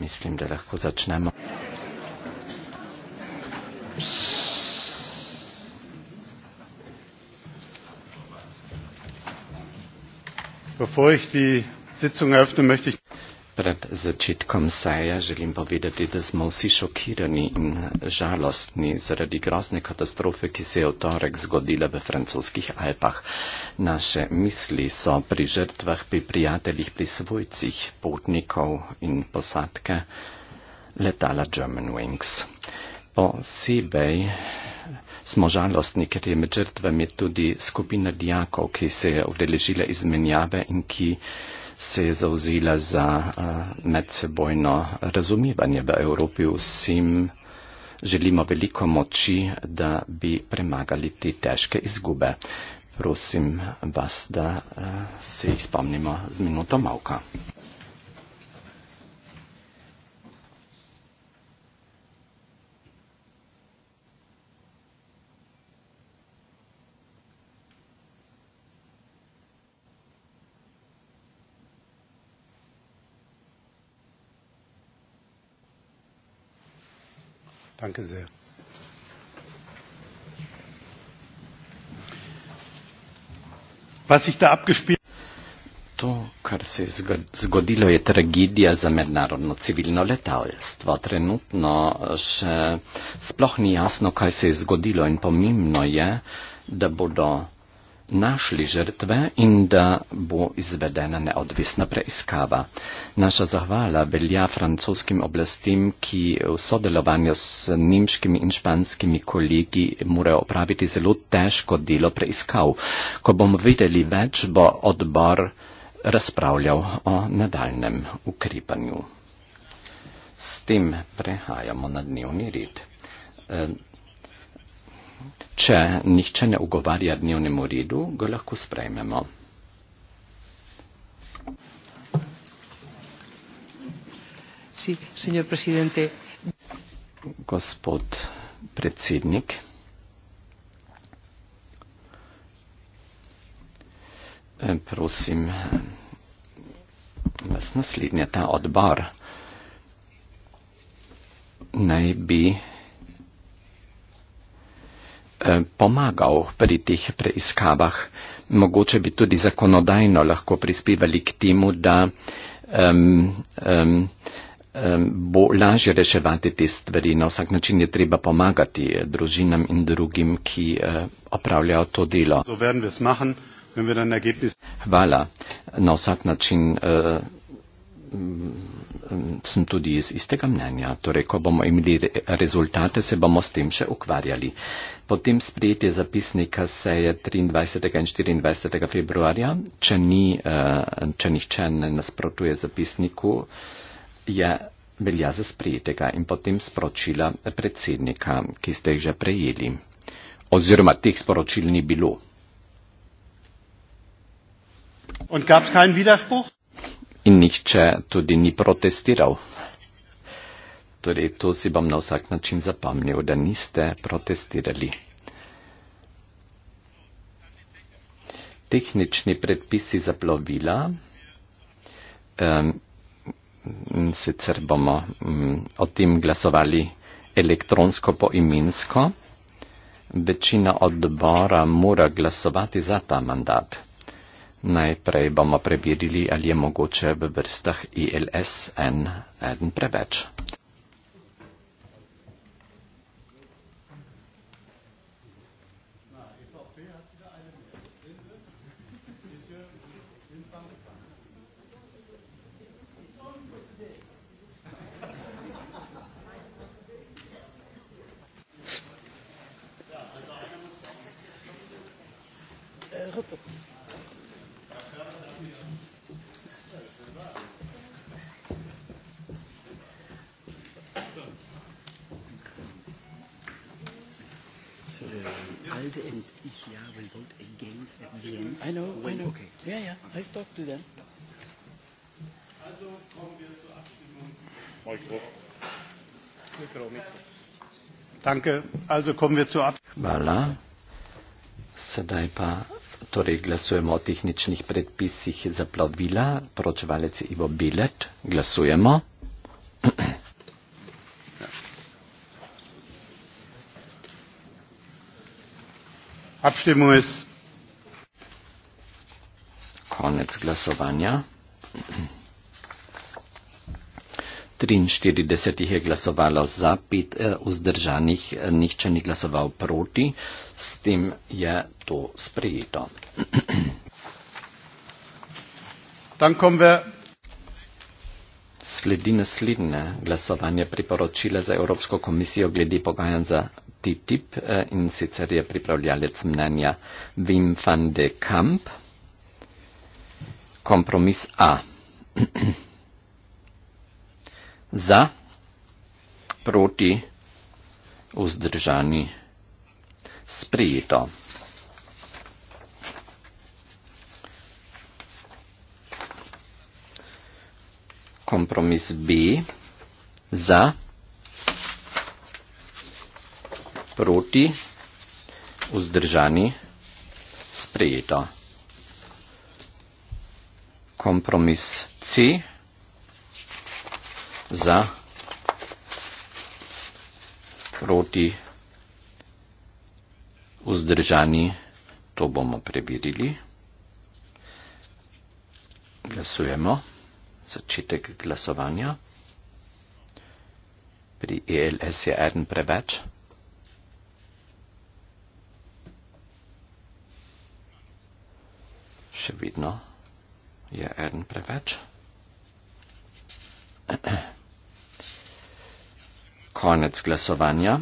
Mislim, da lahko začnemo. Bevor ich die Sitzung eröffne, möchte ich pred začetkom seje želim povedati, da smo vsi šokirani in žalostni zaradi grozne katastrofe, ki se je v torek zgodila v francoskih Alpah. Naše misli so pri žrtvah, pri prijateljih, pri svojcih, potnikov in posadke letala German Wings. Po Sibej smo žalostni, ker je med žrtvami tudi skupina dijakov, ki se je udeležila izmenjave in ki se je zauzila za eh, medsebojno razumivanje v Evropi. Vsem želimo veliko moči, da bi premagali te težke izgube. Prosim vas, da eh, se jih spomnimo z minuto malka. Danke sehr. Was sich da abgespielt To, kar se je zgodilo, je tragedija za mednarodno civilno letalstvo. Trenutno še sploh ni jasno, kaj se je zgodilo in pomembno je, da bodo našli žrtve in da bo izvedena neodvisna preiskava. Naša zahvala velja francoskim oblastim, ki v sodelovanju s nemškimi in španskimi kolegi morajo opraviti zelo težko delo preiskav. Ko bomo videli več, bo odbor razpravljal o nadaljnem ukrepanju. S tem prehajamo na dnevni red. E, Če nihče ne ugovarja dnevnemu redu, ga lahko sprejmemo. Sí, señor presidente. Gospod predsednik, prosim vas naslednja ta odbor naj bi Eh, pomagal pri teh preiskavah. Mogoče bi tudi zakonodajno lahko prispevali k temu, da um, um, um, bo lažje reševati te stvari. Na vsak način je treba pomagati eh, družinam in drugim, ki uh, opravljajo to delo. Hvala. Na vsak način. Uh, Mm, mm, sem tudi iz istega mnenja. Torej, ko bomo imeli rezultate, se bomo s tem še ukvarjali. Potem sprejetje zapisnika se je 23. in 24. februarja, če, ni, eh, če nihče ne nasprotuje zapisniku, je velja za sprejetega in potem sporočila predsednika, ki ste jih že prejeli. Oziroma teh sporočil ni bilo. Und gab es keinen Widerspruch? in nihče tudi ni protestiral. Torej, to si bom na vsak način zapomnil, da niste protestirali. Tehnični predpisi za plovila, um, sicer bomo um, o tem glasovali elektronsko po imensko, večina odbora mora glasovati za ta mandat. Najprej bomo preverili, ali je mogoče v vrstah ILSN en preveč. vote is ja, will vote against at the end. I know, when, I know. Okay. Yeah, yeah. I've talked to them. Also kommen wir zur Abstimmung. Mikro. Danke. Also kommen wir zur Abstimmung. Sedaj pa torej glasujemo o tehničnih predpisih za plovila. Poročevalec Ivo Bilet, glasujemo. abstimmung ist. Konec glasovanja. 43 jih je glasovalo za, 5 eh, vzdržanih, eh, nihče ni glasoval proti, s tem je to sprejeto. Sledi naslednje glasovanje priporočila za Evropsko komisijo glede pogajanj za TTIP eh, in sicer je pripravljalec mnenja Wim van de Kamp. Kompromis A. Za, proti, vzdržani, sprijeto. Kompromis B. Za. proti, vzdržani, sprejeto. Kompromis C za proti vzdržani, to bomo preverili. Glasujemo, začetek glasovanja. Pri ELS je eden preveč. še vidno je en preveč. Konec glasovanja.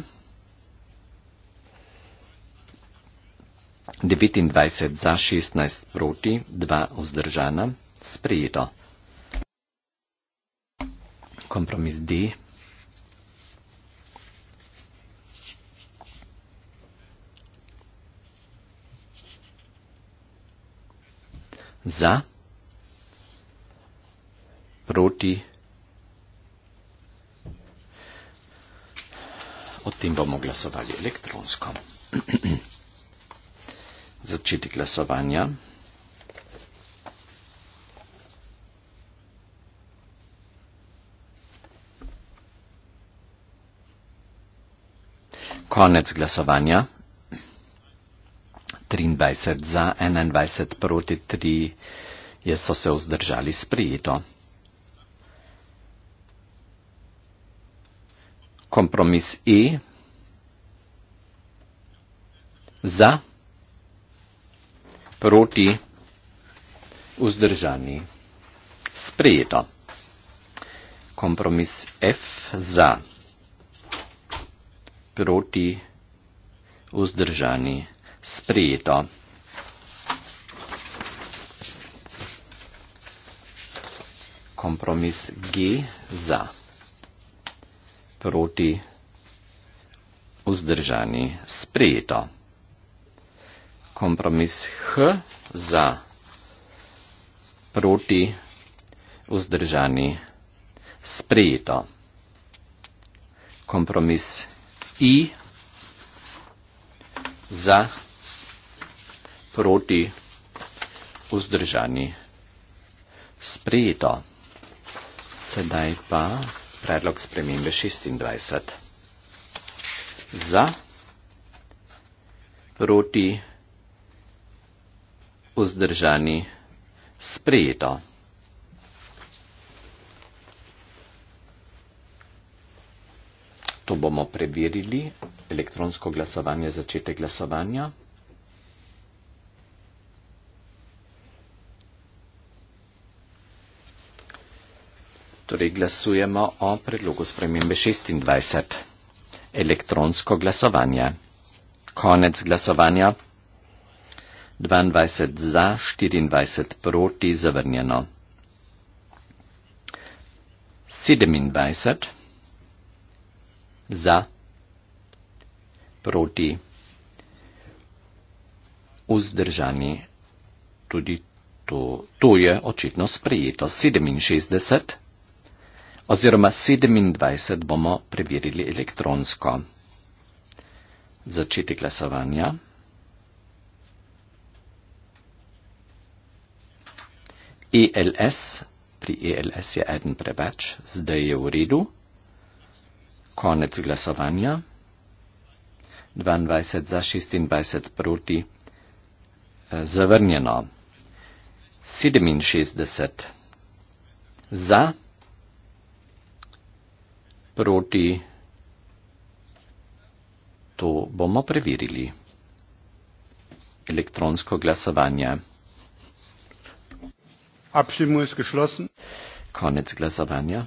29 za 16 proti, 2 vzdržana, sprejeto. Kompromis D. za, proti. O tem bomo glasovali elektronsko. Začeti glasovanja. Konec glasovanja. 23 za, 21 proti 3 je so se vzdržali sprijeto. Kompromis E za proti vzdržani sprijeto. Kompromis F za proti vzdržani sprijeto sprejeto. Kompromis G za. Proti. Vzdržani sprejeto. Kompromis H za. Proti. Vzdržani sprejeto. Kompromis I za proti vzdržani sprejeto. Sedaj pa predlog spremembe 26. Za proti vzdržani sprejeto. To bomo preverili. Elektronsko glasovanje, začetek glasovanja. torej glasujemo o predlogu spremembe 26. Elektronsko glasovanje. Konec glasovanja. 22 za, 24 proti, zavrnjeno. 27 za, proti, vzdržani. Tudi to, to je očitno sprejeto. 67 za oziroma 27 bomo preverili elektronsko. Začeti glasovanja. ELS, pri ELS je eden preveč, zdaj je v redu. Konec glasovanja. 22 za 26 proti. Eh, zavrnjeno. 67 za 26 proti. To bomo preverili. Elektronsko glasovanje. Abstimmung ist geschlossen. Konec glasovanja.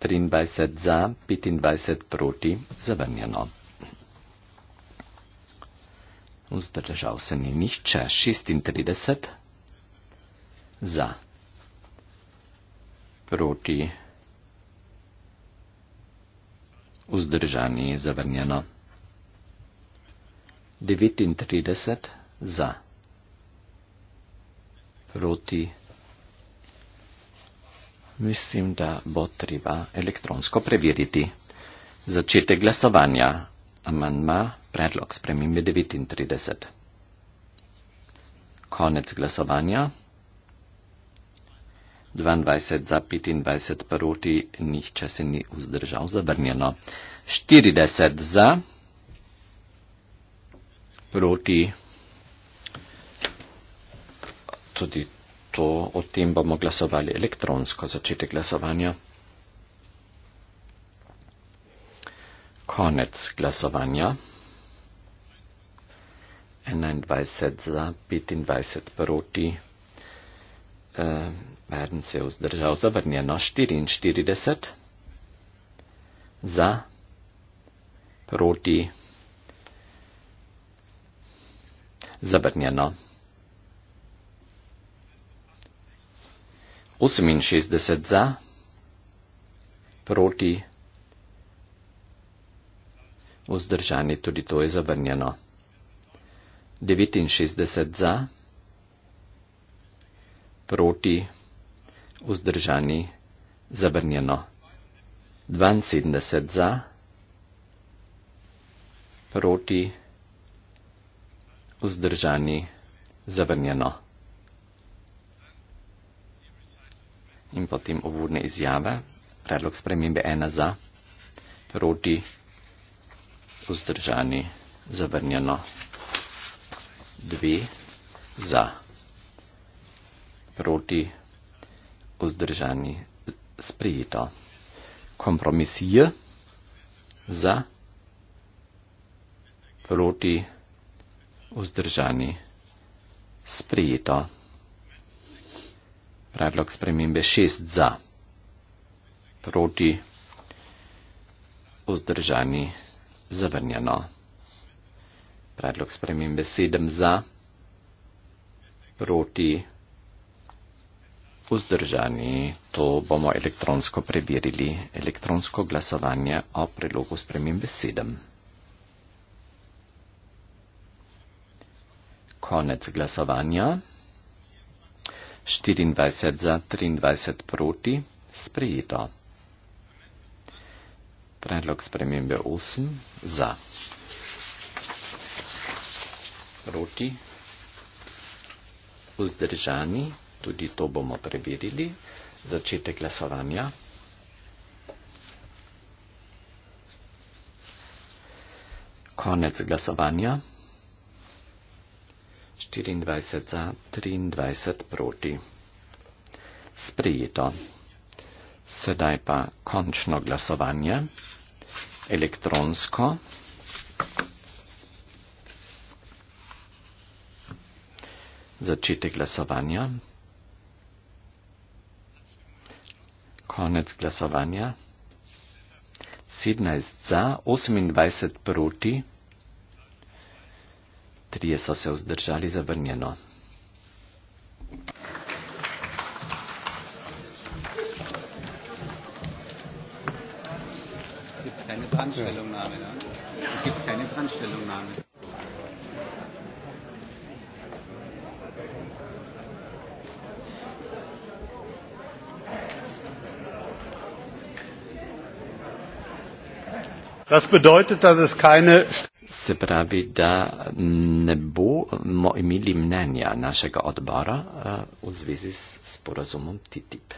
23 za, 25 proti, zavrnjeno. Vzdržal se ni nihče. 36 za, proti, vzdržani zavrnjeno. 39 za. Proti. Mislim, da bo treba elektronsko preveriti. Začetek glasovanja. Amanma, predlog spremembe 39. Konec glasovanja. 22 za 25 proti, nihče se ni vzdržal, zabrnjeno. 40 za proti. Tudi to, o tem bomo glasovali elektronsko, začetek glasovanja. Konec glasovanja. 21 za 25 proti uh, eh, Baden se je vzdržal, zavrnjeno 44, za, proti, zavrnjeno 68 za, proti, vzdržani, tudi to je zavrnjeno. 69 za, proti, proti, vzdržani, zabrnjeno. 72 za, proti, vzdržani, zabrnjeno. In potem uvodne izjave, predlog spremembe 1 za, proti, vzdržani, zabrnjeno. 2 za proti vzdržani sprejeto. Kompromis je za proti vzdržani sprejeto. Predlog spremembe 6 za proti vzdržani zavrnjeno. Predlog spremembe 7 za proti vzdržani sprejeto vzdržani, to bomo elektronsko preverili, elektronsko glasovanje o prilogu spremim besedem. Konec glasovanja. 24 za 23 proti, sprejeto. Predlog spremembe 8 za. Proti, vzdržani, tudi to bomo preverili. Začetek glasovanja. Konec glasovanja. 24 za, 23 proti. Sprejeto. Sedaj pa končno glasovanje. Elektronsko. Začetek glasovanja. konec glasovanja. 17 za, 28 proti, 3 so se vzdržali zavrnjeno. Gibt es keine Brandstellungnahme? Ne? Gibt es keine Brandstellungnahme? Das bedeutet, dass es keine Se pravi, da ne bomo imeli mnenja našega odbora uh, v zvezi s porazumom TTIP.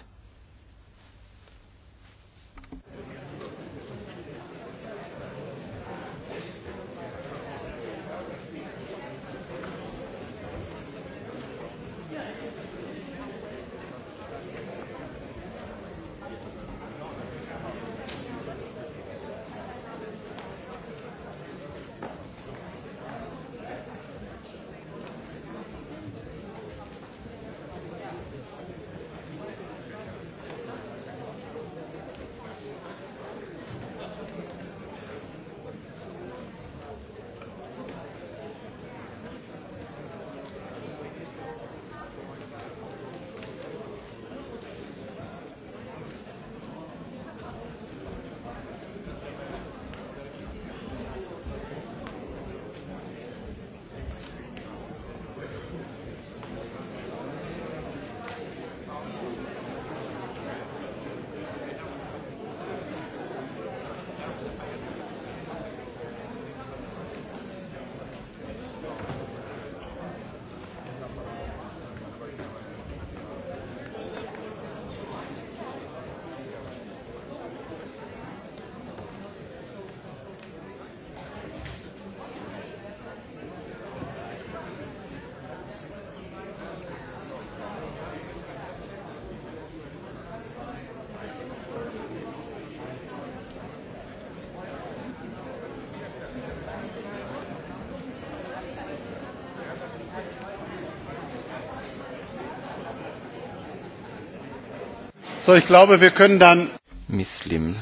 Mislim,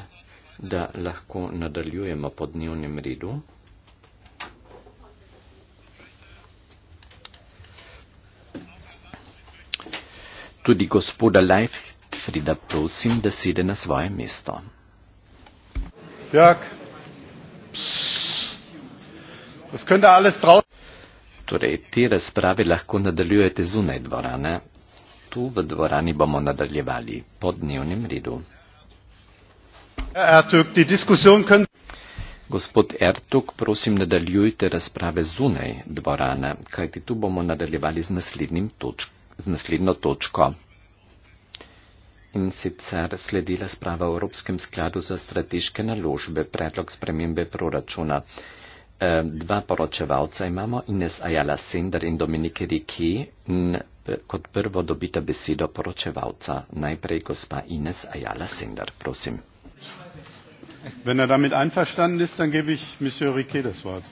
da lahko nadaljujemo po dnevnem redu. Tudi gospoda Leifrida prosim, da sede na svoje mesto. Jörg. Das könnte alles draußen. Torej, te razprave lahko nadaljujete zunaj dvorane tu v dvorani bomo nadaljevali po dnevnem redu. Gospod Ertuk, prosim, nadaljujte razprave zunaj dvorana, kajti tu bomo nadaljevali z, točk, z naslednjo točko. In sicer sledi razprava o Evropskem skladu za strateške naložbe, predlog spremembe proračuna. E, dva poročevalca imamo, Ines Ajala Sender in Dominike Riki kot prvo dobite besedo poročevalca. Najprej gospa Ines Ajala Sender, prosim. Wenn er damit einverstanden ist, dann gebe ich Monsieur Riquet das Wort.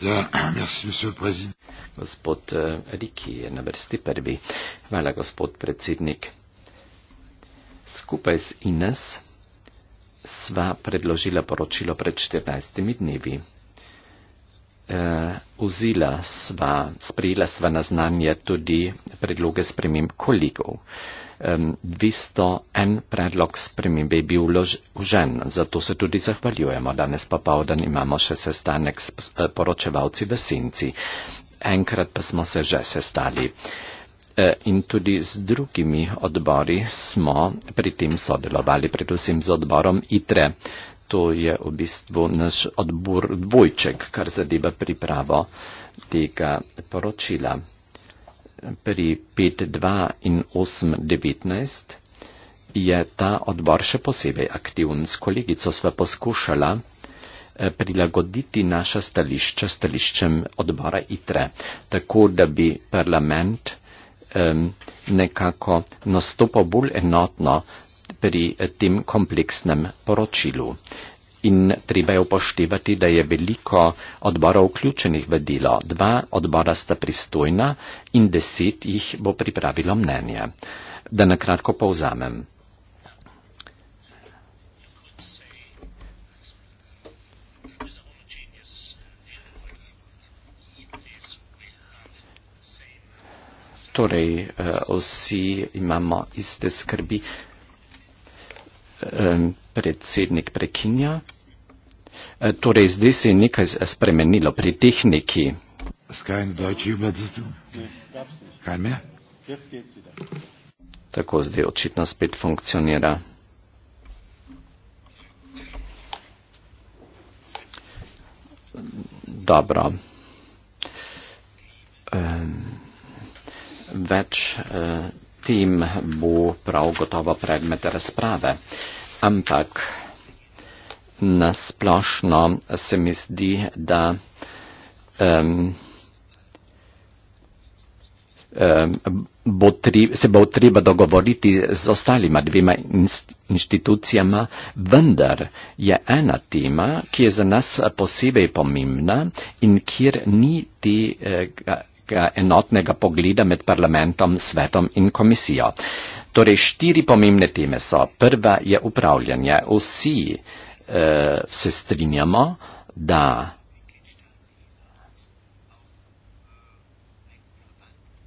Ja, merci, Monsieur le Président. Gospod eh, Riquet je na vrsti prvi. Hvala, gospod predsednik. Skupaj z Ines sva predložila poročilo pred 14 dnevi. Eh, vzela sva, sprejela sva na znanje tudi predloge sprememb kolegov. 201 predlog spremembe je bil vložen, zato se tudi zahvaljujemo. Danes pa povdan imamo še sestanek s eh, poročevalci v Senci. Enkrat pa smo se že sestali. Eh, in tudi z drugimi odbori smo pri tem sodelovali, predvsem z odborom ITRE to je v bistvu naš odbor dvojček, kar zadeva pripravo tega poročila. Pri 5.2 in 8.19 je ta odbor še posebej aktiven. S kolegico sva poskušala eh, prilagoditi naša stališča stališčem odbora ITRE, tako da bi parlament nekako nastopal bolj enotno pri tem kompleksnem poročilu. In treba je upoštevati, da je veliko odborov vključenih v delo. Dva odbora sta pristojna in deset jih bo pripravilo mnenje. Da nakratko povzamem. Torej, eh, vsi imamo iste skrbi predsednik prekinja. E, torej, zdaj se je nekaj spremenilo pri tehniki. Tako zdaj očitno spet funkcionira. Dobro. Um, več. Uh, tem bo prav gotovo predmet razprave. Ampak nasplošno se mi zdi, da um, Bo tri, se bo treba dogovoriti z ostalima dvema inštitucijama, vendar je ena tema, ki je za nas posebej pomembna in kjer ni tega eh, Eh, enotnega pogleda med parlamentom, svetom in komisijo. Torej, štiri pomembne teme so. Prva je upravljanje. Vsi eh, se strinjamo, da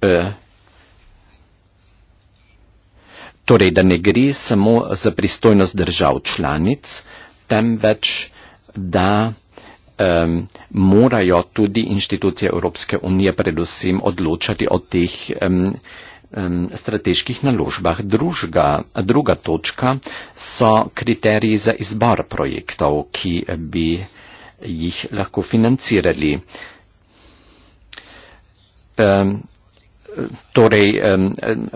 eh, Torej, da ne gre samo za pristojnost držav članic, temveč da um, morajo tudi inštitucije Evropske unije predvsem odločati o teh um, um, strateških naložbah. Družga, druga točka so kriteriji za izbor projektov, ki bi jih lahko financirali. Um, torej,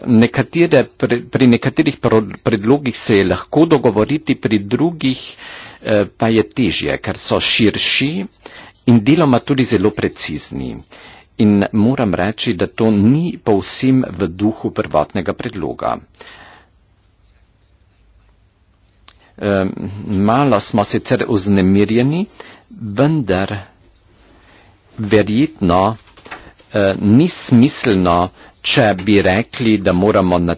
nekatere, pri, pri nekaterih predlogih se je lahko dogovoriti, pri drugih eh, pa je težje, ker so širši in deloma tudi zelo precizni. In moram reči, da to ni povsem v duhu prvotnega predloga. Malo smo sicer oznemirjeni, vendar verjetno Eh, ni smiselno, če bi rekli, da moramo na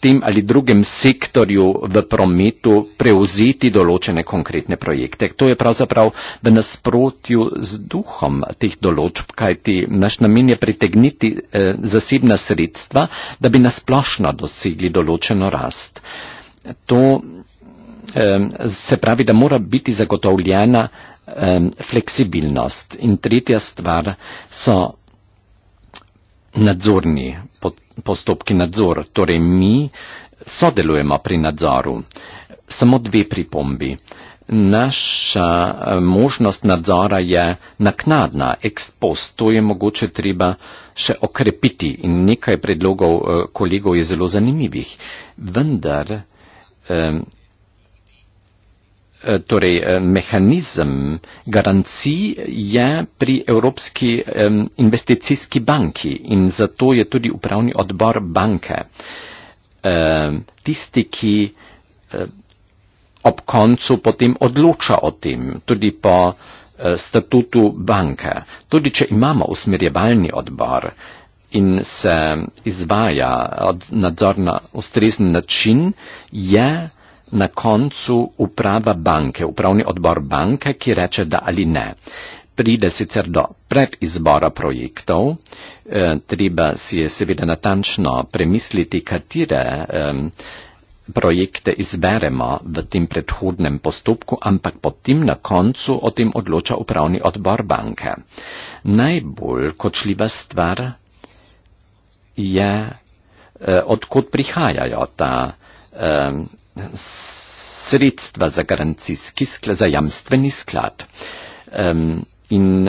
tem ali drugem sektorju v prometu prevzeti določene konkretne projekte. To je pravzaprav v nasprotju z duhom teh določb, kajti naš namen je pritegniti eh, zasebna sredstva, da bi nasplošno dosegli določeno rast. To eh, se pravi, da mora biti zagotovljena eh, fleksibilnost. In tretja stvar so nadzorni postopki nadzor. Torej, mi sodelujemo pri nadzoru. Samo dve pripombi. Naša eh, možnost nadzora je naknadna, ekspost, to je mogoče treba še okrepiti in nekaj predlogov eh, kolegov je zelo zanimivih. Vendar eh, Eh, torej eh, mehanizem garancij je pri Evropski investicijski banki in zato je tudi upravni odbor banke tisti, ki eh, ob koncu potem odloča o tem, tudi po statutu banke. Tudi če imamo usmerjevalni odbor in se izvaja nadzor na ustrezen način, je na koncu uprava banke, upravni odbor banke, ki reče da ali ne. Pride sicer do predizbora projektov, e, treba si je seveda natančno premisliti, katere e, projekte izberemo v tem predhodnem postopku, ampak potem na koncu o tem odloča upravni odbor banke. Najbolj kočljiva stvar je, e, eh, odkud prihajajo ta e, sredstva za garancijski sklad, za jamstveni sklad. Um, in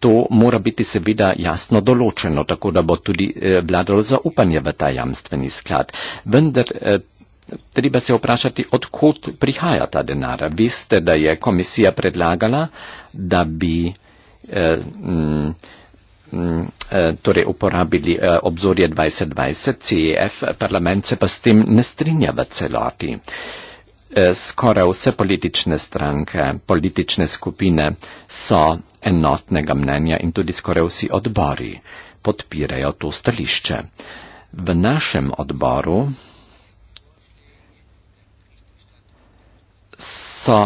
to mora biti seveda jasno določeno, tako da bo tudi eh, vladalo zaupanje v ta jamstveni sklad. Vendar eh, treba se vprašati, odkot prihaja ta denar. Veste, da je komisija predlagala, da bi. Eh, mm, Mm, eh, torej uporabili eh, obzorje 2020, CEF, parlament se pa s tem ne strinja v celoti. Eh, skoraj vse politične stranke, politične skupine so enotnega mnenja in tudi skoraj vsi odbori podpirajo to stališče. V našem odboru so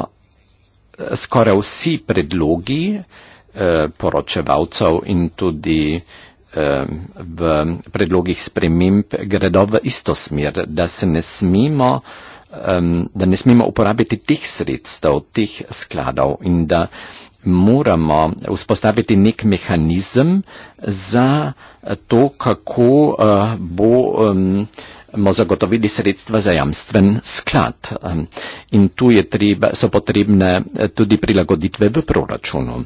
skoraj vsi predlogi, Eh, poročevalcev in tudi eh, v predlogih sprememb gredo v isto smer, da se ne smemo, da ne smemo uporabiti teh sredstev, teh skladov in da moramo vzpostaviti nek mehanizem za to, kako eh, bomo zagotovili sredstva za jamstven sklad. In tu treba, so potrebne tudi prilagoditve v proračunu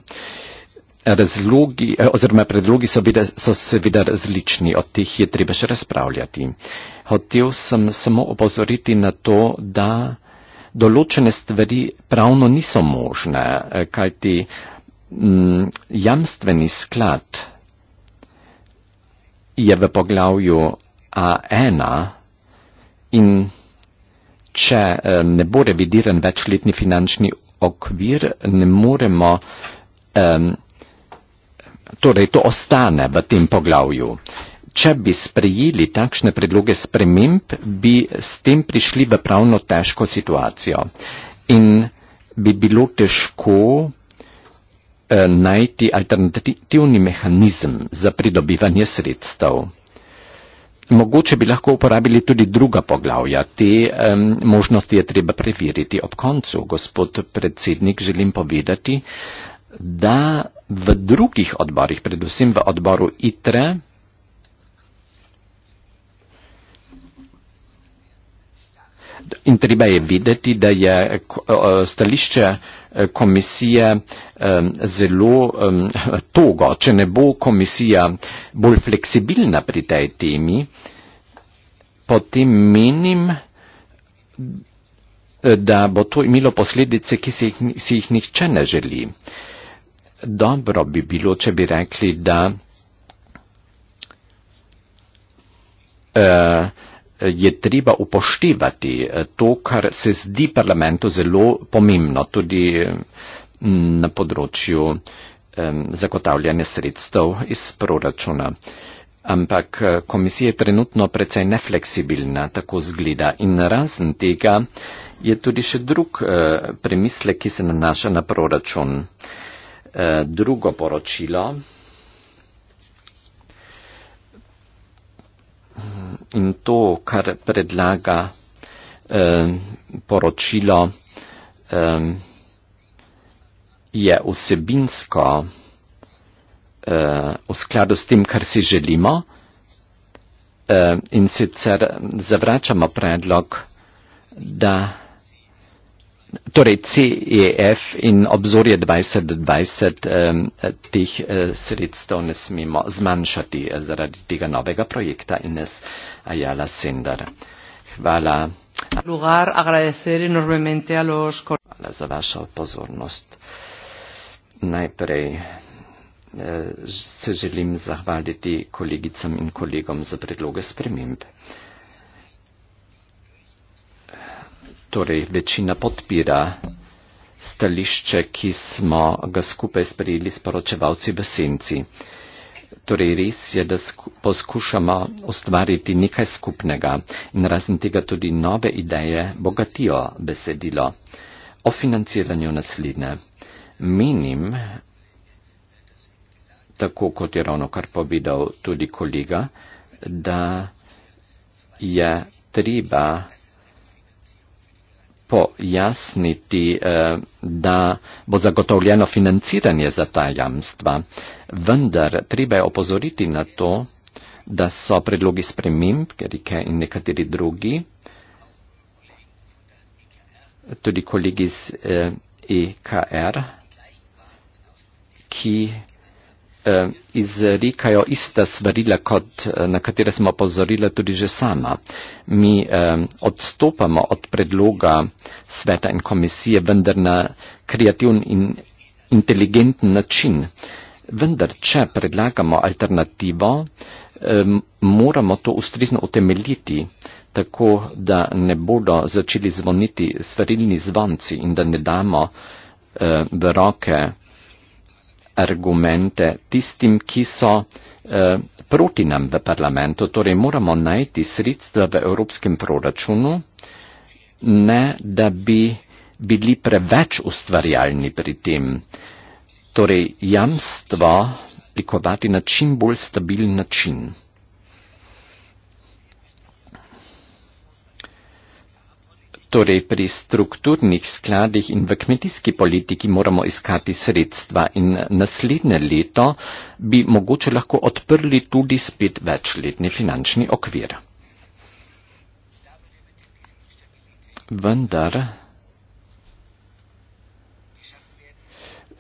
razlogi, eh, oziroma predlogi so, vide, so seveda različni, o teh je treba še razpravljati. Hotel sem samo opozoriti na to, da določene stvari pravno niso možne, eh, kajti m, mm, jamstveni sklad je v poglavju A1 in če eh, ne bo revidiran večletni finančni okvir, ne moremo. Um, Torej, to ostane v tem poglavju. Če bi sprejeli takšne predloge sprememb, bi s tem prišli v pravno težko situacijo in bi bilo težko eh, najti alternativni mehanizem za pridobivanje sredstev. Mogoče bi lahko uporabili tudi druga poglavja. Te um, možnosti je treba preveriti ob koncu. Gospod predsednik, želim povedati, da v drugih odborih, predvsem v odboru ITRE, In treba je videti, da je stališče e, komisije e, zelo e, togo. Če ne bo komisija bolj fleksibilna pri tej temi, potem menim, da bo to imelo posledice, ki si jih, si jih nihče ne želi dobro bi bilo, če bi rekli, da eh, je treba upoštevati eh, to, kar se zdi parlamentu zelo pomembno, tudi mm, na področju zagotavljanja sredstev iz proračuna. Ampak eh, komisija je trenutno precej nefleksibilna, tako zgleda. In razen tega je tudi še drug premislek, ki se nanaša na proračun. Eh, drugo poročilo. In to, kar predlaga eh, poročilo, eh, je vsebinsko v skladu s tem, kar si želimo. In sicer zavračamo predlog, da torej CEF in obzorje 2020 teh eh, sredstev ne smemo zmanjšati eh, zaradi tega novega projekta Ines Ayala Sender. Hvala. Lugar, agradecer enormemente a los Hvala za vašo pozornost. Najprej eh, se želim zahvaliti kolegicam in kolegom za predloge sprememb. torej večina podpira stališče, ki smo ga skupaj sprejeli s poročevalci v senci. Torej res je, da poskušamo ustvariti nekaj skupnega in razen tega tudi nove ideje bogatijo besedilo. O financiranju naslednje. Menim, tako kot je ravno kar povedal tudi kolega, da je treba pojasniti, eh, da bo zagotovljeno financiranje za ta jamstva. Vendar treba je opozoriti na to, da so predlogi sprememb, ker je in nekateri drugi, tudi kolegi iz EKR, eh, e ki Eh, izrekajo ista svarila, kot eh, na katere smo opozorila tudi že sama. Mi eh, odstopamo od predloga sveta in komisije, vendar na kreativen in inteligenten način. Vendar, če predlagamo alternativo, moramo to ustrezno utemeljiti tako da ne bodo začeli zvoniti svarilni zvonci in da ne damo eh, v roke eh, argumente tistim, ki so eh, proti nam v parlamentu. Torej moramo najti sredstva v evropskem proračunu, ne da bi bili preveč ustvarjalni pri tem. Torej jamstvo oblikovati na čim bolj stabilen način. Torej pri strukturnih skladih in v kmetijski politiki moramo iskati sredstva in naslednje leto bi mogoče lahko odprli tudi spet večletni finančni okvir. Vendar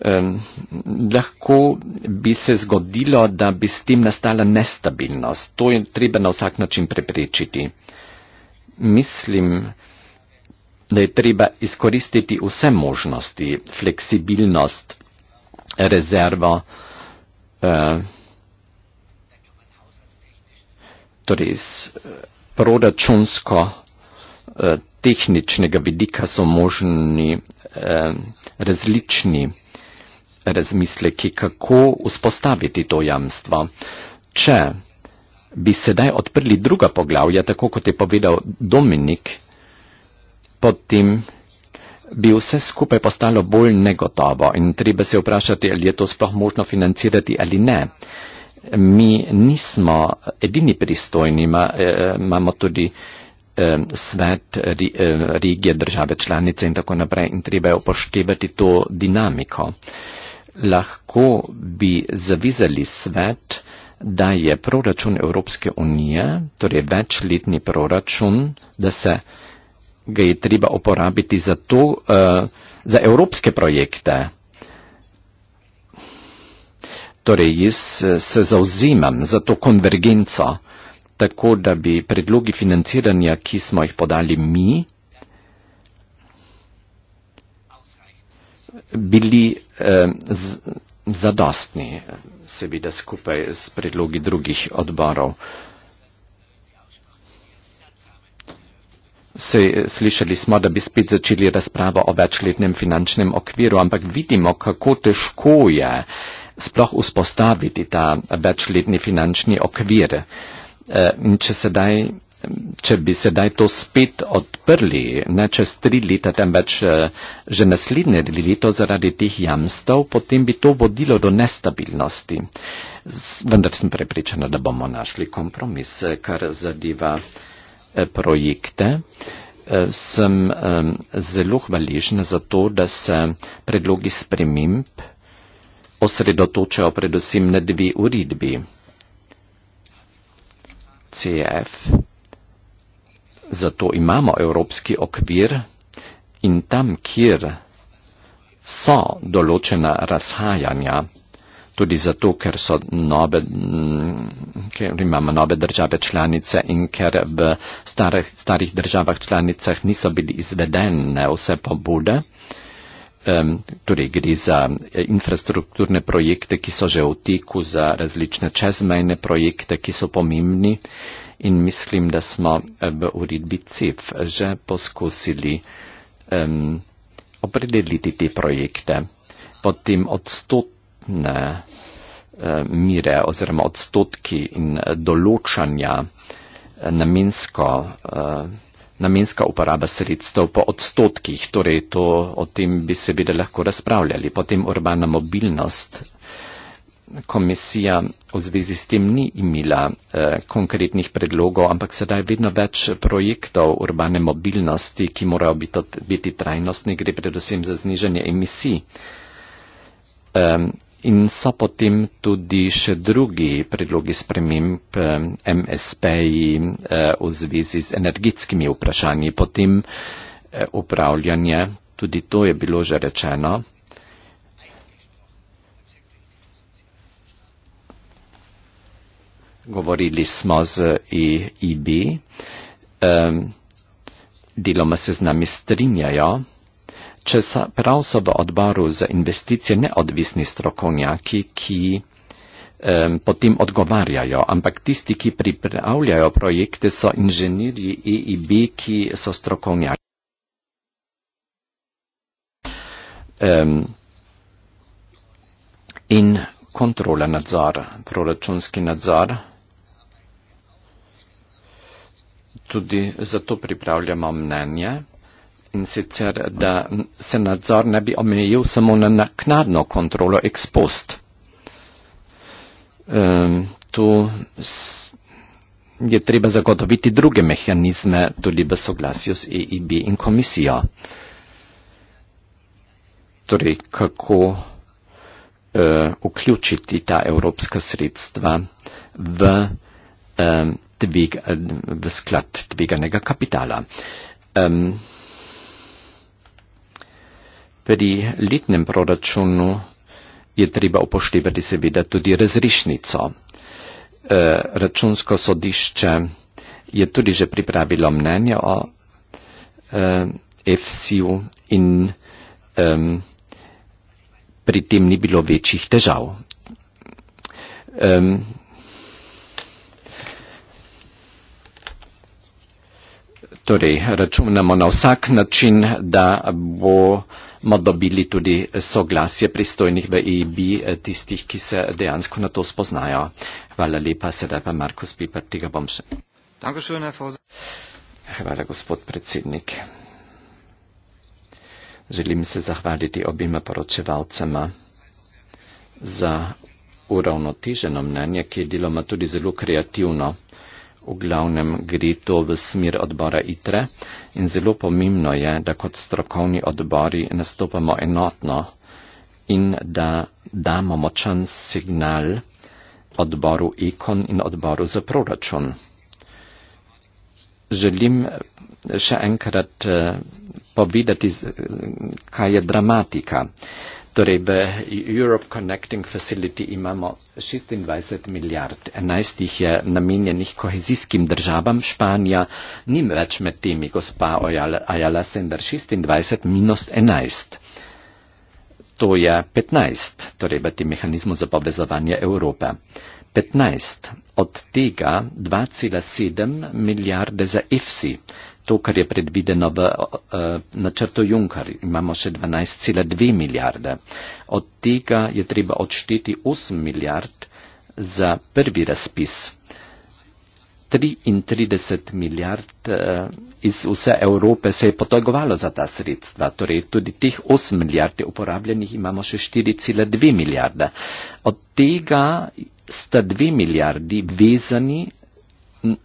eh, lahko bi se zgodilo, da bi s tem nastala nestabilnost. To je treba na vsak način preprečiti. Mislim, da je treba izkoristiti vse možnosti, fleksibilnost, rezervo, eh, torej iz eh, proračunsko eh, tehničnega vidika so možni eh, različni razmisleki, kako vzpostaviti to jamstvo. Če bi sedaj odprli druga poglavja, tako kot je povedal Dominik, pod tim bi vse skupaj postalo bolj negotovo in treba se vprašati, ali je to sploh možno financirati ali ne. Mi nismo edini pristojni, eh, imamo tudi eh, svet eh, regije, države članice in tako naprej in treba je upoštevati to dinamiko. Lahko bi zavizali svet, da je proračun Evropske unije, torej večletni proračun, da se ga je treba uporabiti za, to, uh, za evropske projekte. Torej, jaz eh, se zauzimam za to konvergenco, tako da bi predlogi financiranja, ki smo jih podali mi, bili eh, z, zadostni, seveda skupaj s predlogi drugih odborov. Eh, se, slišali smo, da bi spet začeli razpravo o večletnem finančnem okviru, ampak vidimo, kako težko je sploh vzpostaviti ta večletni finančni okvir. Eh, če, sedaj, če bi sedaj to spet odprli, ne čez tri leta, temveč eh, že naslednje leto zaradi teh jamstev, potem bi to vodilo do nestabilnosti. Vendar sem prepričana, da bomo našli kompromis, eh, kar zadeva. Eh, projekte. Eh, sem zelo hvaležen za to, da se predlogi sprememb osredotočajo predvsem na dve uredbi. CF. Zato imamo evropski okvir in tam, kjer so določena razhajanja, tudi zato, ker, nobe, mm, ker imamo nove države članice in ker v starih, starih državah članicah niso bili izvedene vse pobude, torej gre za e, infrastrukturne projekte, ki so že v teku, za različne čezmejne projekte, ki so pomembni in mislim, da smo e, v uredbi CIF že poskusili um, opredeliti te projekte. Potem odstotek celotne eh, mire oziroma odstotki in določanja eh, namensko, eh, namenska uporaba sredstev po odstotkih. Torej, to, o tem bi se bile lahko razpravljali. Potem urbana mobilnost. Komisija v zvezi s tem ni imela eh, konkretnih predlogov, ampak sedaj vedno več projektov urbane mobilnosti, ki morajo biti, biti trajnostni, gre predvsem za znižanje emisij. Eh, In so potem tudi še drugi predlogi sprememb eh, MSP-ji eh, v zvezi z energetskimi vprašanji. Potem eh, upravljanje, tudi to je bilo že rečeno. Govorili smo z e IB, deloma se z nami strinjajo če prav so v odboru za investicije neodvisni strokovnjaki, ki um, potem odgovarjajo, ampak tisti, ki pripravljajo projekte, so inženirji EIB, ki so strokovnjaki. Um, in kontrola nadzor, proračunski nadzor. Tudi zato pripravljamo mnenje in sicer da se nadzor ne bi omejil samo na naknadno kontrolo ex post. Um, tu je treba zagotoviti druge mehanizme, tudi v soglasju s EIB in komisijo. Torej, kako uh, vključiti ta evropska sredstva v, um, ehm, dvig, v sklad tveganega kapitala. Um, Pri letnem proračunu je treba upoštevati seveda tudi razrešnico. E, računsko sodišče je tudi že pripravilo mnenje o e, eh, FCU in e, pri tem ni bilo večjih težav. E, torej, računamo na vsak način, da bo smo dobili tudi soglasje pristojnih v EIB, eh, tistih, ki se dejansko na to spoznajo. Hvala lepa, sedaj pa Markus Piper, tega bom še. Hvala, gospod predsednik. Želim se zahvaliti obima poročevalcema za uravnoteženo mnenje, ki je deloma tudi zelo kreativno. V glavnem gre to v smer odbora ITRE in zelo pomembno je, da kot strokovni odbori nastopamo enotno in da damo močan signal odboru ECON in odboru za proračun. Želim še enkrat eh, povedati, kaj je dramatika torej v Europe Connecting Facility imamo 26 milijard, 11 jih je namenjenih kohezijskim državam, Španija ni več med temi, gospa Ajala Sender, 26 minus 11. To je 15, torej v tem mehanizmu za povezovanje Evrope. 15, od tega 2,7 milijarde za EFSI, to, kar je predvideno v e, načrtu Junkar. Imamo še 12,2 milijarde. Od tega je treba odšteti 8 milijard za prvi razpis. 33 milijard e, iz vse Evrope se je potegovalo za ta sredstva, torej tudi teh 8 milijard je uporabljenih, imamo še 4,2 milijarde. Od tega sta 2 milijardi vezani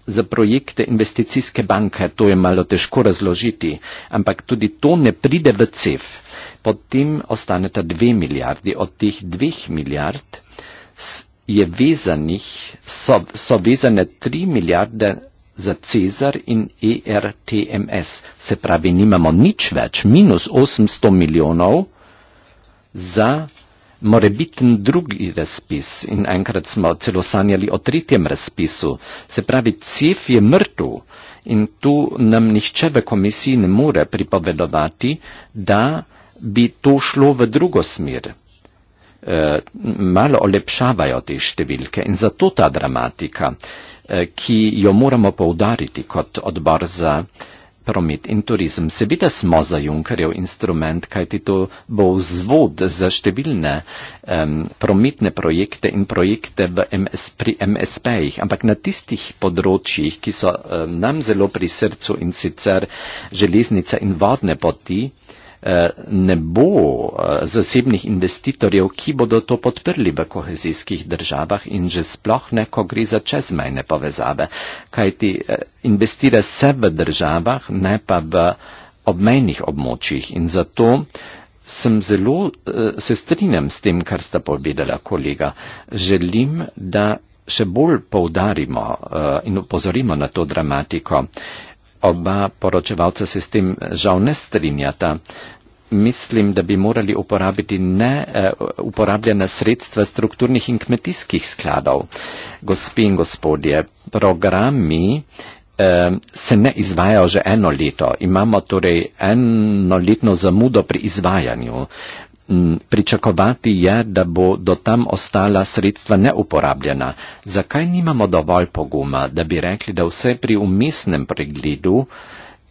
za projekte investicijske banke, to je malo težko razložiti, ampak tudi to ne pride v CEF. Potem ostaneta dve milijardi, od teh dveh milijard je vezanih, so, so vezane tri milijarde za Cezar in ERTMS. Se pravi, nimamo nič več, minus 800 milijonov za morebiten drugi razpis in enkrat smo celo sanjali o tretjem razpisu. Se pravi, CEF je mrtev in tu nam nihče v komisiji ne more pripovedovati, da bi to šlo v drugo smer. E, malo olepšavajo te številke in zato ta dramatika, e, ki jo moramo poudariti kot odbor za promet in turizem. Seveda smo za Junkerjev instrument, kajti to bo vzvod za številne um, prometne projekte in projekte MS, pri MSP-jih, ampak na tistih področjih, ki so um, nam zelo pri srcu in sicer železnica in vodne poti, ne bo eh, zasebnih investitorjev, ki bodo to podprli v kohezijskih državah in že sploh ne, ko gre za čezmejne povezave, kajti eh, investira se v državah, ne pa v obmejnih območjih in zato sem zelo, eh, se strinjam s tem, kar sta povedala kolega. Želim, da še bolj poudarimo in upozorimo na to dramatiko oba poročevalca se s tem eh, žal ne strinjata. Mislim, da bi morali uporabiti ne uh, uporabljena sredstva strukturnih in kmetijskih skladov. Gospi in gospodje, programi uh, se ne izvajajo že eno leto. Imamo torej enoletno zamudo pri izvajanju. Uh, Mm, pričakovati je, da bo do tam ostala sredstva neuporabljena. Zakaj nimamo dovolj poguma, da bi rekli, da vse pri umestnem pregledu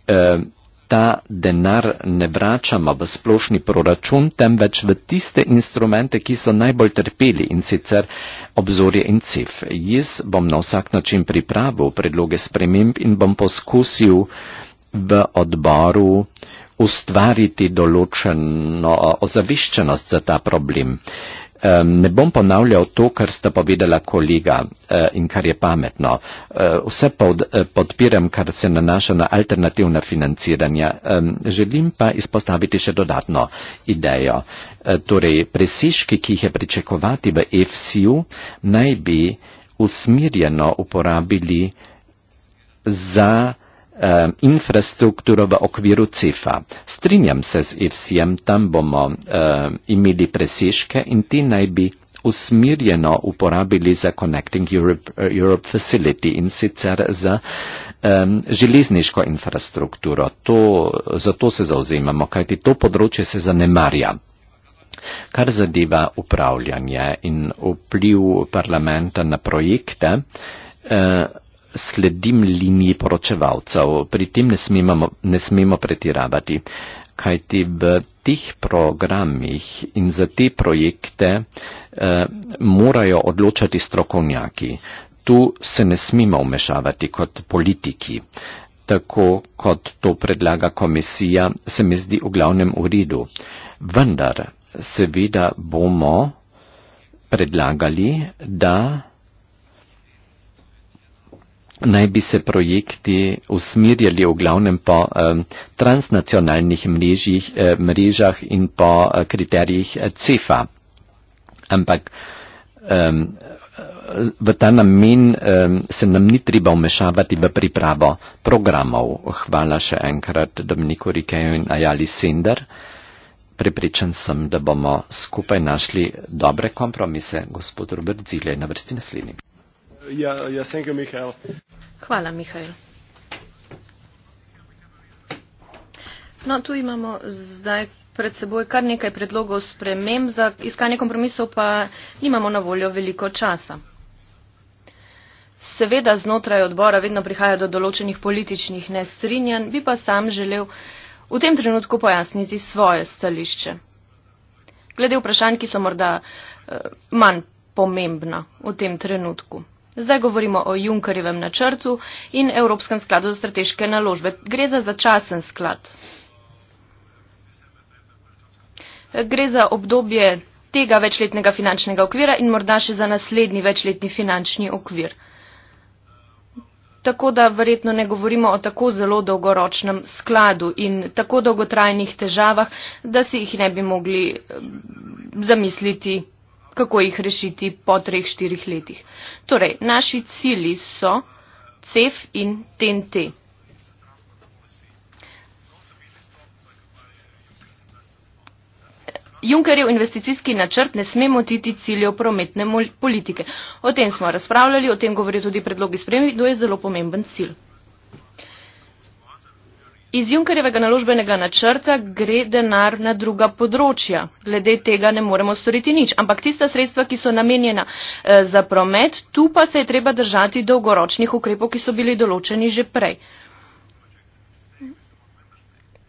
eh, ta denar ne vračamo v splošni proračun, temveč v tiste instrumente, ki so najbolj trpeli in sicer obzorje in cef. Jaz bom na vsak način pripravil predloge sprememb in bom poskusil v odboru eh, ustvariti določeno ozaviščenost za ta problem. Ne bom ponavljal to, kar sta povedala kolega e, in kar je pametno. E, vse e, podpiram, kar se nanaša na alternativna financiranja. Želim pa izpostaviti še dodatno idejo. Torej, presežki, ki jih je pričakovati v FCU, naj bi usmirjeno uporabili za eh, infrastrukturo v okviru CIFA. Strinjam se z IFSIM, tam bomo eh, imeli presežke in ti naj bi usmirjeno uporabili za Connecting Europe, eh, Europe Facility in sicer za um, železniško infrastrukturo. To, zato se zauzemamo, kajti to področje se zanemarja. Kar zadeva upravljanje in vpliv parlamenta na projekte, uh, sledim liniji poročevalcev. Pri tem ne smemo, ne smemo pretiravati, kajti v teh programih in za te projekte eh, morajo odločati strokovnjaki. Tu se ne smemo vmešavati kot politiki. Tako kot to predlaga komisija, se mi zdi v glavnem v redu. Vendar seveda bomo predlagali, da naj bi se projekti usmirjali v glavnem po eh, transnacionalnih mrežjih, eh, mrežah in po eh, kriterijih eh, CEFA. Ampak eh, v ta namen eh, se nam ni treba umešavati v pripravo programov. Hvala še enkrat Dominiku Rikeju in Ajali Sender. Prepričan sem, da bomo skupaj našli dobre kompromise. Gospod Robert Zile je na vrsti naslednji. Ja, ja, thank you, Mihael. Hvala, Mihael. No, tu imamo zdaj pred seboj kar nekaj predlogov sprememb, za iskanje kompromisov pa nimamo na voljo veliko časa. Seveda znotraj odbora vedno prihaja do določenih političnih nestrinjanj, bi pa sam želel v tem trenutku pojasniti svoje stališče. Glede vprašanj, ki so morda eh, manj pomembna v tem trenutku. Zdaj govorimo o Junkerjevem načrtu in Evropskem skladu za strateške naložbe. Gre za začasen sklad. Gre za obdobje tega večletnega finančnega okvira in morda še za naslednji večletni finančni okvir. Tako da verjetno ne govorimo o tako zelo dolgoročnem skladu in tako dolgotrajnih težavah, da si jih ne bi mogli eh, zamisliti kako jih rešiti po 3-4 letih. Torej, naši cili so CEF in TNT. Junkerjev investicijski načrt ne sme motiti ciljev prometne politike. O tem smo razpravljali, o tem govori tudi predlog iz premije, kdo je zelo pomemben cilj. Iz Junkerjevega naložbenega načrta gre denar na druga področja. Glede tega ne moremo storiti nič. Ampak tista sredstva, ki so namenjena eh, za promet, tu pa se je treba držati dolgoročnih ukrepov, ki so bili določeni že prej.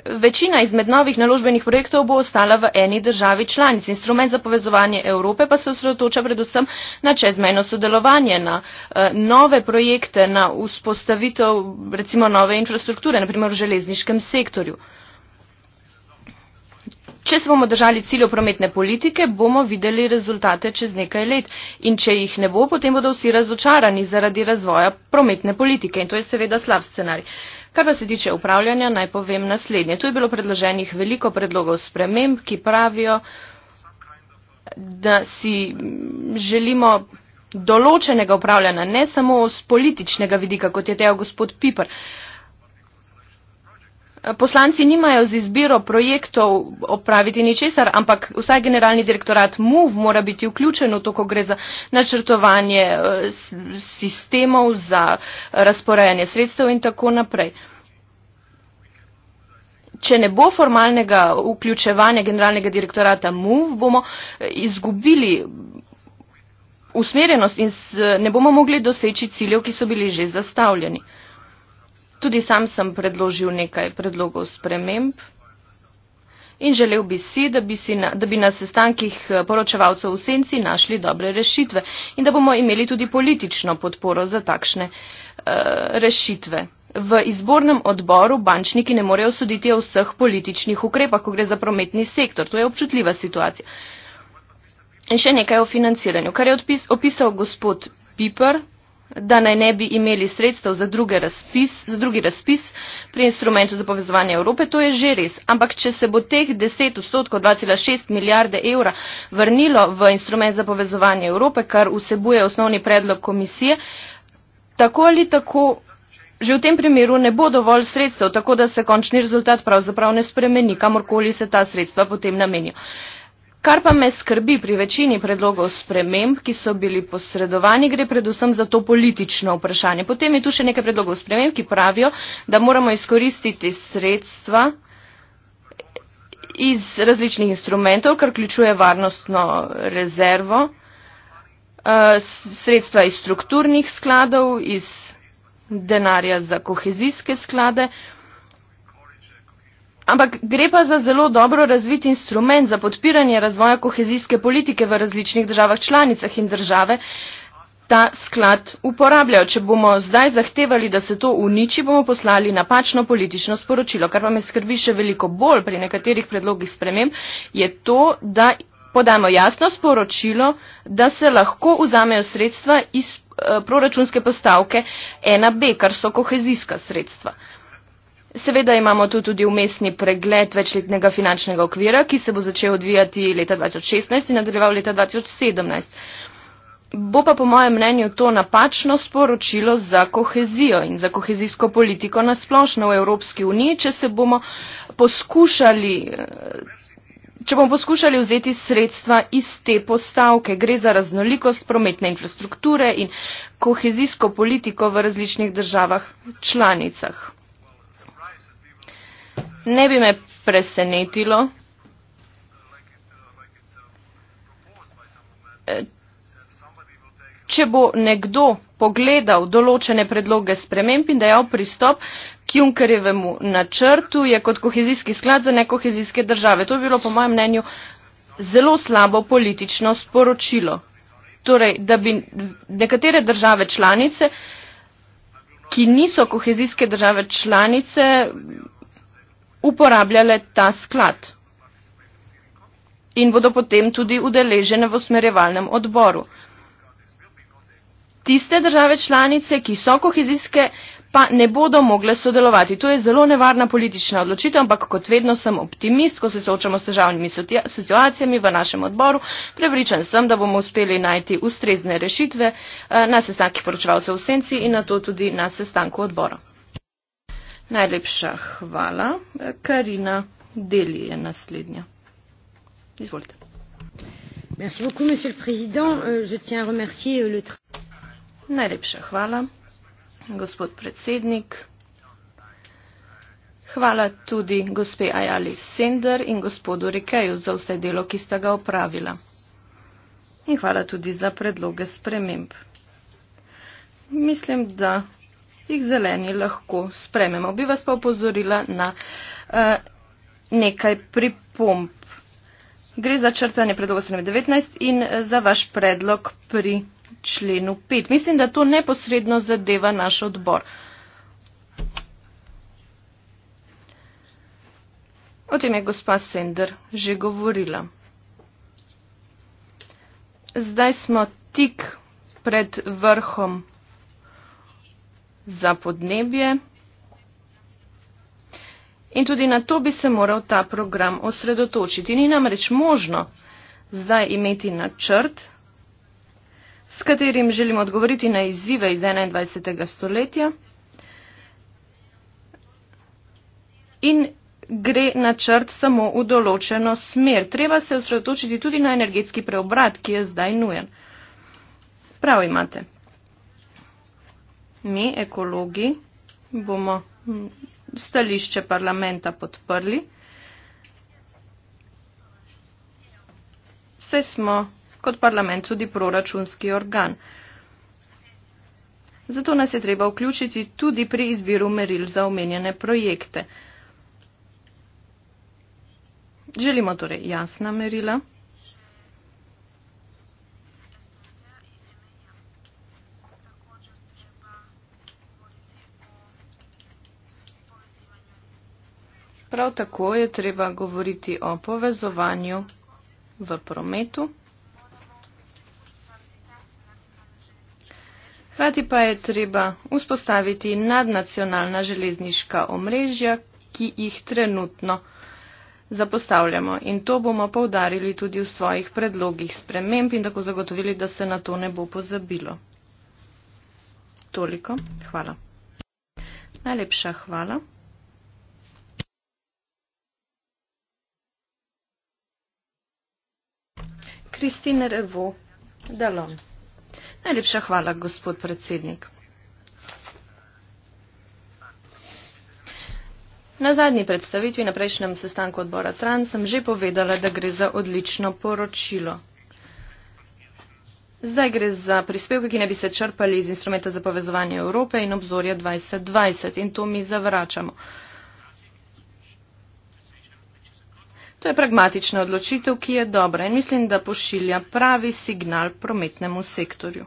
Večina izmed novih naložbenih projektov bo ostala v eni državi članic. Instrument za povezovanje Evrope pa se osredotoča predvsem na čezmejno sodelovanje, na eh, nove projekte, na vzpostavitev recimo nove infrastrukture, naprimer v železniškem sektorju. Če se bomo držali ciljev prometne politike, bomo videli rezultate čez nekaj let. In če jih ne bo, potem bodo vsi razočarani zaradi razvoja prometne politike. In to je seveda slab scenarij. Uh, Kar pa se tiče upravljanja, naj povem naslednje. Tu je bilo predloženih veliko predlogov sprememb, ki pravijo, da si želimo določenega upravljanja, ne samo z političnega vidika, kot je dejal gospod Piper. Uh, poslanci nimajo z izbiro projektov opraviti ničesar, ampak vsaj generalni direktorat MUV mora biti vključen v to, ko gre za načrtovanje eh, sistemov, za razporajanje sredstev in tako naprej. Če ne bo formalnega vključevanja generalnega direktorata MUV, bomo eh, izgubili usmerjenost in ne bomo mogli doseči ciljev, ki so bili že zastavljeni. Tudi sam sem predložil nekaj predlogov sprememb in želel bi si, da bi, si na, da bi na sestankih eh, poročevalcev v senci našli dobre rešitve in da bomo imeli tudi politično podporo za takšne uh, rešitve. V izbornem odboru bančniki ne morejo suditi o vseh političnih ukrepah, ko gre za prometni sektor. To je občutljiva situacija. In še nekaj o financiranju, kar je opis, opisal gospod Piper da naj ne bi imeli sredstev za, razpis, za drugi razpis pri instrumentu za povezovanje Evrope, to je že res. Ampak če se bo teh 10 odstotkov 2,6 milijarde evra vrnilo v instrument za povezovanje Evrope, kar vsebuje osnovni predlog komisije, tako ali tako. Že v tem primeru ne bo dovolj sredstev, tako da se končni rezultat pravzaprav ne spremeni, kamorkoli se ta sredstva potem namenijo. Kar pa me skrbi pri večini predlogov sprememb, ki so bili posredovani, gre predvsem za to politično vprašanje. Potem je tu še nekaj predlogov sprememb, ki pravijo, da moramo izkoristiti sredstva iz različnih instrumentov, kar ključuje varnostno rezervo, eh, sredstva iz strukturnih skladov, iz denarja za kohezijske sklade. Ampak gre pa za zelo dobro razvit instrument za podpiranje razvoja kohezijske politike v različnih državah članicah in države ta sklad uporabljajo. Če bomo zdaj zahtevali, da se to uniči, bomo poslali napačno politično sporočilo. Kar pa me skrbi še veliko bolj pri nekaterih predlogih sprememb, je to, da podamo jasno sporočilo, da se lahko vzamejo sredstva iz eh, proračunske postavke 1B, kar so kohezijska sredstva. Seveda imamo tu tudi umestni pregled večletnega finančnega okvira, ki se bo začel odvijati leta 2016 in nadaljeval leta 2017. Bo pa po mojem mnenju to napačno sporočilo za kohezijo in za kohezijsko politiko nasplošno v Evropski uniji, če se bomo poskušali. Če bomo poskušali vzeti sredstva iz te postavke, gre za raznolikost prometne infrastrukture in kohezijsko politiko v različnih državah članicah ne bi me presenetilo, eh, če bo nekdo pogledal določene predloge sprememb in dejal pristop k Junkerjevemu načrtu, je kot kohezijski sklad za nekohezijske države. To bi bilo, po mojem mnenju, zelo slabo politično sporočilo. Torej, da bi nekatere države članice, ki niso kohezijske države članice, uporabljale ta sklad in bodo potem tudi udeležene v usmerjevalnem odboru. Tiste države članice, ki so kohezijske, pa ne bodo mogle sodelovati. To je zelo nevarna politična odločitev, ampak kot vedno sem optimist, ko se soočamo s težavnimi situacijami v našem odboru, prepričan sem, da bomo uspeli najti ustrezne rešitve eh, na sestankih poročevalcev v Senci in na to tudi na sestanku odbora. Najlepša hvala. Karina Deli je naslednja. Izvolite. Merci beaucoup, monsieur le président. Euh, je tiens à remercier euh, le Najlepša hvala, gospod predsednik. Hvala tudi gospe Ajali Sender in gospodu Rikeju za vse delo, ki sta ga opravila. In hvala tudi za predloge sprememb. Mislim, da jih zeleni lahko sprememo. Bi vas pa upozorila na uh, nekaj pripomp. Gre za črtanje predloga 19 in eh, za vaš predlog pri členu 5. Mislim, da to neposredno zadeva naš odbor. O tem je gospa Sender že govorila. Zdaj smo tik pred vrhom za podnebje. In tudi na to bi se moral ta program osredotočiti. Ni namreč možno zdaj imeti načrt, s katerim želimo odgovoriti na izzive iz 21. stoletja. In gre načrt samo v določeno smer. Treba se osredotočiti tudi na energetski preobrat, ki je zdaj nujen. Prav imate mi, ekologi, bomo hm, stališče parlamenta podprli. Vse smo kot parlament tudi proračunski organ. Zato nas je treba vključiti tudi pri izbiru meril za omenjene projekte. Želimo torej jasna merila. Prav tako je treba govoriti o povezovanju v prometu. Hrati pa je treba vzpostaviti nadnacionalna železniška omrežja, ki jih trenutno zapostavljamo. In to bomo povdarili tudi v svojih predlogih sprememb in tako zagotovili, da se na to ne bo pozabilo. Toliko. Hvala. Najlepša hvala. Kristine Revo, Dalon. Najlepša hvala, gospod predsednik. Na zadnji predstavitvi na prejšnjem sestanku odbora TRAN sem že povedala, da gre za odlično poročilo. Zdaj gre za prispevke, ki ne bi se črpali iz instrumenta za povezovanje Evrope in obzorja 2020 in to mi zavračamo. To je pragmatična odločitev, ki je dobra in mislim, da pošilja pravi signal prometnemu sektorju.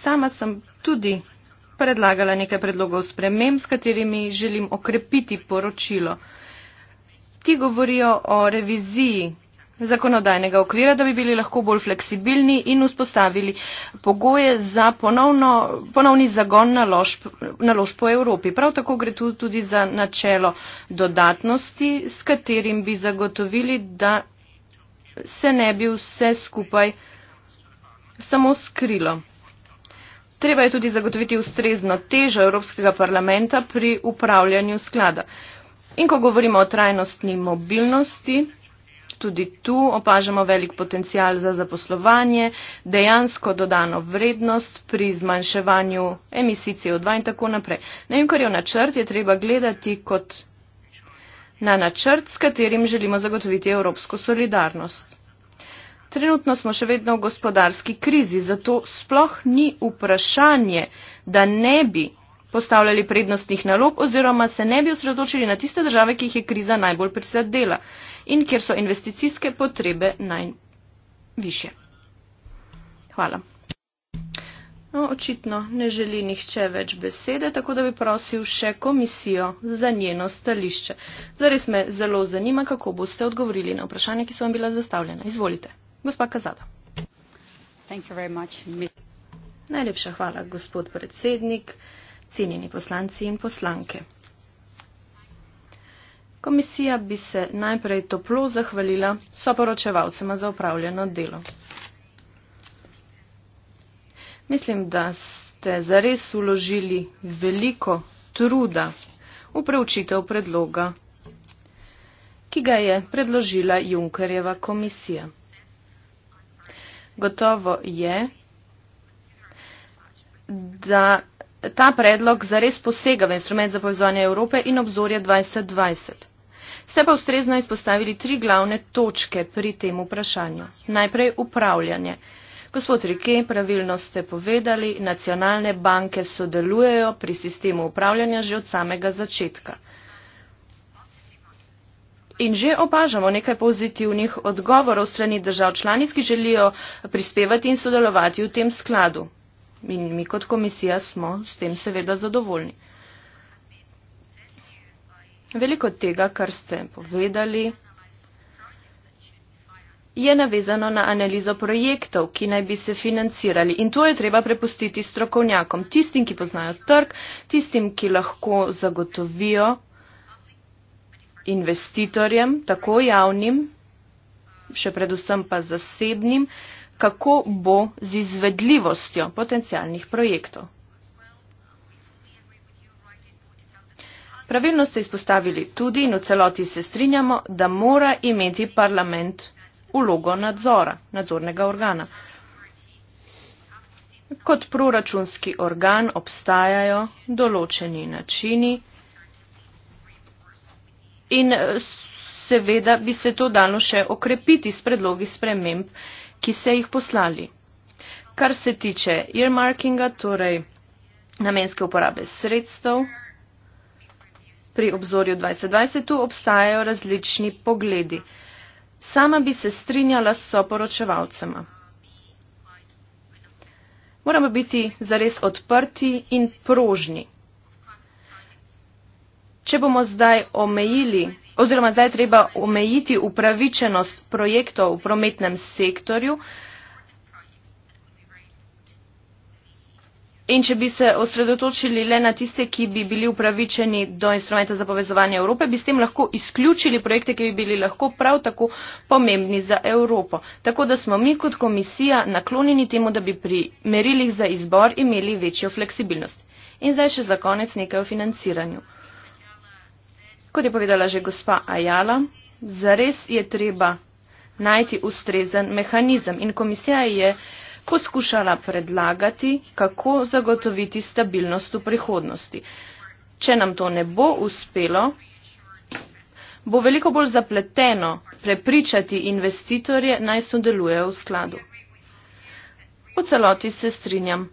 Sama sem tudi predlagala nekaj predlogov spremem, s katerimi želim okrepiti poročilo. Ti govorijo o reviziji zakonodajnega okvira, da bi bili lahko bolj fleksibilni in vzpostavili pogoje za ponovno, ponovni zagon na lož po Evropi. Prav tako gre tu tudi za načelo dodatnosti, s katerim bi zagotovili, da se ne bi vse skupaj samo skrilo. Treba je tudi zagotoviti ustrezno težo Evropskega parlamenta pri upravljanju sklada. In ko govorimo o trajnostni mobilnosti, tudi tu opažamo velik potencial za zaposlovanje, dejansko dodano vrednost pri zmanjševanju emisij CO2 in tako naprej. Ne vem, kar je v načrt, je treba gledati kot na načrt, s katerim želimo zagotoviti evropsko solidarnost. Trenutno smo še vedno v gospodarski krizi, zato sploh ni vprašanje, da ne bi postavljali prednostnih nalog oziroma se ne bi osredotočili na tiste države, ki jih je kriza najbolj prizadela in kjer so investicijske potrebe najviše. Hvala. No, očitno ne želi nihče več besede, tako da bi prosil še komisijo za njeno stališče. Zares me zelo zanima, kako boste odgovorili na vprašanje, ki so vam bila zastavljena. Izvolite. Gospa Kazada. Najlepša hvala, gospod predsednik cenjeni poslanci in poslanke. Komisija bi se najprej toplo zahvalila soporočevalcema za upravljeno delo. Mislim, da ste zares uložili veliko truda v preučitev predloga, ki ga je predložila Junkerjeva komisija. Gotovo je, da ta predlog zares posega v instrument za povezovanje Evrope in obzorje 2020. Ste pa ustrezno izpostavili tri glavne točke pri tem vprašanju. Najprej upravljanje. Gospod Rike, pravilno ste povedali, nacionalne banke sodelujejo pri sistemu upravljanja že od samega začetka. In že opažamo nekaj pozitivnih odgovorov strani držav članic, ki želijo prispevati in sodelovati v tem skladu. In mi kot komisija smo s tem seveda zadovoljni. Veliko tega, kar ste povedali, je navezano na analizo projektov, ki naj bi se financirali. In to je treba prepustiti strokovnjakom, tistim, ki poznajo trg, tistim, ki lahko zagotovijo investitorjem, tako javnim, še predvsem pa zasebnim, kako bo z izvedljivostjo potencijalnih projektov. Pravilno ste izpostavili tudi in v celoti se strinjamo, da mora imeti parlament ulogo nadzora, nadzornega organa. Kot proračunski organ obstajajo določeni načini in eh, seveda bi se to dalo še okrepiti s predlogi sprememb ki se jih poslali. Kar se tiče earmarkinga, torej namenske uporabe sredstev, pri obzorju 2020 tu obstajajo različni pogledi. Sama bi se strinjala s soporočevalcema. Moramo biti zares odprti in prožni. Če bomo zdaj omejili oziroma zdaj je treba omejiti upravičenost projektov v prometnem sektorju. In če bi se osredotočili le na tiste, ki bi bili upravičeni do instrumenta za povezovanje Evrope, bi s tem lahko izključili projekte, ki bi bili lahko prav tako pomembni za Evropo. Tako da smo mi kot komisija naklonjeni temu, da bi pri merilih za izbor imeli večjo fleksibilnost. In zdaj še za konec nekaj o financiranju kot je povedala že gospa Ajala, zares je treba najti ustrezen mehanizem in komisija je poskušala predlagati, kako zagotoviti stabilnost v prihodnosti. Če nam to ne bo uspelo, bo veliko bolj zapleteno prepričati investitorje naj sodelujejo v skladu. V celoti se strinjam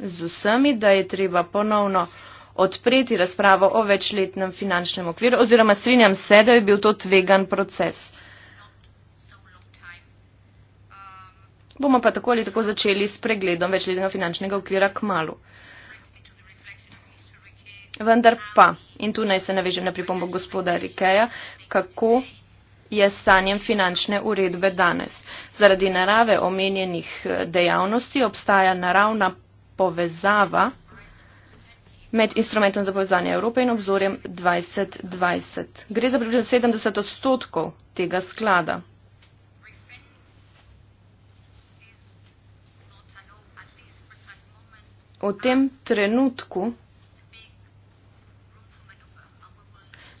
z vsemi, da je treba ponovno odpreti razpravo o večletnem finančnem okviru, oziroma strinjam se, da je bil to tvegan proces. Bomo pa tako ali tako začeli s pregledom večletnega finančnega okvira k malu. Vendar pa, in tu naj se navežem na pripombo gospoda Rikeja, kako je s stanjem finančne uredbe danes. Zaradi narave omenjenih eh, dejavnosti obstaja naravna povezava med instrumentom za povezanje Evrope in obzorjem 2020. Gre za približno 70 odstotkov tega sklada. V tem trenutku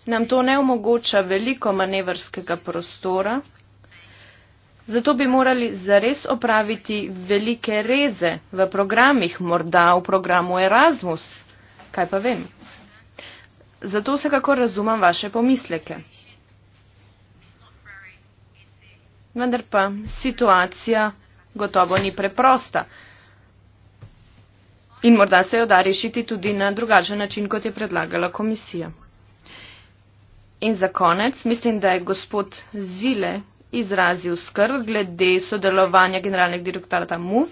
nam to ne omogoča veliko manevrskega prostora, zato bi morali zares opraviti velike reze v programih, morda v programu Erasmus kaj pa vem. Zato vsekakor razumem vaše pomisleke. Vendar pa situacija gotovo ni preprosta. In morda se jo da rešiti tudi na drugačen način, kot je predlagala komisija. In za konec mislim, da je gospod Zile izrazil skrb glede sodelovanja generalnega direktorata MUV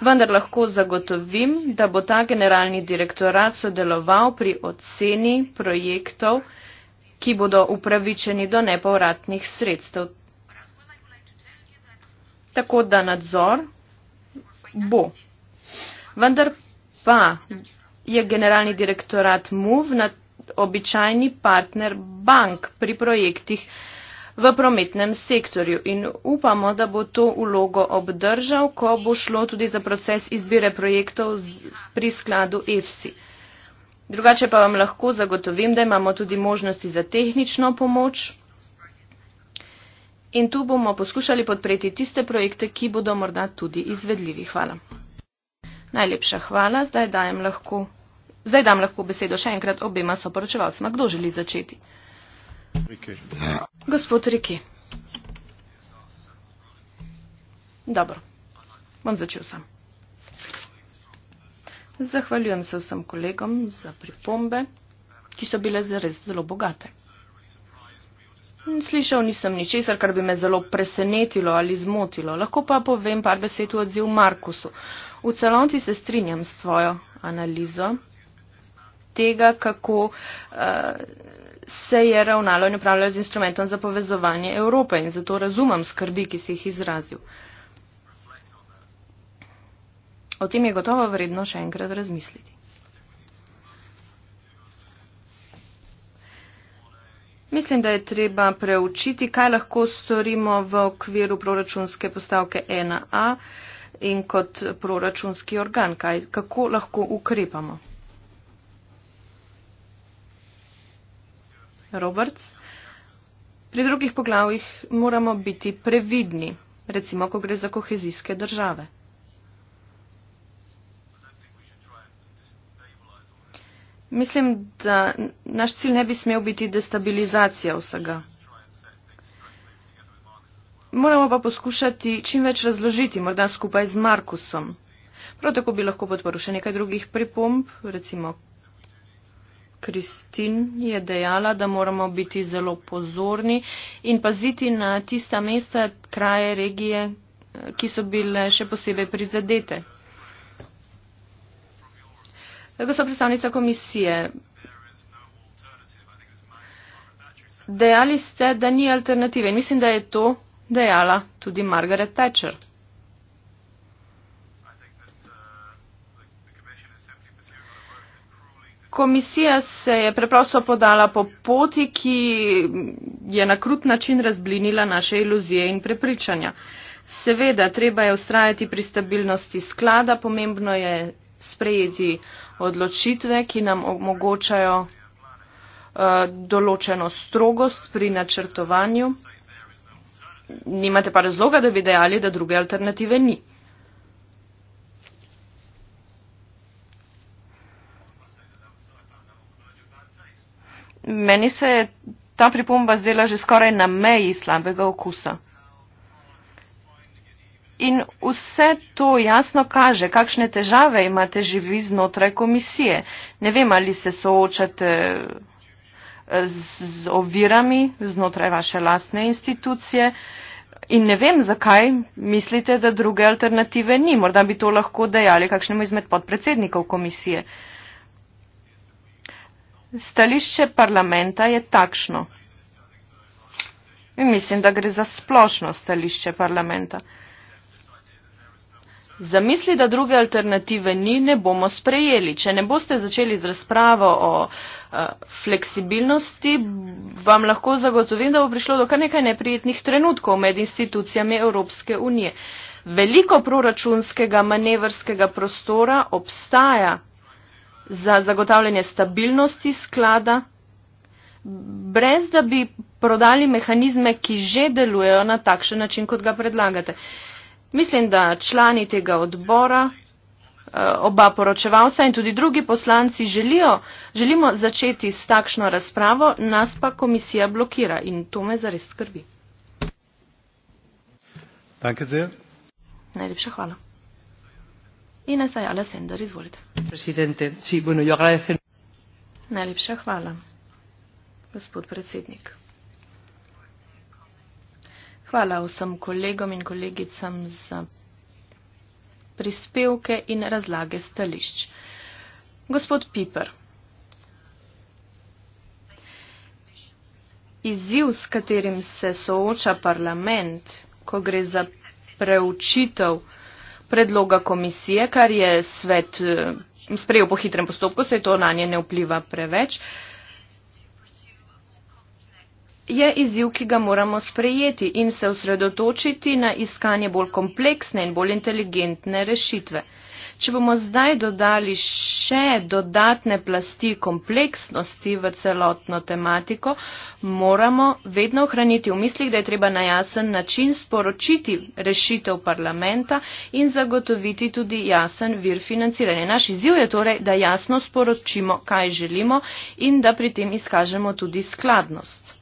vendar lahko zagotovim, da bo ta generalni direktorat sodeloval pri oceni projektov, ki bodo upravičeni do nepovratnih sredstev. Tako da nadzor bo. Vendar pa je generalni direktorat MUV običajni partner bank pri projektih, v prometnem sektorju in upamo, da bo to ulogo obdržal, ko bo šlo tudi za proces izbire projektov pri skladu EFSI. Drugače pa vam lahko zagotovim, da imamo tudi možnosti za tehnično pomoč in tu bomo poskušali podpreti tiste projekte, ki bodo morda tudi izvedljivi. Hvala. Najlepša hvala. Zdaj dam lahko, zdaj dam lahko besedo še enkrat obema soporočevalcema. Kdo želi začeti? Gospod Riki. Dobro, bom začel sam. Zahvaljujem se vsem kolegom za pripombe, ki so bile zares zelo bogate. Slišal nisem ničesar, kar bi me zelo presenetilo ali zmotilo. Lahko pa povem par besed v odziv Markusu. V celoti se strinjam s svojo analizo tega, kako uh, se je ravnalo in upravljalo z instrumentom za povezovanje Evrope in zato razumem skrbi, ki si jih izrazil. O tem je gotovo vredno še enkrat razmisliti. Mislim, da je treba preučiti, kaj lahko storimo v okviru proračunske postavke 1a in kot proračunski organ, kaj, kako lahko ukrepamo. Roberts. Pri drugih poglavjih moramo biti previdni, recimo, ko gre za kohezijske države. Mislim, da naš cilj ne bi smel biti destabilizacija vsega. Moramo pa poskušati čim več razložiti, morda skupaj z Markusom. Prav tako bi lahko podporil še nekaj drugih pripomb, recimo Kristin je dejala, da moramo biti zelo pozorni in paziti na tista mesta, kraje, regije, ki so bile še posebej prizadete. Gospod predstavnica komisije, dejali ste, da ni alternative in mislim, da je to dejala tudi Margaret Thatcher. komisija se je preprosto podala po poti, ki je na krut način razblinila naše iluzije in prepričanja. Seveda, treba je ustrajati pri stabilnosti sklada, pomembno je sprejeti odločitve, ki nam omogočajo uh, določeno strogost pri načrtovanju. Nimate pa razloga, da bi dejali, da druge alternative ni. meni se je ta pripomba zdela že skoraj na meji slabega okusa. In vse to jasno kaže, kakšne težave imate živi znotraj komisije. Ne vem, ali se soočate eh, z ovirami znotraj vaše lastne institucije in ne vem, zakaj mislite, da druge alternative ni. Morda bi to lahko dejali kakšnemu izmed podpredsednikov komisije. Uh, Stališče parlamenta je takšno. In mislim, da gre za splošno stališče parlamenta. Zamisli, da druge alternative ni, ne bomo sprejeli. Če ne boste začeli z razpravo o a, eh, fleksibilnosti, vam lahko zagotovim, da bo prišlo do kar nekaj neprijetnih trenutkov med institucijami Evropske unije. Veliko proračunskega manevrskega prostora obstaja za zagotavljanje stabilnosti sklada, brez da bi prodali mehanizme, ki že delujejo na takšen način, kot ga predlagate. Mislim, da člani tega odbora, eh, oba poročevalca in tudi drugi poslanci želijo, želimo začeti s takšno razpravo, nas pa komisija blokira in to me zares skrbi. Danke sehr. Najlepša hvala. Ines Ayala Sender, izvolite. Presidente, sí, bueno, yo agradecer... Najlepša hvala, gospod predsednik. Hvala vsem kolegom in kolegicam za prispevke in razlage stališč. Gospod Piper, izziv, s katerim se sooča parlament, ko gre za preučitev predloga komisije, kar je svet eh, sprejel po hitrem postopku, se to na nje ne vpliva preveč, je izziv, ki ga moramo sprejeti in se osredotočiti na iskanje bolj kompleksne in bolj inteligentne rešitve. Če bomo zdaj dodali še dodatne plasti kompleksnosti v celotno tematiko, moramo vedno ohraniti v mislih, da je treba na jasen način sporočiti rešitev parlamenta in zagotoviti tudi jasen vir financiranja. Naš izziv je torej, da jasno sporočimo, kaj želimo in da pri tem izkažemo tudi skladnost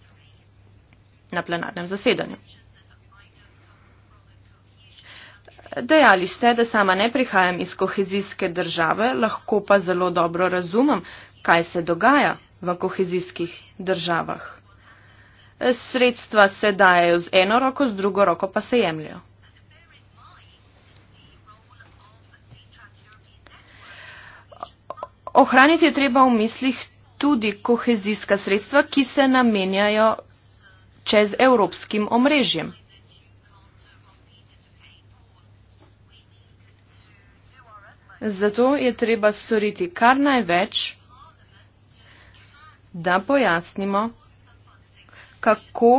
na plenarnem zasedanju. Dejali ste, da sama ne prihajam iz kohezijske države, lahko pa zelo dobro razumem, kaj se dogaja v kohezijskih državah. Sredstva se dajajo z eno roko, z drugo roko pa se jemljajo. Ohraniti je treba v mislih tudi kohezijska sredstva, ki se namenjajo čez evropskim omrežjem. Zato je treba storiti kar največ, da pojasnimo, kako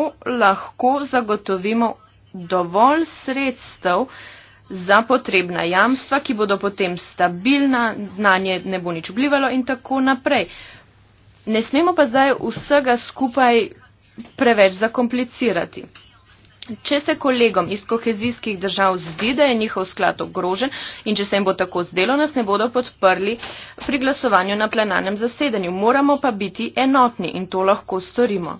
lahko zagotovimo dovolj sredstev za potrebna jamstva, ki bodo potem stabilna, na nje ne bo nič vplivalo in tako naprej. Ne smemo pa zdaj vsega skupaj preveč zakomplicirati. Če se kolegom iz kohezijskih držav zdi, da je njihov sklad ogrožen in če se jim bo tako zdelo, nas ne bodo podprli pri glasovanju na plenarnem zasedanju. Moramo pa biti enotni in to lahko storimo.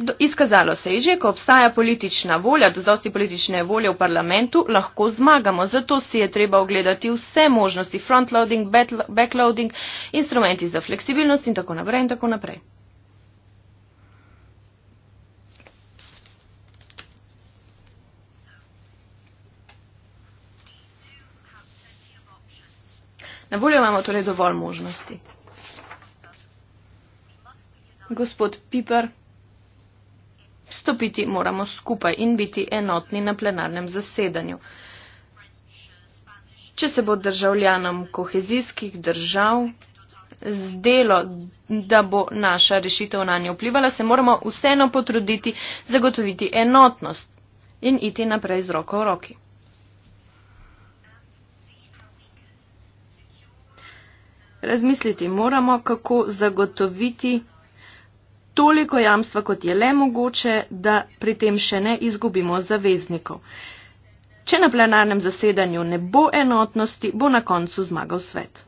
Do, izkazalo se je že, ko obstaja politična volja, dozosti politične volje v parlamentu, lahko zmagamo. Zato si je treba ogledati vse možnosti, frontloading, backloading, instrumenti za fleksibilnost in tako naprej in tako naprej. Na voljo imamo torej dovolj možnosti. Gospod Piper, stopiti moramo skupaj in biti enotni na plenarnem zasedanju. Če se bo državljanom kohezijskih držav zdelo, da bo naša rešitev na njo vplivala, se moramo vseeno potruditi zagotoviti enotnost in iti naprej z roko v roki. razmisliti moramo, kako zagotoviti toliko jamstva, kot je le mogoče, da pri tem še ne izgubimo zaveznikov. Če na plenarnem zasedanju ne bo enotnosti, bo na koncu zmagal svet.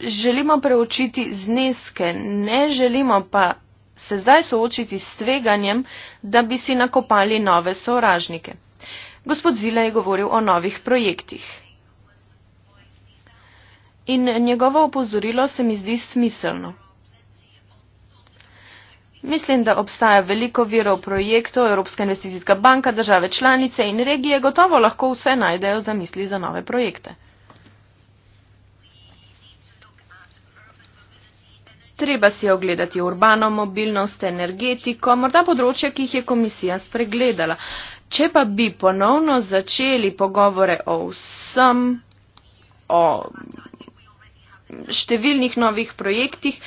želimo preučiti zneske, ne želimo pa se zdaj soočiti s tveganjem, da bi si nakopali nove sovražnike. Gospod Zila je govoril o novih projektih. In njegovo opozorilo se mi zdi smiselno. Mislim, da obstaja veliko virov projektov, Evropska investicijska banka, države članice in regije gotovo lahko vse najdejo za misli za nove projekte. Treba si je ogledati urbano mobilnost, energetiko, morda področja, ki jih je komisija spregledala. Če pa bi ponovno začeli pogovore o vsem, o številnih novih projektih,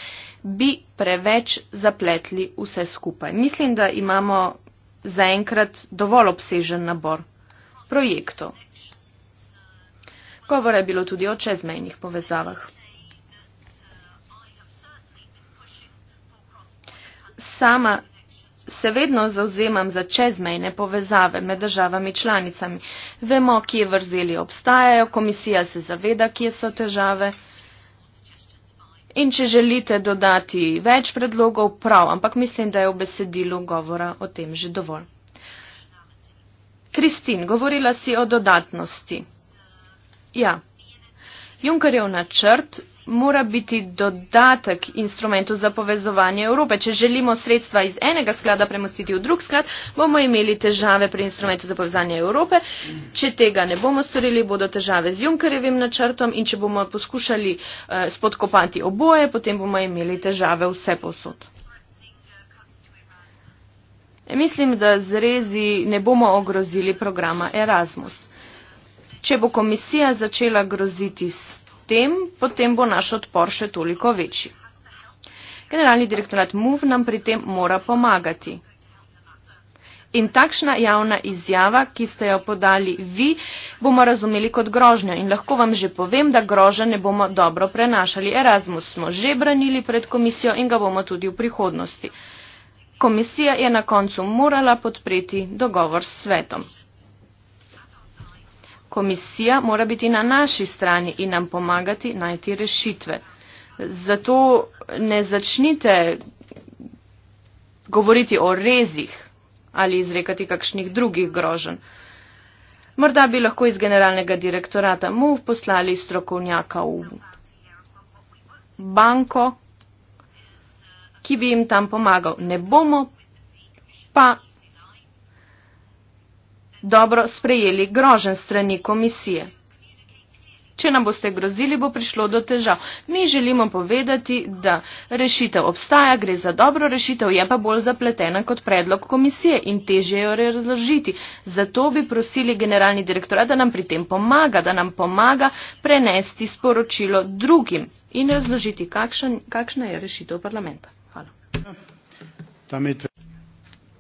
bi preveč zapletli vse skupaj. Mislim, da imamo zaenkrat dovolj obsežen nabor projektov. Govora je bilo tudi o čezmejnih povezavah. sama se vedno zauzemam za čezmejne povezave med državami članicami. Vemo, kje vrzeli obstajajo, komisija se zaveda, kje so težave. In če želite dodati več predlogov, prav, ampak mislim, da je v besedilu govora o tem že dovolj. Kristin, govorila si o dodatnosti. Ja. Junkerjev načrt mora biti dodatek instrumentu za povezovanje Evrope. Če želimo sredstva iz enega sklada premostiti v drug sklad, bomo imeli težave pri instrumentu za povezanje Evrope. Če tega ne bomo storili, bodo težave z Junkerjevim načrtom in če bomo poskušali eh, spodkopati oboje, potem bomo imeli težave vse posod. E, mislim, da zrezi ne bomo ogrozili programa Erasmus. Če bo komisija začela groziti s tem, potem bo naš odpor še toliko večji. Generalni direktorat MUV nam pri tem mora pomagati. In takšna javna izjava, ki ste jo podali vi, bomo razumeli kot grožnjo. In lahko vam že povem, da grožnja ne bomo dobro prenašali. Erasmus smo že branili pred komisijo in ga bomo tudi v prihodnosti. Komisija je na koncu morala podpreti dogovor s svetom. Komisija mora biti na naši strani in nam pomagati najti rešitve. Zato ne začnite govoriti o rezih ali izrekati kakšnih drugih grožen. Morda bi lahko iz generalnega direktorata MUV poslali strokovnjaka v banko, ki bi jim tam pomagal. Ne bomo pa dobro sprejeli grožen strani komisije. Če nam boste grozili, bo prišlo do težav. Mi želimo povedati, da rešitev obstaja, gre za dobro rešitev, je pa bolj zapletena kot predlog komisije in težje jo razložiti. Zato bi prosili generalni direktorat, da nam pri tem pomaga, da nam pomaga prenesti sporočilo drugim in razložiti, kakšen, kakšna je rešitev parlamenta. Hvala.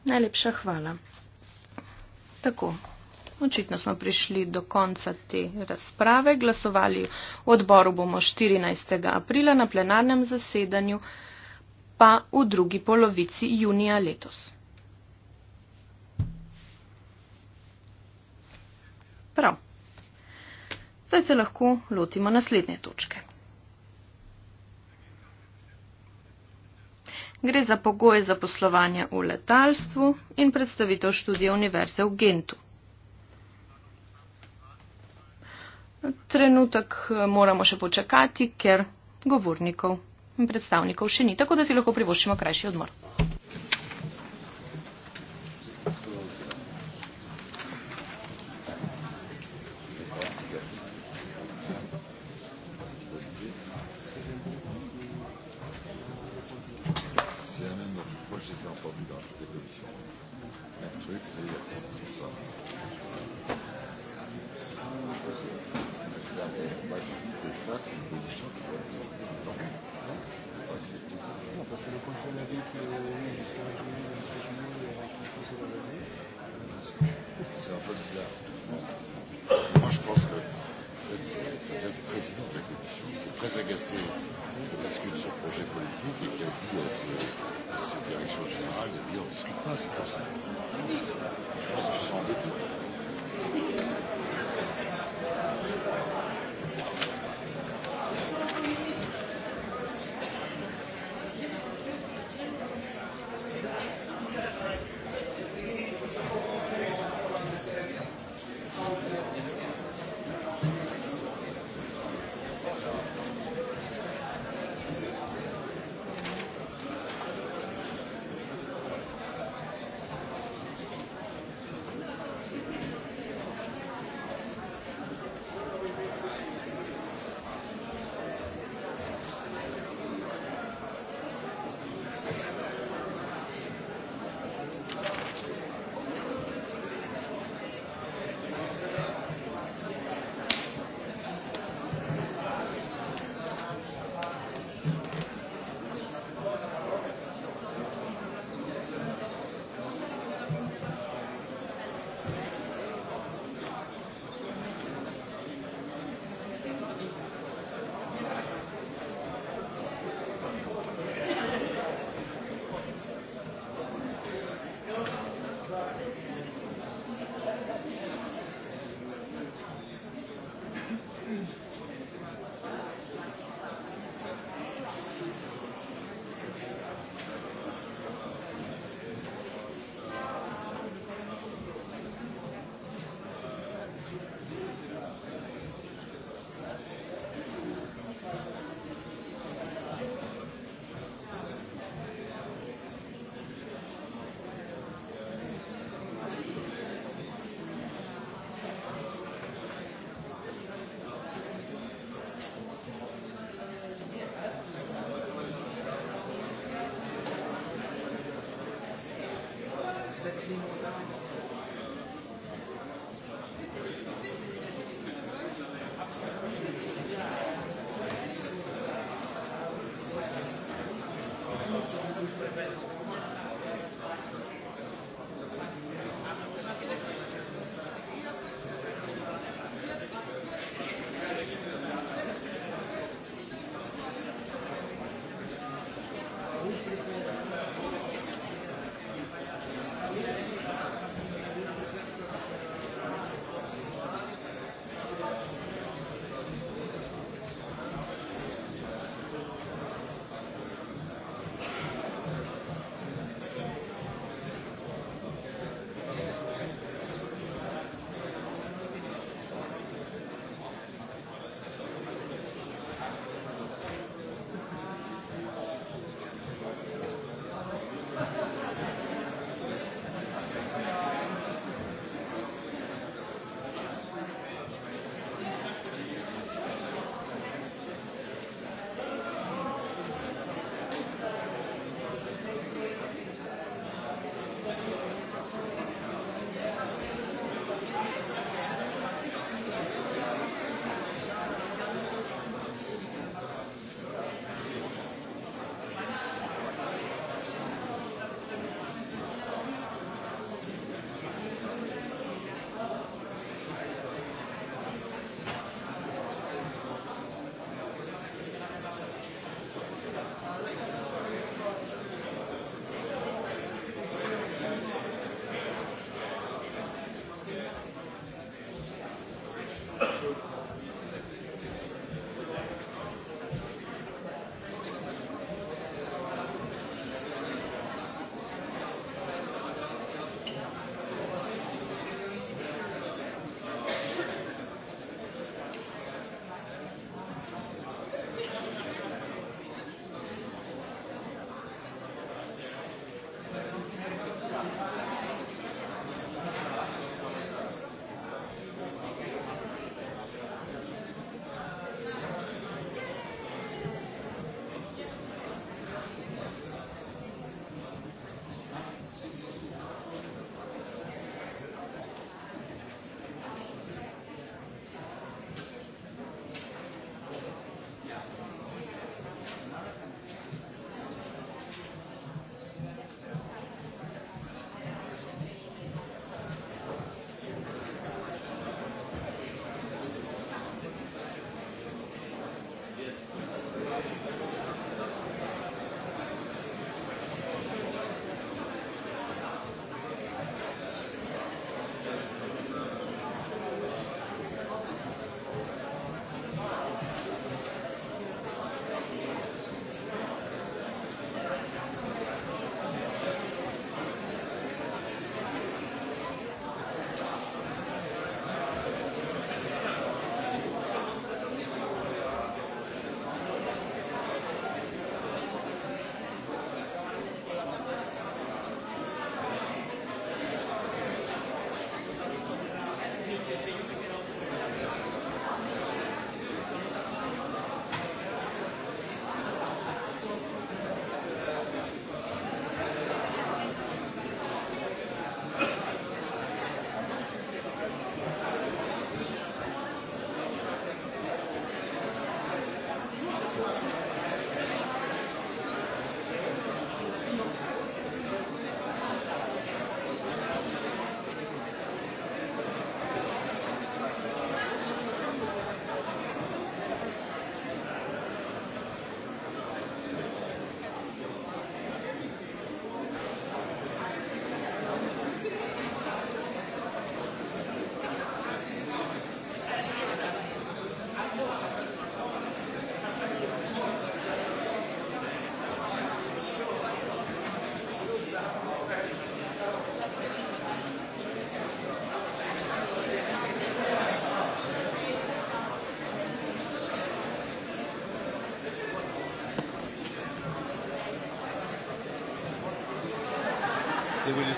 Najlepša hvala. Tako. Očitno smo prišli do konca te razprave. Glasovali v odboru bomo 14. aprila na plenarnem zasedanju, pa v drugi polovici junija letos. Prav. Zdaj se lahko lotimo naslednje točke. Gre za pogoje za poslovanje v letalstvu in predstavitev študije Univerze v Gentu. Trenutek eh, moramo še počakati, ker govornikov in predstavnikov še ni, tako da si lahko privoščimo krajši odmor.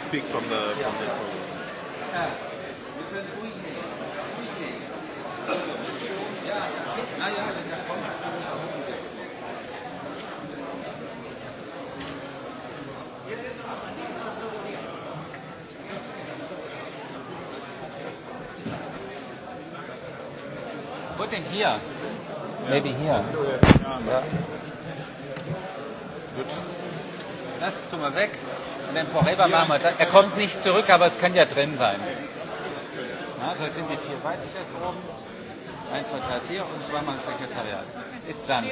speak from the yeah. from the podium. What in here? Yeah. Maybe here. Still here. Yeah. Gut. Lass es mal weg. Und den Forever machen wir dann. Er kommt nicht zurück, aber es kann ja drin sein. Also sind die vier Weitschers oben. Eins, zwei, drei, vier und zweimal Sekretariat. It's done.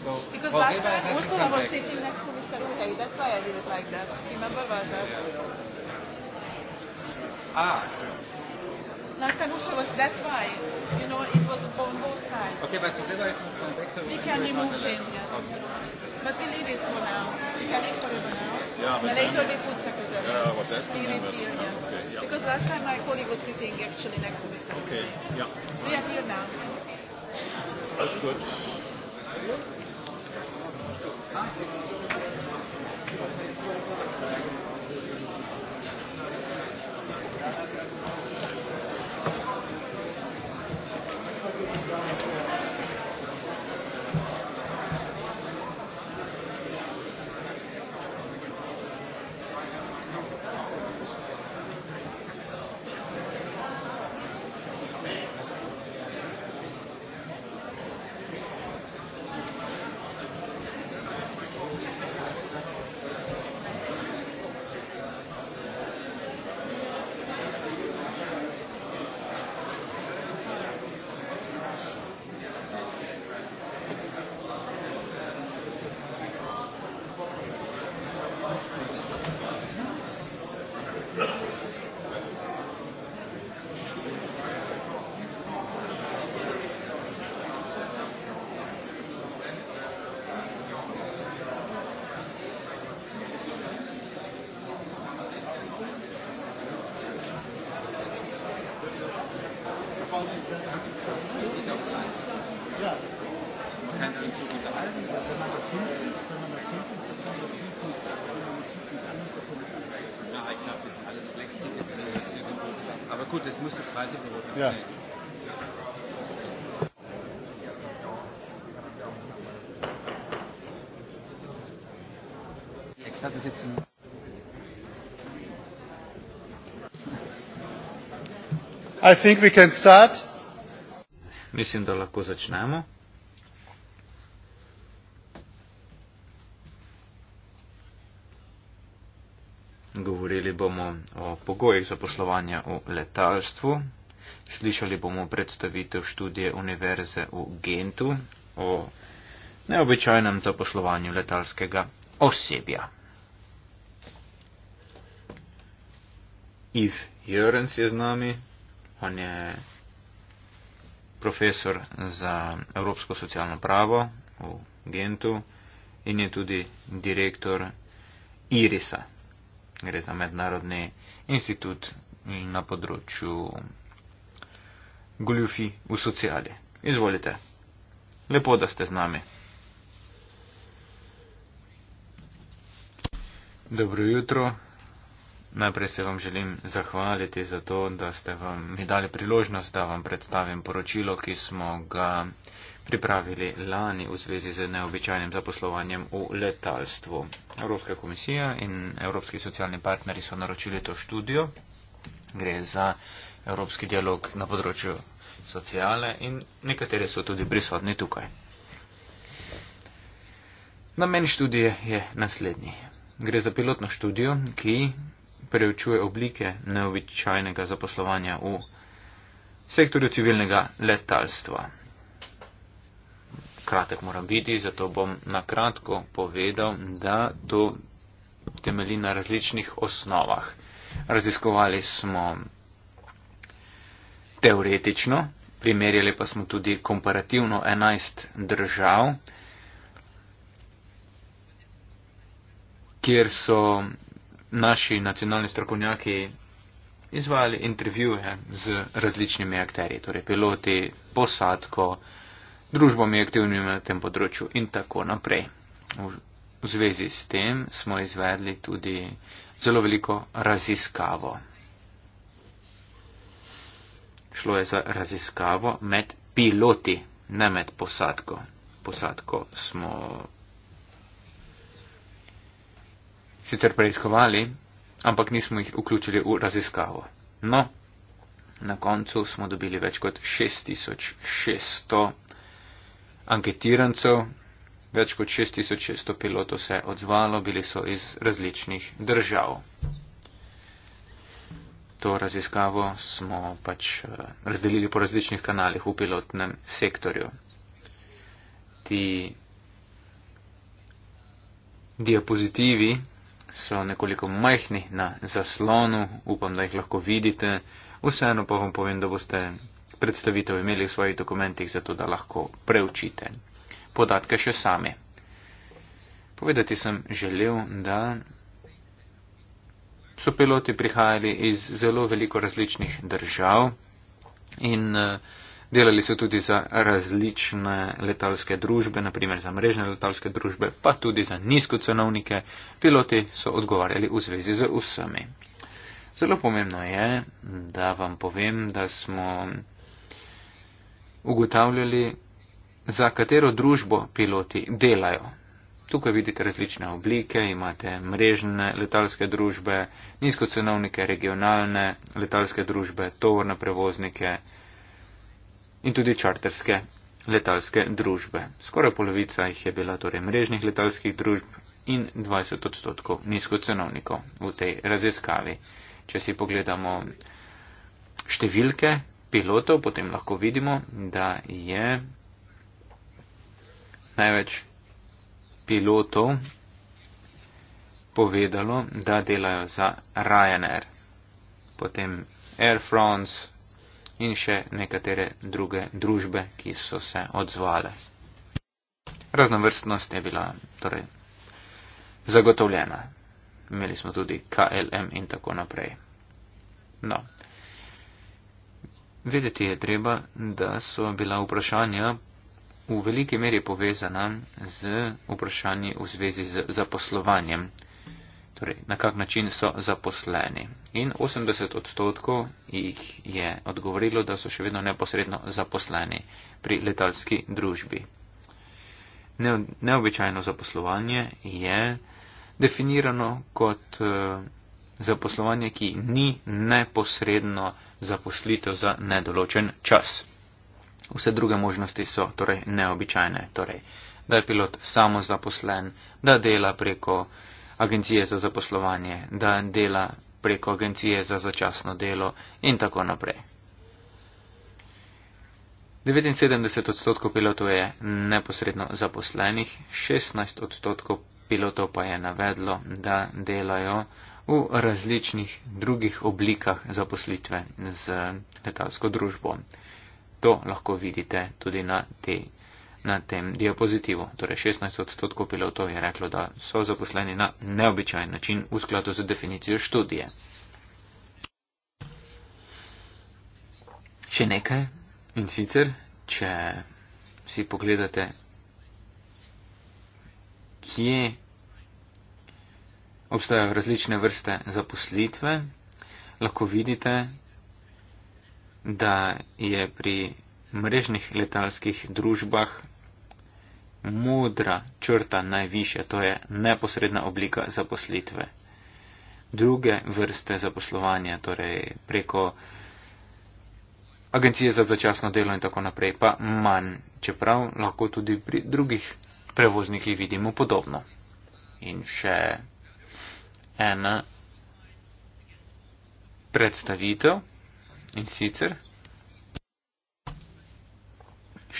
So, Because last time Ursula was sitting next to Mr. Say, that's why I did it like that. Remember that? Yeah. Ah. Last time Ursula was, that's why. You know, it was on both sides. Okay, but Forever is not convex. We can remove him, yes. Okay. But we need it for now. We have it forever now. Yeah, but later then, they put second Yeah, what that's the here, yeah. Okay, yeah. Because last time my colleague was sitting actually next to me. Okay, yeah. We are here now. That's good. Thank you. Ja, ich glaube, das sind alles Flex-Tickets, die wir gebucht haben. Aber gut, das muss das Reisebüro ja. sein. Ja. Die Experten sitzen. I think we can start. Mislim, da lahko začnemo. Govorili bomo o pogojih za poslovanje v letalstvu. Slišali bomo predstavitev študije Univerze v Gentu o neobičajnem zaposlovanju letalskega osebja. Iv Jörens je z nami on je profesor za evropsko socialno pravo v Gentu in je tudi direktor IRISA. Gre za mednarodni institut na področju goljufi v sociali. Izvolite. Lepo, da ste z nami. Dobro jutro. Najprej se vam želim zahvaliti za to, da ste vam mi dali priložnost, da vam predstavim poročilo, ki smo ga pripravili lani v zvezi z neobičajnim zaposlovanjem v letalstvu. Evropska komisija in evropski socialni partneri so naročili to študijo. Gre za evropski dialog na področju sociale in nekatere so tudi prisotni tukaj. Namen študije je naslednji. Gre za pilotno študijo, ki preučuje oblike neobičajnega zaposlovanja v sektorju civilnega letalstva. Kratek moram biti, zato bom na kratko povedal, da to temelji na različnih osnovah. Raziskovali smo teoretično, primerjali pa smo tudi komparativno 11 držav, kjer so naši nacionalni strokovnjaki izvajali intervjuje z različnimi akteri, torej piloti, posadko, družbami aktivnimi na tem področju in tako naprej. V, v zvezi s tem smo izvedli tudi zelo veliko raziskavo. Šlo je za raziskavo med piloti, ne med posadko. Posadko smo sicer preiskovali, ampak nismo jih vključili v raziskavo. No, na koncu smo dobili več kot 6600 anketirancev, več kot 6600 pilotov se je odzvalo, bili so iz različnih držav. To raziskavo smo pač eh, razdelili po različnih kanalih v pilotnem sektorju. Ti diapozitivi so nekoliko majhni na zaslonu, upam, da jih lahko vidite. Vseeno pa vam povem, da boste predstavitev imeli v svojih dokumentih, zato da lahko preučite podatke še sami. Povedati sem želel, da so piloti prihajali iz zelo veliko različnih držav in uh, Delali so tudi za različne letalske družbe, naprimer za mrežne letalske družbe, pa tudi za nizkocenovnike. Piloti so odgovarjali v zvezi z vsemi. Zelo pomembno je, da vam povem, da smo ugotavljali, za katero družbo piloti delajo. Tukaj vidite različne oblike, imate mrežne letalske družbe, nizkocenovnike, regionalne letalske družbe, tovorne prevoznike, in tudi čarterske letalske družbe. Skoraj polovica jih je bila torej mrežnih letalskih družb in 20 odstotkov nizkocenovnikov v tej raziskavi. Če si pogledamo številke pilotov, potem lahko vidimo, da je največ pilotov povedalo, da delajo za Ryanair. Potem Air France, in še nekatere druge družbe, ki so se odzvale. Raznovrstnost je bila torej zagotovljena. Imeli smo tudi KLM in tako naprej. No. Vedeti je treba, da so bila vprašanja v veliki meri povezana z vprašanji v zvezi z zaposlovanjem torej na kak način so zaposleni. In 80 odstotkov jih je odgovorilo, da so še vedno neposredno zaposleni pri letalski družbi. Ne, neobičajno zaposlovanje je definirano kot uh, zaposlovanje, ki ni neposredno zaposlito za nedoločen čas. Vse druge možnosti so torej neobičajne, torej, da je pilot samozaposlen, da dela preko uh, agencije za zaposlovanje, da dela preko agencije za začasno delo in tako naprej. 79 odstotkov pilotov je neposredno zaposlenih, 16 odstotkov pilotov pa je navedlo, da delajo v različnih drugih oblikah zaposlitve z letalsko družbo. To lahko vidite tudi na tej na tem diapozitivu. Torej 16 odstotkov pilotov je reklo, da so zaposleni na neobičajen način v skladu z definicijo študije. Še nekaj in sicer, če si pogledate, kje obstajajo različne vrste zaposlitve, lahko vidite, da je pri mrežnih letalskih družbah modra črta najviše, to je neposredna oblika zaposlitve. Druge vrste zaposlovanja, torej preko agencije za začasno delo in tako naprej, pa manj, čeprav lahko tudi pri drugih prevoznikih vidimo podobno. In še ena predstavitev in sicer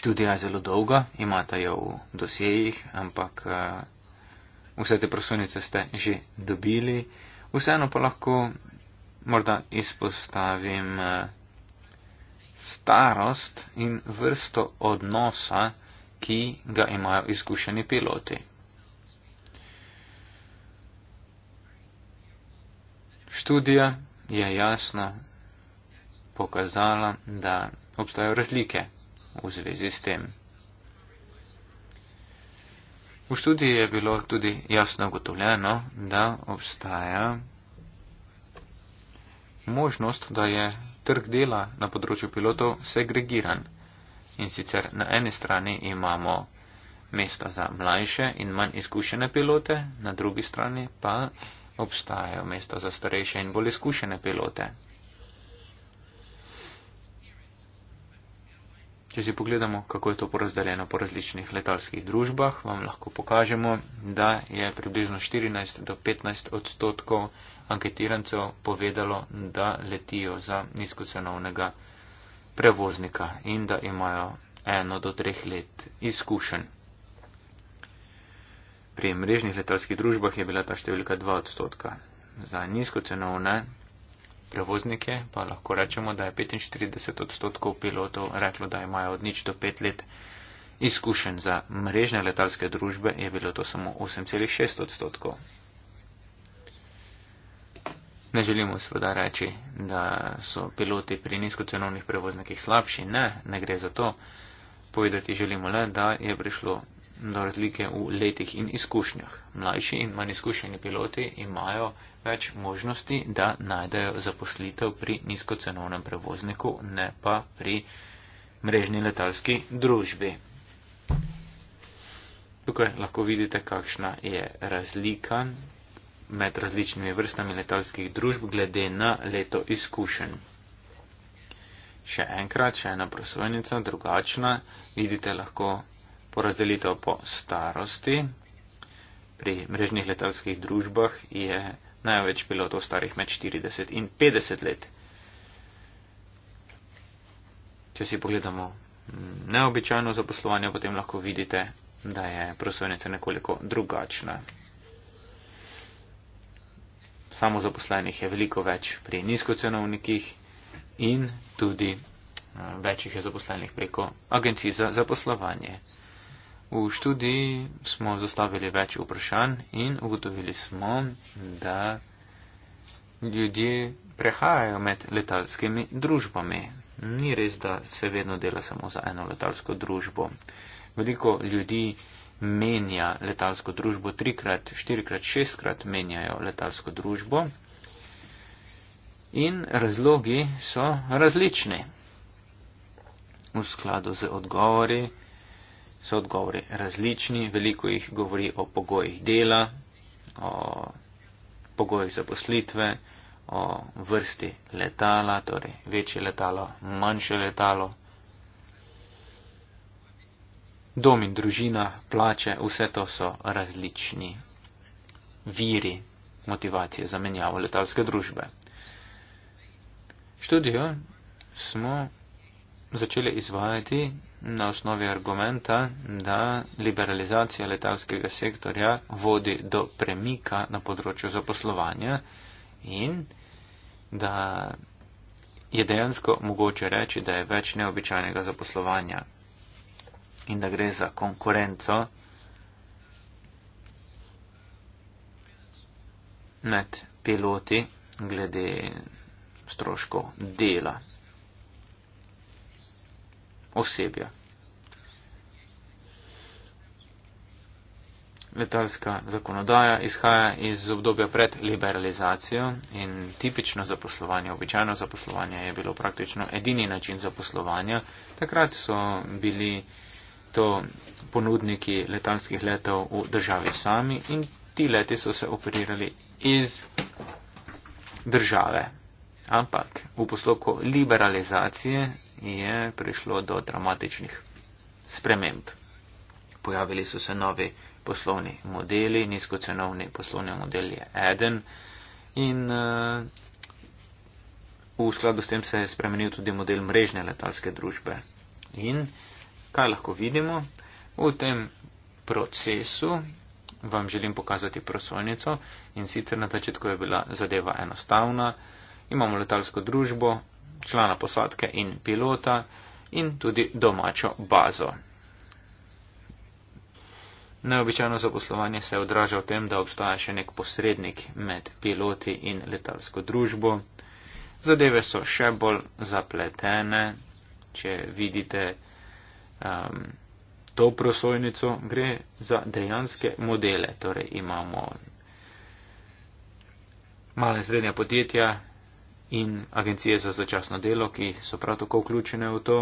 študija je zelo dolga, imate jo v dosejih, ampak eh, vse te prosunice ste že dobili. Vseeno pa lahko morda izpostavim eh, starost in vrsto odnosa, ki ga imajo izkušeni piloti. Študija je jasno pokazala, da obstajajo razlike v zvezi s tem. V študiji je bilo tudi jasno ugotovljeno, da obstaja možnost, da je trg dela na področju pilotov segregiran. In sicer na eni strani imamo mesta za mlajše in manj izkušene pilote, na drugi strani pa obstajajo mesta za starejše in bolj izkušene pilote. Če si pogledamo, kako je to porazdeljeno po različnih letalskih družbah, vam lahko pokažemo, da je približno 14 do 15 odstotkov anketirancev povedalo, da letijo za nizkocenovnega prevoznika in da imajo eno do treh let izkušenj. Pri mrežnih letalskih družbah je bila ta številka 2 odstotka. Za nizkocenovne prevoznike, pa lahko rečemo, da je 45 odstotkov pilotov reklo, da imajo od nič do pet let izkušen za mrežne letalske družbe, je bilo to samo 8,6 odstotkov. Ne želimo seveda reči, da so piloti pri nizkocenovnih prevoznikih slabši. Ne, ne gre za to. Povedati želimo le, da je prišlo razlike v letih in izkušnjah. Mlajši in manj izkušeni piloti imajo več možnosti, da najdejo zaposlitev pri nizkocenovnem prevozniku, ne pa pri mrežni letalski družbi. Tukaj lahko vidite, kakšna je razlika med različnimi vrstami letalskih družb glede na leto izkušenj. Še enkrat, še ena prosojnica, drugačna. Vidite lahko porazdelitev po starosti. Pri mrežnih letalskih družbah je največ pilotov starih med 40 in 50 let. Če si pogledamo mm, neobičajno zaposlovanje, potem lahko vidite, da je prosojnica nekoliko drugačna. Samo zaposlenih je veliko več pri nizkocenovnikih in tudi eh, večjih je zaposlenih preko agencij za zaposlovanje. V študiji smo zastavili več vprašanj in ugotovili smo, da ljudje prehajajo med letalskimi družbami. Ni res, da se vedno dela samo za eno letalsko družbo. Veliko ljudi menja letalsko družbo trikrat, štirikrat, šestkrat menjajo letalsko družbo in razlogi so različni. V skladu z odgovori, so odgovori različni, veliko jih govori o pogojih dela, o pogojih zaposlitve, o vrsti letala, torej večje letalo, manjše letalo, dom in družina, plače, vse to so različni viri motivacije za menjavo letalske družbe. Študijo smo začeli izvajati na osnovi argumenta, da liberalizacija letalskega sektorja vodi do premika na področju zaposlovanja in da je dejansko mogoče reči, da je več neobičajnega zaposlovanja in da gre za konkurenco med piloti glede stroškov dela osebja. Letalska zakonodaja izhaja iz obdobja pred liberalizacijo in tipično zaposlovanje, običajno zaposlovanje je bilo praktično edini način zaposlovanja. Takrat so bili to ponudniki letalskih letov v državi sami in ti leti so se operirali iz države. Ampak v poslovku liberalizacije je prišlo do dramatičnih sprememb. Pojavili so se novi poslovni modeli, nizkocenovni poslovni model je eden in uh, v skladu s tem se je spremenil tudi model mrežne letalske družbe. In kaj lahko vidimo? V tem procesu vam želim pokazati prosojnico in sicer na začetku je bila zadeva enostavna. Imamo letalsko družbo, člana posadke in pilota in tudi domačo bazo. Neobičajno zaposlovanje se odraža v tem, da obstaja še nek posrednik med piloti in letalsko družbo. Zadeve so še bolj zapletene, če vidite um, to prosojnico, gre za dejanske modele. Torej imamo male srednje podjetja, in agencije za začasno delo, ki so prav tako vključene v to.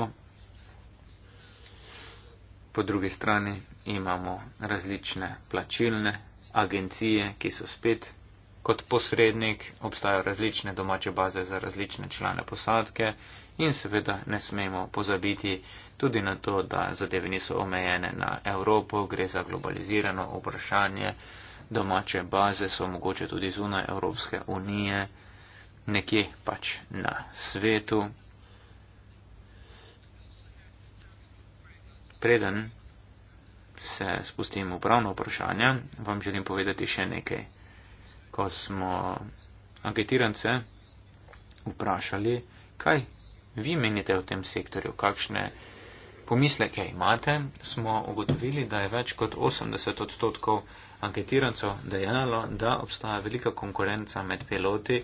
Po drugi strani imamo različne plačilne agencije, ki so spet kot posrednik, obstajajo različne domače baze za različne člane posadke in seveda ne smemo pozabiti tudi na to, da zadeve niso omejene na Evropo, gre za globalizirano vprašanje. Domače baze so mogoče tudi zunaj Evropske unije nekje pač na svetu. Preden se spustim v pravno vprašanje, vam želim povedati še nekaj. Ko smo anketirance vprašali, kaj vi menite v tem sektorju, kakšne pomisleke imate, smo ugotovili, da je več kot 80 odstotkov anketirancov dejalo, da obstaja velika konkurenca med piloti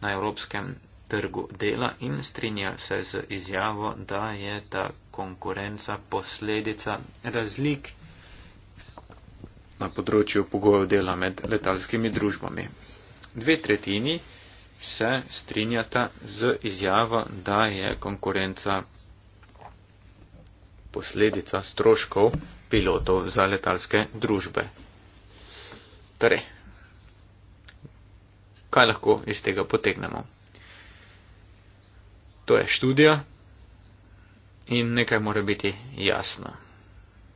na evropskem trgu dela in strinja se z izjavo, da je ta konkurenca posledica razlik na področju pogojev dela med letalskimi družbami. Dve tretjini se strinjata z izjavo, da je konkurenca posledica stroškov pilotov za letalske družbe. Torej, kaj lahko iz tega potegnemo. To je študija in nekaj mora biti jasno.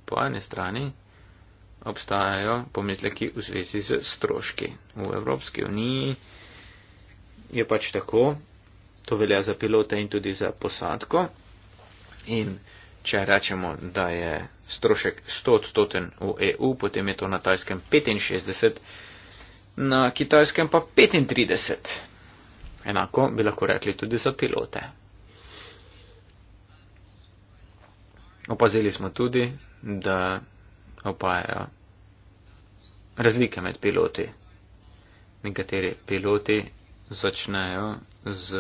Po eni strani obstajajo pomisleki v zvezi z stroški. V Evropski uniji je pač tako, to velja za pilote in tudi za posadko. In če rečemo, da je strošek 100-odstoten v EU, potem je to na tajskem 65 na kitajskem pa 35. Enako bi lahko rekli tudi za pilote. Opazili smo tudi, da opajajo razlike med piloti. Nekateri piloti začnejo z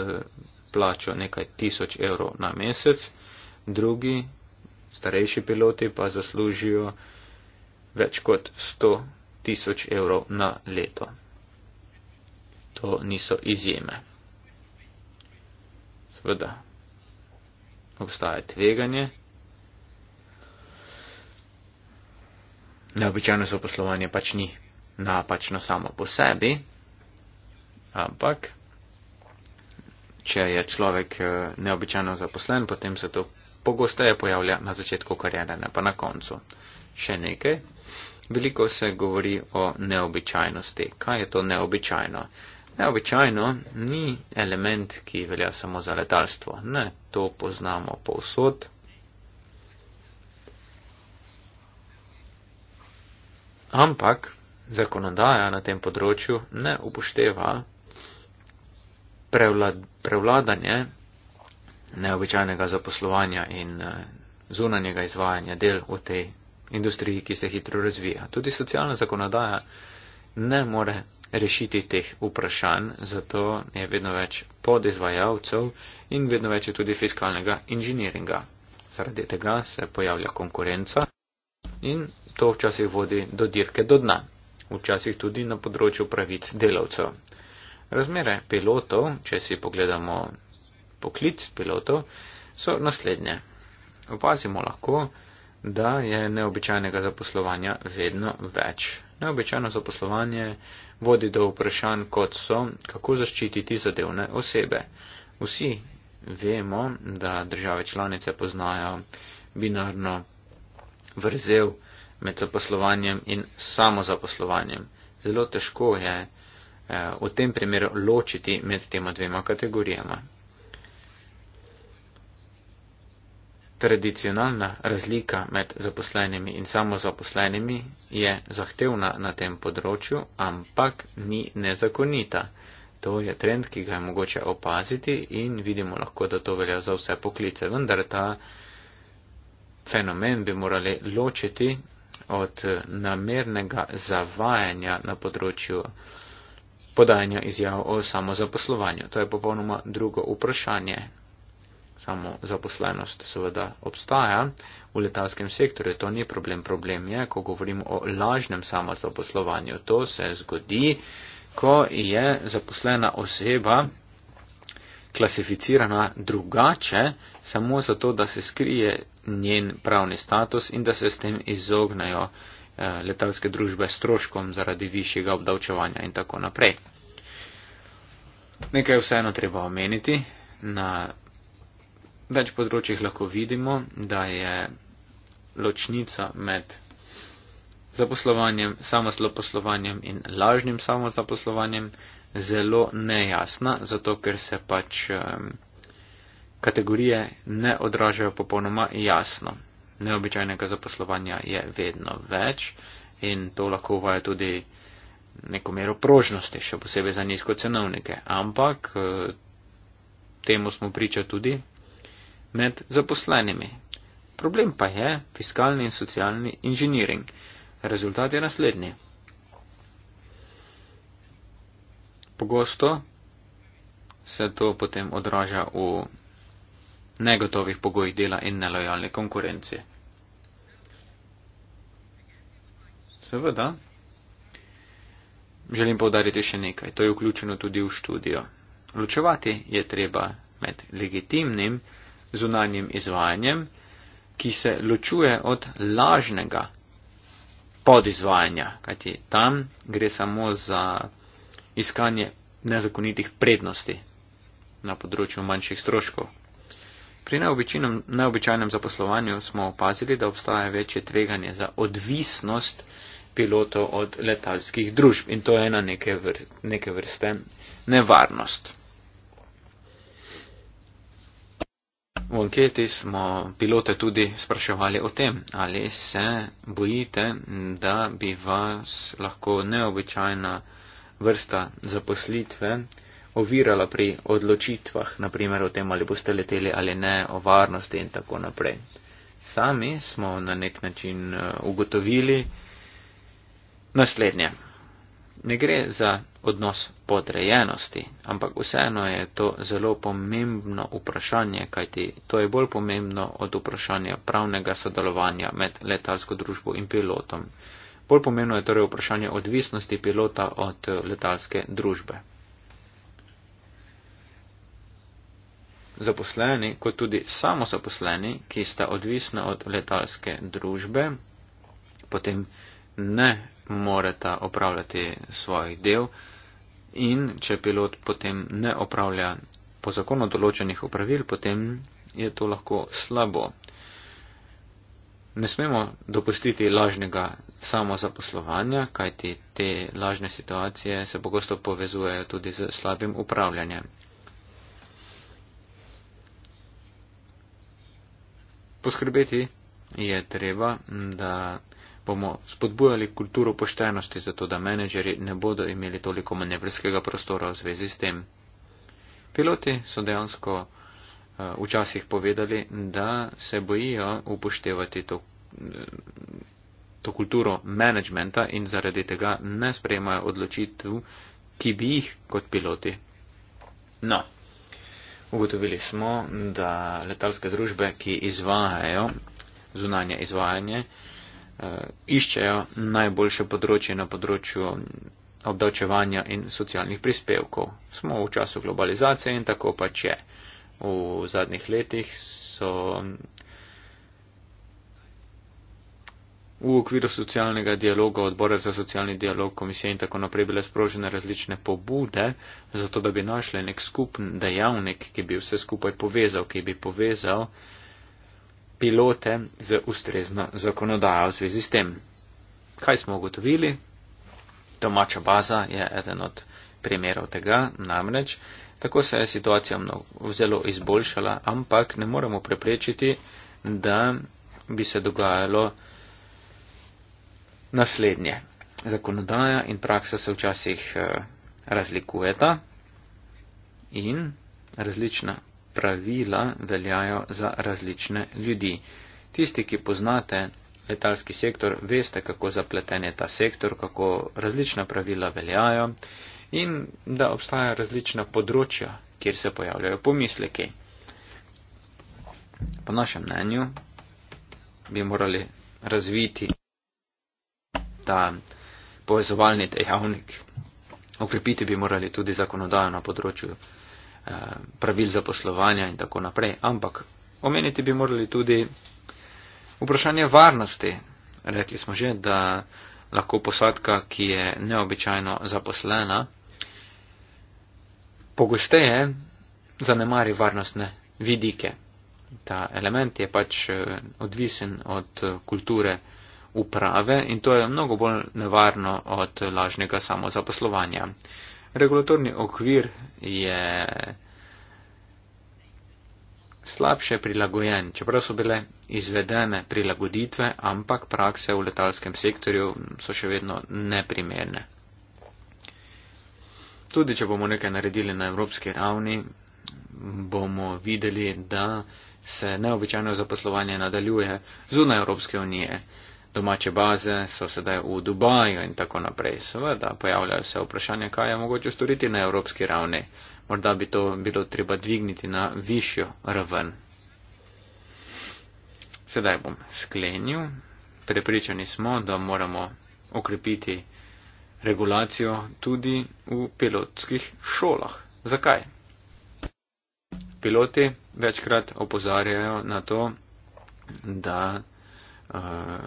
plačo nekaj tisoč evrov na mesec, drugi, starejši piloti pa zaslužijo več kot 100 tisoč evrov na leto. To niso izjeme. Seveda, obstaja tveganje. Neobičajno so poslovanje pač ni napačno samo po sebi, ampak če je človek eh, neobičajno zaposlen, potem se to pogosteje pojavlja na začetku karjere, ne pa na koncu. Še nekaj. Veliko se govori o neobičajnosti. Kaj je to neobičajno? Neobičajno ni element, ki velja samo za letalstvo. Ne, to poznamo povsod. Ampak zakonodaja na tem področju ne upošteva prevlad, prevladanje neobičajnega zaposlovanja in eh, zunanjega izvajanja del v tej industriji, ki se hitro razvija. Tudi socialna zakonodaja ne more rešiti teh vprašanj, zato je vedno več podizvajalcev in vedno več je tudi fiskalnega inženiringa. Zaradi tega se pojavlja konkurenca in to včasih vodi do dirke do dna, včasih tudi na področju pravic delavcev. Razmere pilotov, če si pogledamo poklic pilotov, so naslednje. Opazimo lahko, da je neobičajnega zaposlovanja vedno več. Neobičajno zaposlovanje vodi do vprašanj, kot so, kako zaščititi zadevne osebe. Vsi vemo, da države članice poznajo binarno vrzel med zaposlovanjem in samozaposlovanjem. Zelo težko je eh, v tem primeru ločiti med tema dvema kategorijama. Tradicionalna razlika med zaposlenimi in samozaposlenimi je zahtevna na tem področju, ampak ni nezakonita. To je trend, ki ga je mogoče opaziti in vidimo lahko, da to velja za vse poklice. Vendar ta fenomen bi morali ločiti od namernega zavajanja na področju podajanja izjav o samozaposlovanju. To je popolnoma drugo vprašanje samo zaposlenost seveda obstaja v letalskem sektorju, to ni problem. Problem je, ko govorimo o lažnem samozaposlovanju. To se zgodi, ko je zaposlena oseba klasificirana drugače, samo zato, da se skrije njen pravni status in da se s tem izognajo eh, letalske družbe stroškom zaradi višjega obdavčevanja in tako naprej. Nekaj vseeno treba omeniti. Na več področjih lahko vidimo, da je ločnica med zaposlovanjem, samozloposlovanjem in lažnim samozloposlovanjem zelo nejasna, zato ker se pač um, kategorije ne odražajo popolnoma jasno. Neobičajnega zaposlovanja je vedno več in to lahko uvaja tudi neko mero prožnosti, še posebej za nizko cenovnike. Ampak eh, temu smo priča tudi med zaposlenimi. Problem pa je fiskalni in socialni inženiring. Rezultat je naslednji. Pogosto se to potem odraža v negotovih pogojih dela in nelojalni konkurenci. Seveda, želim povdariti še nekaj, to je vključeno tudi v študijo. Ločevati je treba med legitimnim zunanjim izvajanjem, ki se ločuje od lažnega podizvajanja, kajti tam gre samo za iskanje nezakonitih prednosti na področju manjših stroškov. Pri neobičajnem zaposlovanju smo opazili, da obstaja večje tveganje za odvisnost pilotov od letalskih družb in to je ena neke vrste nevarnost. V anketi smo pilote tudi spraševali o tem, ali se bojite, da bi vas lahko neobičajna vrsta zaposlitve ovirala pri odločitvah, naprimer o tem, ali boste leteli ali ne, o varnosti in tako naprej. Sami smo na nek način eh, ugotovili naslednje ne gre za odnos podrejenosti, ampak vseeno je to zelo pomembno vprašanje, kajti to je bolj pomembno od vprašanja pravnega sodelovanja med letalsko družbo in pilotom. Bolj pomembno je torej vprašanje odvisnosti pilota od eh, letalske družbe. Zaposleni, kot tudi samozaposleni, ki sta odvisna od letalske družbe, potem ne morata opravljati svojih del in če pilot potem ne opravlja po zakonu določenih upravil, potem je to lahko slabo. Ne smemo dopustiti lažnega samozaposlovanja, kajti te lažne situacije se pogosto povezujejo tudi z slabim upravljanjem. Poskrbeti je treba, da bomo spodbujali kulturo poštenosti, zato da menedžeri ne bodo imeli toliko manevrskega prostora v zvezi s tem. Piloti so dejansko eh, včasih povedali, da se bojijo upoštevati to, eh, to kulturo menedžmenta in zaradi tega ne sprejemajo odločitev, ki bi jih kot piloti. No, ugotovili smo, da letalske družbe, ki izvajajo zunanje izvajanje, uh, Eh, iščejo najboljše področje na področju obdavčevanja in socialnih prispevkov. Smo v času globalizacije in tako pač je. V zadnjih letih so v okviru socialnega dialoga, odbora za socialni dialog, komisije in tako naprej bile sprožene različne pobude, zato da bi našli nek skupen dejavnik, ki bi vse skupaj povezal, ki bi povezal uh, pilote z ustrezno zakonodajo v zvezi s tem. Kaj smo ugotovili? Domača baza je eden od primerov tega, namreč tako se je situacija mnogo zelo izboljšala, ampak ne moremo preprečiti, da bi se dogajalo naslednje. Zakonodaja in praksa se včasih eh, razlikujeta in različna pravila veljajo za različne ljudi. Tisti, ki poznate letalski sektor, veste, kako zapleten je ta sektor, kako različna pravila veljajo in da obstajajo različna področja, kjer se pojavljajo pomisleki. Po našem mnenju bi morali razviti ta povezovalni dejavnik. Okrepiti bi morali tudi zakonodajo na področju Eh, pravil zaposlovanja in tako naprej. Ampak omeniti bi morali tudi vprašanje varnosti. Rekli smo že, da lahko posadka, ki je neobičajno zaposlena, pogosteje zanemari varnostne vidike. Ta element je pač eh, odvisen od eh, kulture uprave in to je mnogo bolj nevarno od lažnega samozaposlovanja regulatorni okvir je slabše prilagojen, čeprav so bile izvedene prilagoditve, ampak prakse v letalskem sektorju so še vedno neprimerne. Tudi, če bomo nekaj naredili na evropski ravni, bomo videli, da se neobičajno zaposlovanje nadaljuje zunaj Evropske unije domače baze so sedaj v Dubaju in tako naprej. Seveda pojavljajo se vprašanja, kaj je mogoče storiti na evropski ravni. Morda bi to bilo treba dvigniti na višjo raven. Sedaj bom sklenil. Prepričani smo, da moramo okrepiti regulacijo tudi v pilotskih šolah. Zakaj? Piloti večkrat opozarjajo na to, da Eh,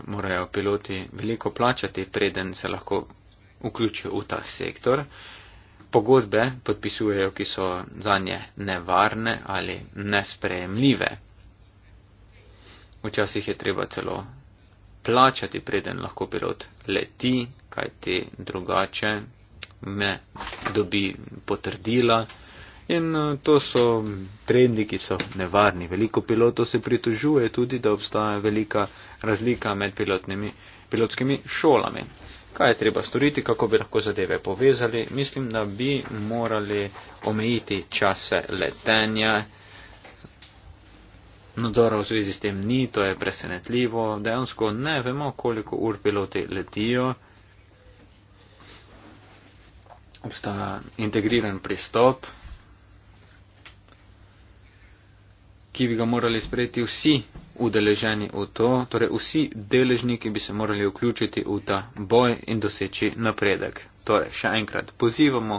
morajo piloti veliko plačati, preden se lahko vključijo v ta sektor. Pogodbe podpisujejo, ki so za nje nevarne ali nesprejemljive. Včasih je treba celo plačati, preden lahko pilot leti, kajti drugače ne dobi potrdila. In eh, to so trendi, ki so nevarni. Veliko pilotov se pritožuje tudi, da obstaja velika razlika med pilotskimi šolami. Kaj je treba storiti, kako bi lahko zadeve povezali? Mislim, da bi morali omejiti čase letenja. Nadzora v zvezi s tem ni, to je presenetljivo. Dejansko ne vemo, koliko ur piloti letijo. Obstaja integriran pristop, ki bi ga morali sprejeti vsi udeleženi v to, torej vsi deležniki bi se morali vključiti v ta boj in doseči napredek. Torej, še enkrat pozivamo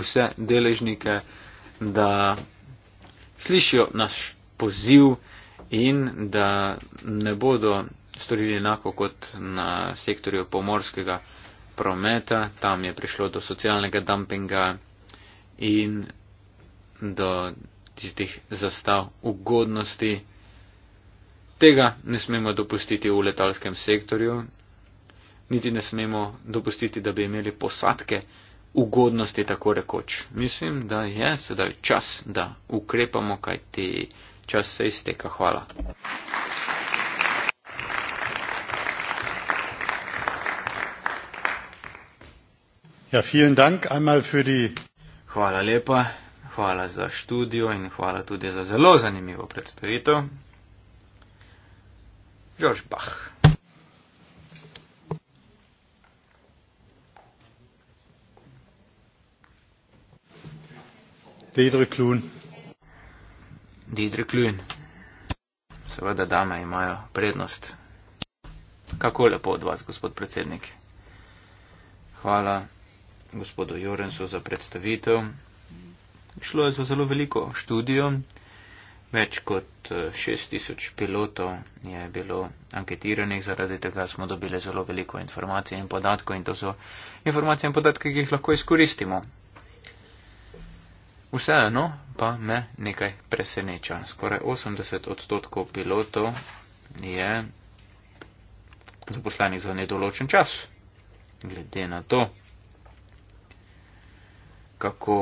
vse deležnike, da slišijo naš poziv in da ne bodo storili enako kot na sektorju pomorskega prometa, tam je prišlo do socialnega dumpinga in do tistih zastav ugodnosti. Tega ne smemo dopustiti v letalskem sektorju, niti ne smemo dopustiti, da bi imeli posadke ugodnosti tako rekoč. Mislim, da je sedaj čas, da ukrepamo, kaj ti čas se izteka. Hvala. Ja, vielen Dank einmal für die Hvala lepa. Hvala za študijo in hvala tudi za zelo zanimivo predstavitev. George Bach. Diedrich Lun. Diedrich Lun. Seveda dame imajo prednost. Kako lepo od vas, gospod predsednik. Hvala gospodu Jorensu za predstavitev. Šlo je za zelo veliko študijo, več kot 6000 eh, pilotov je bilo anketiranih, zaradi tega smo dobili zelo veliko informacij in podatkov in to so informacije in podatke, ki jih lahko izkoristimo. Vseeno pa me nekaj preseneča. Skoraj 80 odstotkov pilotov je zaposlenih za nedoločen čas. Glede na to, kako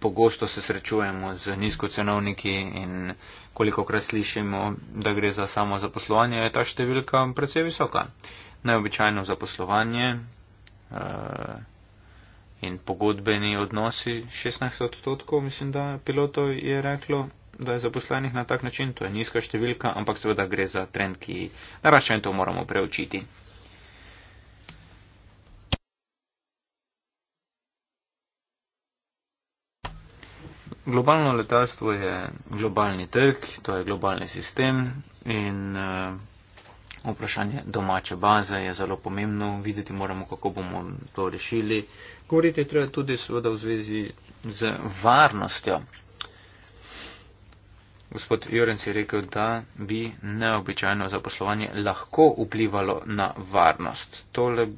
pogosto se srečujemo z nizkocenovniki in koliko krat slišimo, da gre za samo zaposlovanje, je ta številka precej visoka. Najobičajno zaposlovanje uh, in pogodbeni odnosi 16 odstotkov, mislim, da piloto je reklo, da je zaposlenih na tak način, to je nizka številka, ampak seveda gre za trend, ki narašča in to moramo preučiti. Globalno letalstvo je globalni trg, to je globalni sistem in uh, vprašanje domače baze je zelo pomembno. Videti moramo, kako bomo to rešili. Govoriti je treba tudi seveda v zvezi z varnostjo. Gospod Jorenc je rekel, da bi neobičajno zaposlovanje lahko vplivalo na varnost. Tole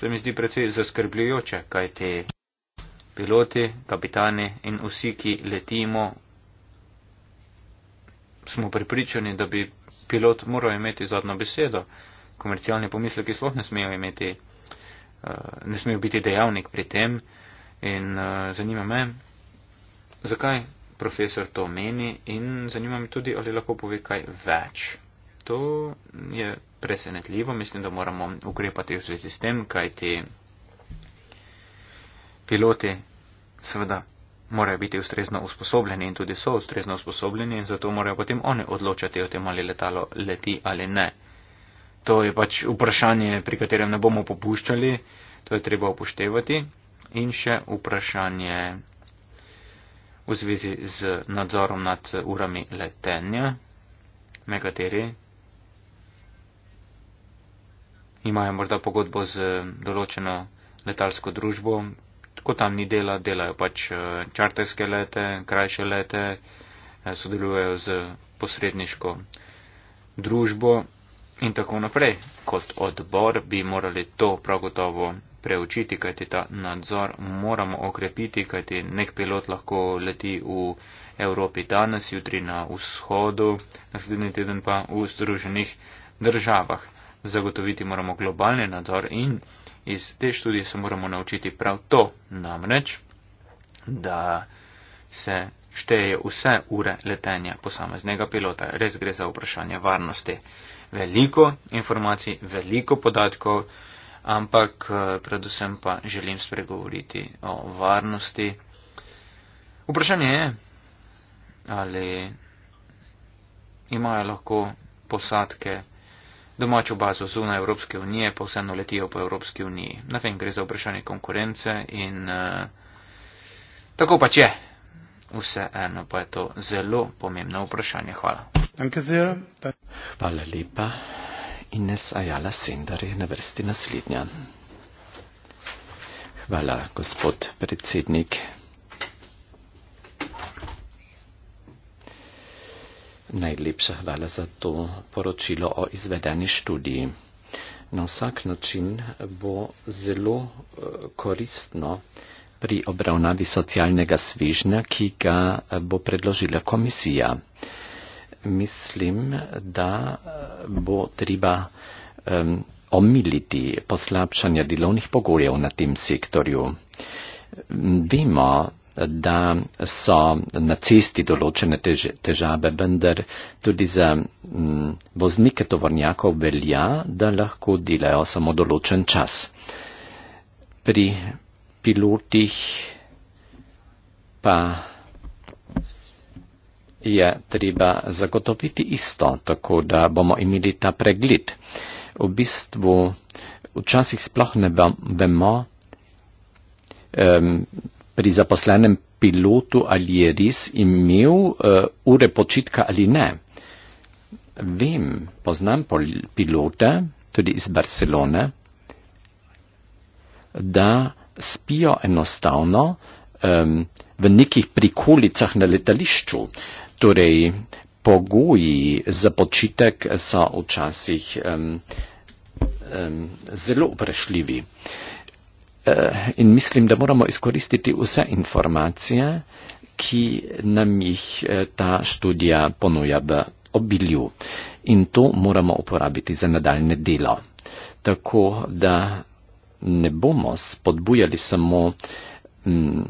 se mi zdi precej zaskrbljujoče, kaj te piloti, kapitani in vsi, ki letimo, smo pripričani, da bi pilot moral imeti zadnjo besedo. Komercialni pomisleki sploh ne smejo imeti, eh, ne smejo biti dejavnik pri tem. In eh, zanima me, zakaj profesor to meni in zanima me tudi, ali lahko pove kaj več. To je presenetljivo, mislim, da moramo ukrepati v zvezi s tem, kaj ti. Te piloti seveda morajo biti ustrezno usposobljeni in tudi so ustrezno usposobljeni in zato morajo potem oni odločati o tem, ali letalo leti ali ne. To je pač vprašanje, pri katerem ne bomo popuščali, to je treba upoštevati. In še vprašanje v zvezi z nadzorom nad urami letenja, na kateri imajo morda pogodbo z določeno letalsko družbo, tako tam ni dela, delajo pač eh, čarterske lete, krajše lete, eh, sodelujejo z posredniško družbo in tako naprej. Kot odbor bi morali to prav gotovo preučiti, kajti ta nadzor moramo okrepiti, kajti nek pilot lahko leti v Evropi danes, jutri na vzhodu, naslednji teden pa v združenih državah. Zagotoviti moramo globalni nadzor in iz te študije se moramo naučiti prav to, namreč, da se šteje vse ure letenja posameznega pilota. Res gre za vprašanje varnosti. Veliko informacij, veliko podatkov, ampak eh, predvsem pa želim spregovoriti o varnosti. Vprašanje je, ali imajo lahko posadke, domačo bazo zunaj Evropske unije, pa vseeno letijo po Evropski uniji. Na tem gre za vprašanje konkurence in uh, tako pač je. Vseeno pa je to zelo pomembno vprašanje. Hvala. Hvala lepa. Ines Ajala Sendar je na vrsti naslednja. Hvala, gospod predsednik. Najlepša hvala za to poročilo o izvedeni študiji. Na vsak način bo zelo eh, koristno pri obravnavi socialnega svižnja, ki ga eh, bo predložila komisija. Mislim, da eh, bo treba um, omiliti poslabšanje delovnih pogojev na tem sektorju. Vemo, da so na cesti določene tež, težave, vendar tudi za m, mm, voznike tovornjakov velja, da lahko delajo samo določen čas. Pri pilotih pa je treba zagotoviti isto, tako da bomo imeli ta pregled. V bistvu včasih sploh ne vemo, um, pri zaposlenem pilotu, ali je res imel uh, ure počitka ali ne. Vem, poznam pilote, tudi iz Barcelone, da spijo enostavno um, v nekih prikolicah na letališču. Torej, pogoji za počitek so včasih um, um, zelo vprašljivi. Eh, in mislim, da moramo izkoristiti vse informacije, ki nam jih eh, ta študija ponuja v obilju. In to moramo uporabiti za nadaljne delo. Tako da ne bomo spodbujali samo. Mm,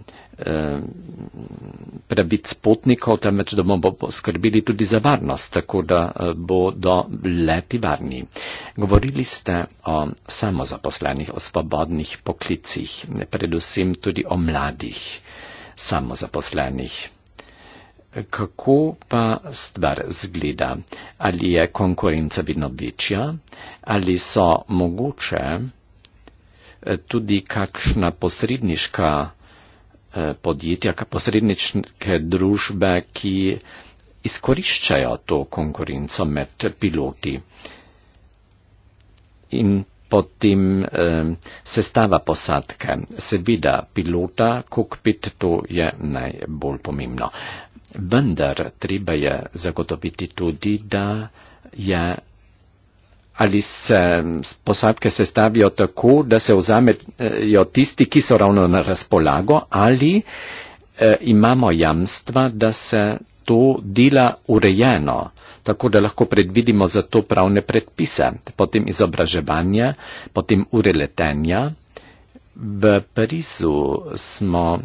prebit spotnikov, temveč da bomo poskrbeli tudi za varnost, tako da eh, bodo leti varni. Govorili ste o samozaposlenih, o svobodnih poklicih, predvsem tudi o mladih samozaposlenih. Kako pa stvar zgleda? Ali je konkurenca vedno večja? Ali so mogoče eh, tudi kakšna posredniška podjetja, posredničke družbe, ki izkoriščajo to konkurenco med piloti. In potem eh, sestava posadke. Seveda, pilota, kokpit, to je najbolj pomembno. Vendar treba je zagotoviti tudi, da je ali se posadke sestavijo tako, da se vzamejo tisti, ki so ravno na razpolago, ali eh, imamo jamstva, da se to dela urejeno, tako da lahko predvidimo za to pravne predpise, potem izobraževanje, potem ureletenja. V Parizu smo.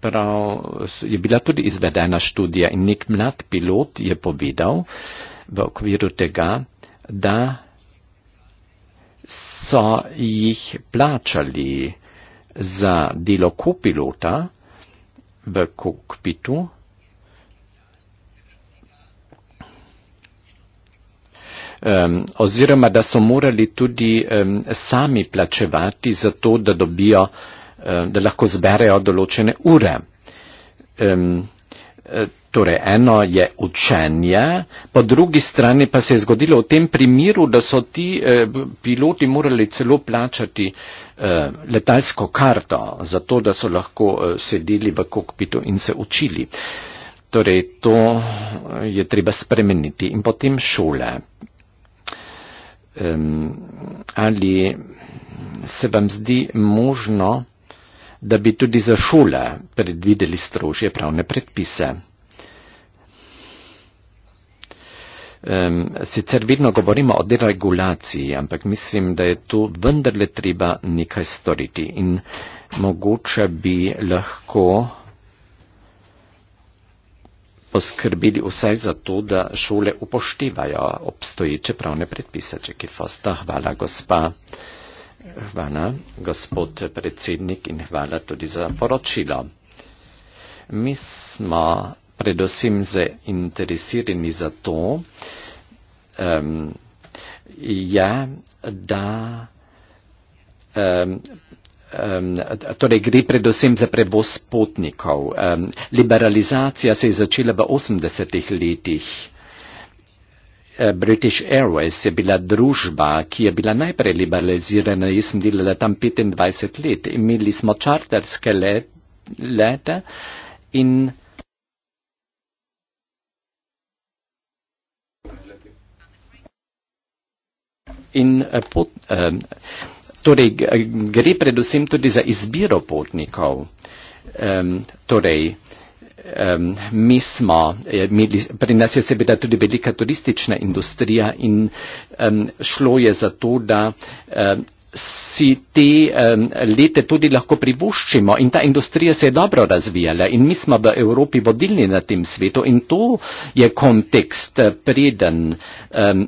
Prav je bila tudi izvedena študija in nek mlad pilot je povedal v okviru tega, da so jih plačali za delo kopilota v kokpitu. Um, oziroma, da so morali tudi um, sami plačevati za to, da, dobijo, um, da lahko zberejo določene ure. Um, E, torej eno je učenje, po drugi strani pa se je zgodilo v tem primeru, da so ti eh, piloti morali celo plačati eh, letalsko karto, zato da so lahko eh, sedeli v kokpitu in se učili. Torej, to e, je treba spremeniti. In potem šole. Um, ali se vam zdi možno, da bi tudi za šole predvideli strožje pravne predpise. Um, sicer vedno govorimo o deregulaciji, ampak mislim, da je tu vendarle treba nekaj storiti in mogoče bi lahko poskrbeli vsaj za to, da šole upoštevajo obstoječe pravne predpise. Čekaj, Fosta, hvala, gospa. Hvala, gospod predsednik, in hvala tudi za poročilo. Mi smo predvsem zainteresirani za to, um, je, da um, Um, torej gre predvsem za prevoz potnikov. Um, liberalizacija se je začela v 80-ih letih. Eh, British Airways je bila družba, ki je bila najprej liberalizirana, jaz sem delala tam 25 let, imeli smo čarterske let, lete in. In eh, pot, eh, torej, gre predvsem tudi za izbiro potnikov. Torej, mi smo, imeli, pri nas je seveda tudi velika turistična industrija in šlo je za to, da si te lete tudi lahko privoščimo in ta industrija se je dobro razvijala in mi smo v Evropi vodilni na tem svetu in to je kontekst, eh, preden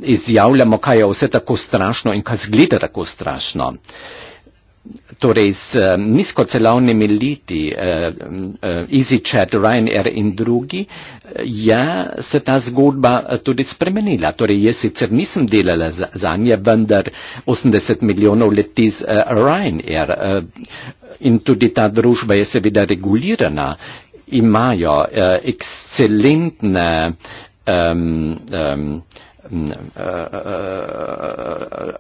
izjavljamo, kaj je vse tako strašno in kaj zgleda tako strašno torej z um, nizkocelovnimi liti uh, uh, EasyChat, Ryanair in drugi, je ja, se ta zgodba tudi spremenila. Torej jaz sicer nisem delala za, za nje, vendar 80 milijonov leti z uh, Ryanair uh, in tudi ta družba je seveda regulirana, imajo uh, ekscelentne um, um, Eh, eh,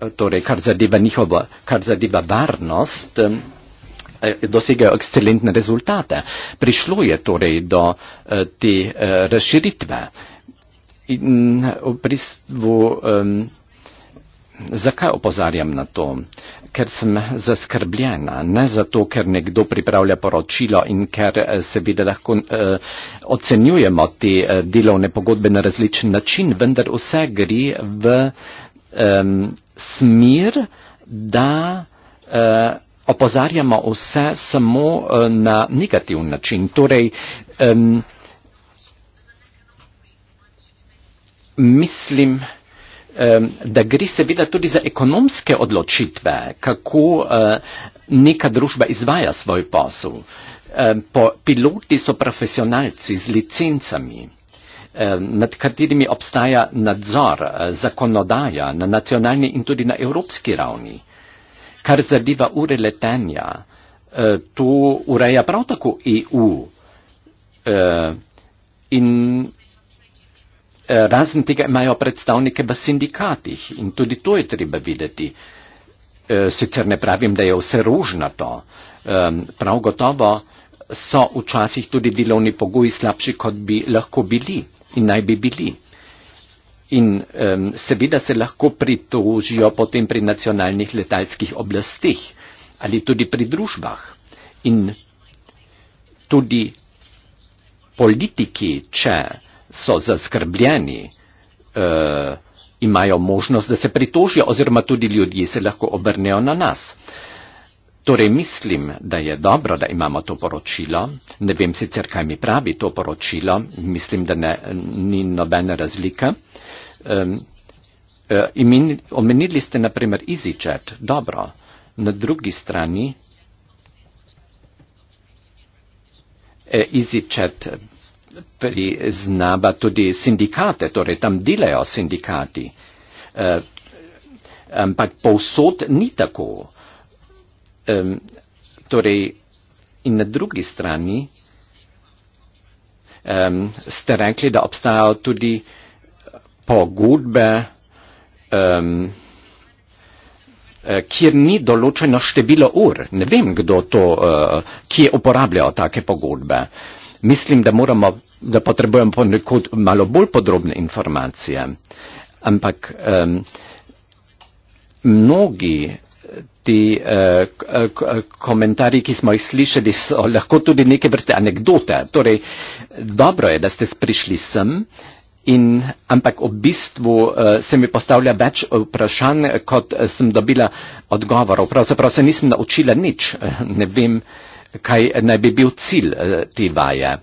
eh, torej, kar zadeva njihovo, kar zadeva varnost, dosegajo ekscelentne rezultate. Prišlo je torej do te razširitve. In v bistvu. Um, Zakaj opozarjam na to? Ker sem zaskrbljena, ne zato, ker nekdo pripravlja poročilo in ker eh, seveda lahko eh, ocenjujemo te eh, delovne pogodbe na različen način, vendar vse gre v eh, smer, da eh, opozarjamo vse samo eh, na negativen način. Torej, eh, mislim, da gre seveda tudi za ekonomske odločitve, kako eh, neka družba izvaja svoj posel. Piloti so profesionalci z licencami, nad katerimi obstaja nadzor, eh, zakonodaja na nacionalni in tudi na evropski ravni. Kar zadeva ure letenja, eh, to ureja prav tako EU. In Eh, razen tega imajo predstavnike v sindikatih in tudi to je treba videti. Eh, sicer ne pravim, da je vse ružnato. Ehm, prav gotovo so včasih tudi delovni pogoji slabši, kot bi lahko bili in naj bi bili. In um, seveda se lahko pritožijo potem pri nacionalnih letalskih oblastih ali tudi pri družbah. In tudi politiki, če uh, so zaskrbljeni, uh, imajo možnost, da se pritožijo oziroma tudi ljudje se lahko obrnejo na nas. Torej mislim, da je dobro, da imamo to poročilo. Ne vem sicer, kaj mi pravi to poročilo. Mislim, da ne, ni nobena razlika. Um, um, omenili ste naprimer EasyChat. Dobro. Na drugi strani. Eh, EasyChat priznava tudi sindikate, torej tam delajo sindikati. Uh, ampak povsod ni tako. Um, torej, in na drugi strani um, ste rekli, da obstajajo tudi pogodbe, um, kjer ni določeno število ur. Ne vem, kdo to, uh, kje uporabljajo take pogodbe. Um, mislim, da moramo, da potrebujemo ponekud malo bolj podrobne informacije. Ampak um, mnogi ti uh, komentarji, ki smo jih slišali, so lahko tudi neke vrste anekdote. Torej, dobro je, da ste prišli sem, in, ampak v bistvu uh, se mi postavlja več vprašanj, kot sem dobila odgovorov. Pravzaprav se nisem naučila nič. ne vem. Uh, kaj eh, naj bi bil cilj eh, te vaje.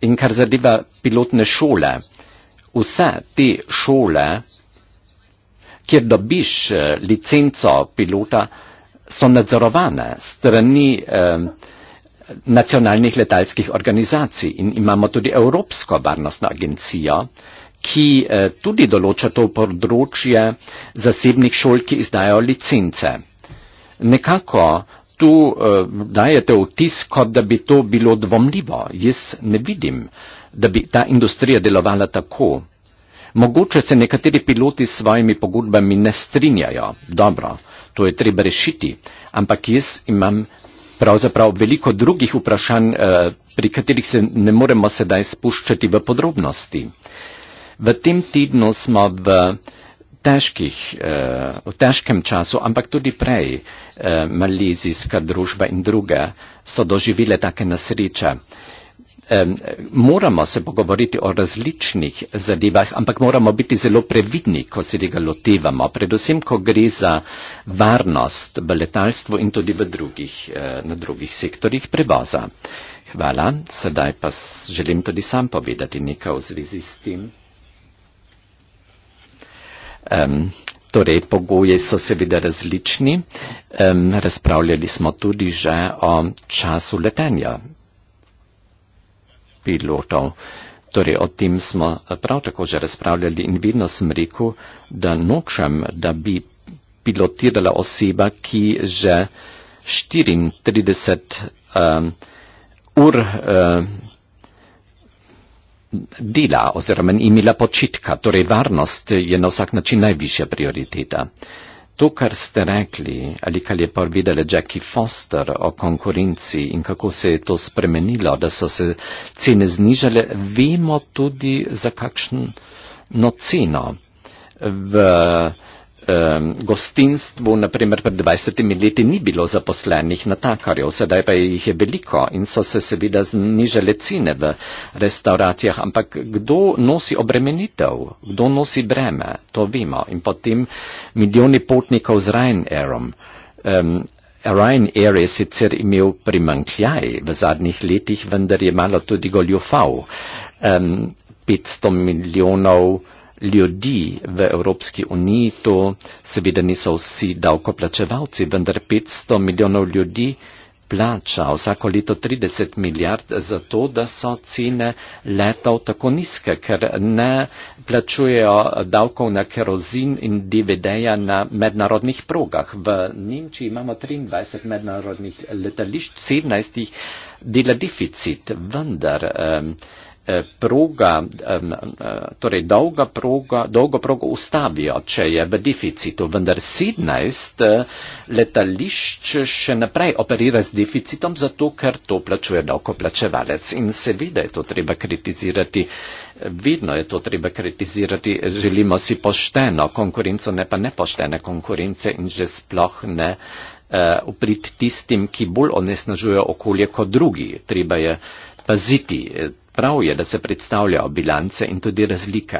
In kar zadeva pilotne šole, vse te šole, kjer dobiš eh, licenco pilota, so nadzorovane strani eh, nacionalnih letalskih organizacij in imamo tudi Evropsko varnostno agencijo, ki eh, tudi določa to področje zasebnih šol, ki izdajo licence. Nekako tu uh, dajete vtis, kot da bi to bilo dvomljivo. Jaz ne vidim, da bi ta industrija delovala tako. Mogoče se nekateri piloti s svojimi pogodbami ne strinjajo. Dobro, to je treba rešiti. Ampak jaz imam pravzaprav veliko drugih vprašanj, eh, pri katerih se ne moremo sedaj spuščati v podrobnosti. V tem tednu smo v težkih, eh, v težkem času, ampak tudi prej eh, malizijska družba in druge so doživile take nasreče. Moramo se pogovoriti o različnih zadevah, ampak moramo biti zelo previdni, ko se tega lotevamo, predvsem, ko gre za varnost v letalstvu in tudi drugih, eh, na drugih sektorjih prevoza. Hvala, sedaj pa želim tudi sam povedati nekaj v zvezi s tem. Um, torej, pogoji so seveda različni. Um, razpravljali smo tudi že o času letenja pilotov. Torej, o tem smo prav tako že razpravljali in vedno sem rekel, da nočem, da bi pilotirala oseba, ki že 34 um, ur. Um, dela oziroma imela počitka. Torej varnost je na vsak način najvišja prioriteta. To, kar ste rekli ali kar je povedala Jackie Foster o konkurenci in kako se je to spremenilo, da so se cene znižale, vemo tudi za kakšno ceno. V, eh, gostinstvu, naprimer pred 20 leti, ni bilo zaposlenih natakarjev, sedaj pa jih je veliko in so se seveda znižale cene v restauracijah. Ampak kdo nosi obremenitev, kdo nosi breme, to vemo. In potem milijoni potnikov z Ryanairom. Eh, Ryanair je sicer imel primankljaj v zadnjih letih, vendar je malo tudi goljufal. Eh, 500 milijonov ljudi v Evropski uniji, to seveda niso vsi davkoplačevalci, vendar 500 milijonov ljudi plača vsako leto 30 milijard za to, da so cene letov tako nizke, ker ne plačujejo davkov na kerozin in DVD-ja na mednarodnih progah. V Nemčiji imamo 23 mednarodnih letališč, 17 jih dela deficit, vendar. Eh, Eh, proga, eh, eh, torej dolga proga, dolgo progo ustavijo, če je v deficitu, vendar 17 letališč še naprej operira z deficitom, zato ker to plačuje davkoplačevalec. In seveda je to treba kritizirati, vedno je to treba kritizirati, želimo si pošteno konkurenco, ne pa nepoštene konkurence in že sploh ne uprit tistim, ki bolj onesnažujejo okolje kot drugi. Treba je paziti. Prav je, da se predstavljajo bilance in tudi razlike.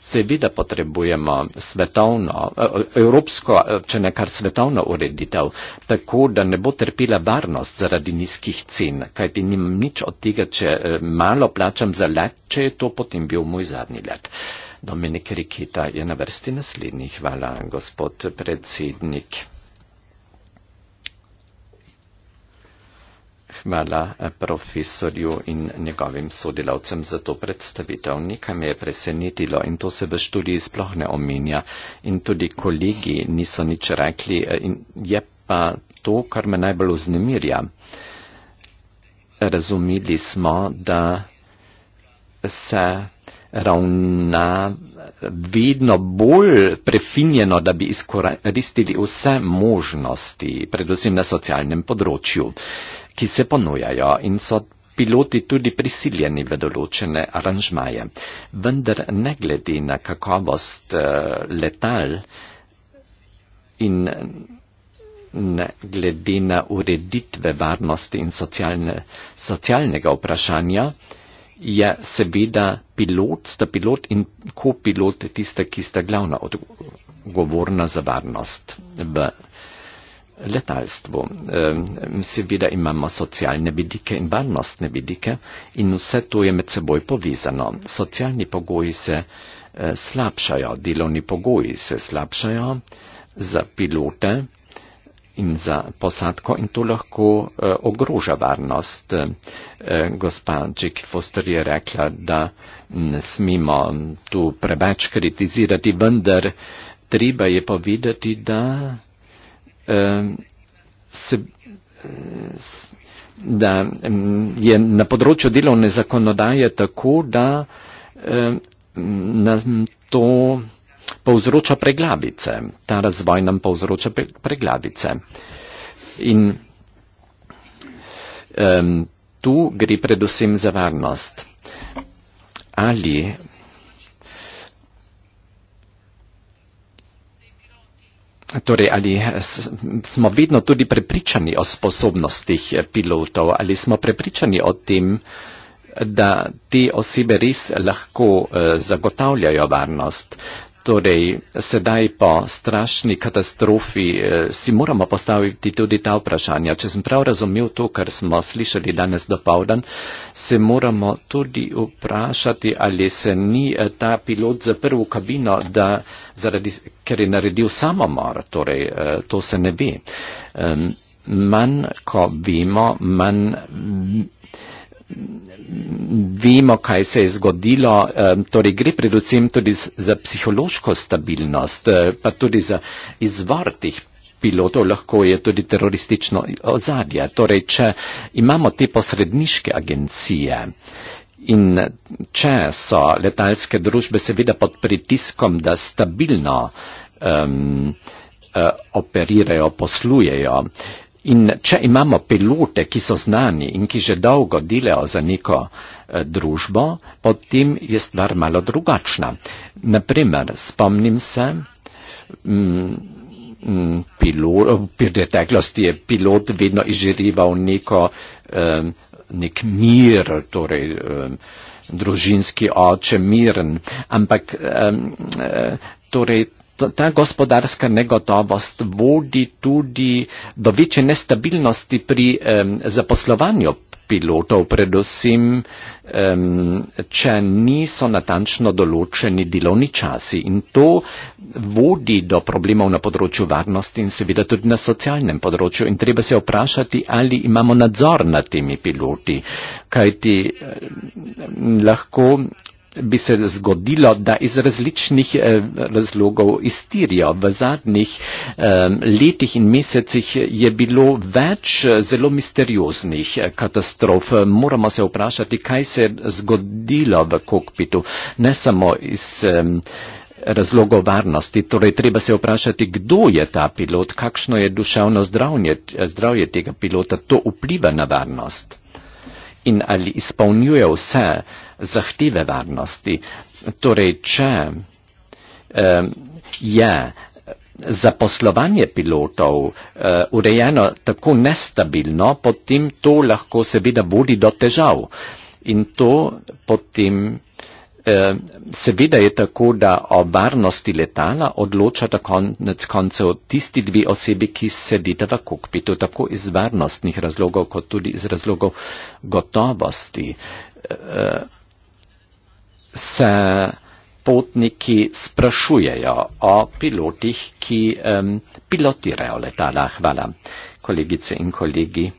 Seveda potrebujemo svetovno, eh, eh, evropsko, eh, če ne kar svetovno ureditev, tako da ne bo trpila varnost zaradi nizkih cen, kajti nimam nič od tega, če malo plačam za let, če je to potem bil moj zadnji let. Dominik Rikita je na vrsti naslednji. Hvala, gospod predsednik. hvala eh, profesorju in njegovim sodelavcem za to predstavitev. Nekaj me je presenetilo in to se v študiji sploh ne omenja in tudi kolegi niso nič rekli eh, in je pa to, kar me najbolj vznemirja. Razumeli smo, da se ravna eh, vedno bolj prefinjeno, da bi izkoristili vse možnosti, predvsem na socialnem področju ki se ponujajo in so piloti tudi prisiljeni v določene aranžmaje. Vendar ne glede na kakovost eh, letal in ne glede na ureditve varnosti in socialne, socialnega vprašanja, je seveda pilot, sta pilot in kopilot tiste, ki sta glavna odgovorna za varnost v letalstvu. Seveda imamo socialne vidike in varnostne vidike in vse to je med seboj povezano. Socialni pogoji se e, slabšajo, delovni pogoji se slabšajo za pilote in za posadko in to lahko e, ogroža varnost. E, gospa Jack Foster je rekla, da ne smemo tu preveč kritizirati, vendar treba je povedati, da se, da je na področju delovne zakonodaje tako, da nam to povzroča preglavice. Ta razvoj nam povzroča preglavice. In tu gre predvsem za varnost. Ali Torej, ali smo vedno tudi prepričani o sposobnostih pilotov, ali smo prepričani o tem, da te osebe res lahko eh, zagotavljajo varnost. Torej, sedaj po strašni katastrofi eh, si moramo postaviti tudi ta vprašanja. Če sem prav razumel to, kar smo slišali danes do povdan, se moramo tudi vprašati, ali se ni eh, ta pilot zaprl v kabino, da, zaradi, ker je naredil samomor. Torej, eh, to se ne ve. Manj, ko vemo, manj vemo, kaj se je zgodilo, eh, torej gre predvsem tudi za psihološko stabilnost, eh, pa tudi za izvor teh pilotov, lahko je tudi teroristično ozadje. Torej, če imamo te posredniške agencije in če so letalske družbe seveda pod pritiskom, da stabilno um, operirajo, poslujejo, In če imamo pilote, ki so znani in ki že dolgo delajo za neko eh, družbo, potem je stvar malo drugačna. Naprimer, spomnim se, mm, mm, pilot, v preteklosti je pilot vedno izžirival neko, eh, nek mir, torej eh, družinski oče, miren, ampak eh, torej, ta gospodarska negotovost vodi tudi do večje nestabilnosti pri um, zaposlovanju pilotov, predvsem, um, če niso natančno določeni delovni časi. In to vodi do problemov na področju varnosti in seveda tudi na socialnem področju. In treba se vprašati, ali imamo nadzor nad temi piloti, kajti um, lahko bi se zgodilo, da iz različnih eh, razlogov iztirijo. V zadnjih eh, letih in mesecih je bilo več eh, zelo misterioznih katastrof. Moramo se vprašati, kaj se je zgodilo v kokpitu. Ne samo iz razlogo varnosti. Torej, treba se vprašati, kdo je ta pilot, kakšno je duševno zdravje, zdravje tega pilota, to vpliva na varnost in ali izpolnjuje vse uh, zahteve varnosti. Torej, če eh, je zaposlovanje pilotov eh, urejeno tako nestabilno, potem to lahko seveda vodi do težav. In to potem eh, seveda je tako, da o varnosti letala odločata konec koncev tisti dve osebi, ki sedita v kokpitu, tako iz varnostnih razlogov, kot tudi iz razlogov gotovosti. Eh, se potniki sprašujejo o pilotih, ki um, pilotirajo letala. Hvala, kolegice in kolegi.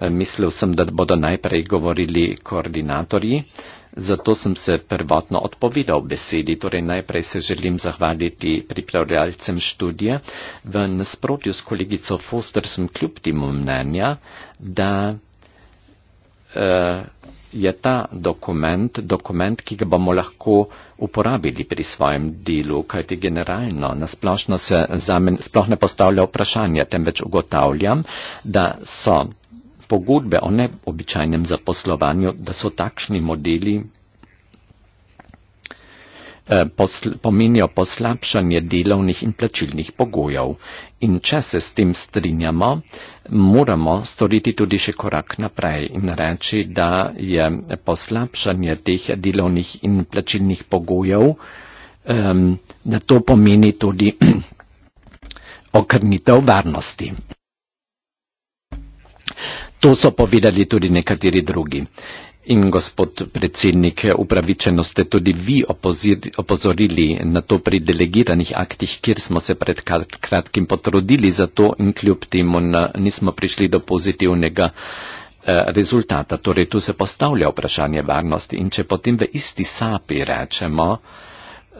E, mislil sem, da bodo najprej govorili koordinatorji, zato sem se prvotno odpovedal besedi, torej najprej se želim zahvaliti pripravljalcem študije. V nasprotju s kolegico Foster sem kljub temu mnenja, da uh, je ta dokument dokument, ki ga bomo lahko uporabili pri svojem delu, kajti generalno nasplošno se za me sploh ne postavlja vprašanje, temveč ugotavljam, da so pogodbe o neobičajnem zaposlovanju, da so takšni modeli Eh, posl pomenijo poslabšanje delovnih in plačilnih pogojev. In če se s tem strinjamo, moramo storiti tudi še korak naprej in reči, da je poslabšanje teh delovnih in plačilnih pogojev, um, da to pomeni tudi okrnitev varnosti. To so povedali tudi nekateri drugi. In gospod predsednik, upravičeno ste tudi vi opozorili na to pri delegiranih aktih, kjer smo se pred kratkim potrudili za to in kljub temu nismo prišli do pozitivnega eh, rezultata. Torej tu se postavlja vprašanje varnosti in če potem v isti sapi rečemo,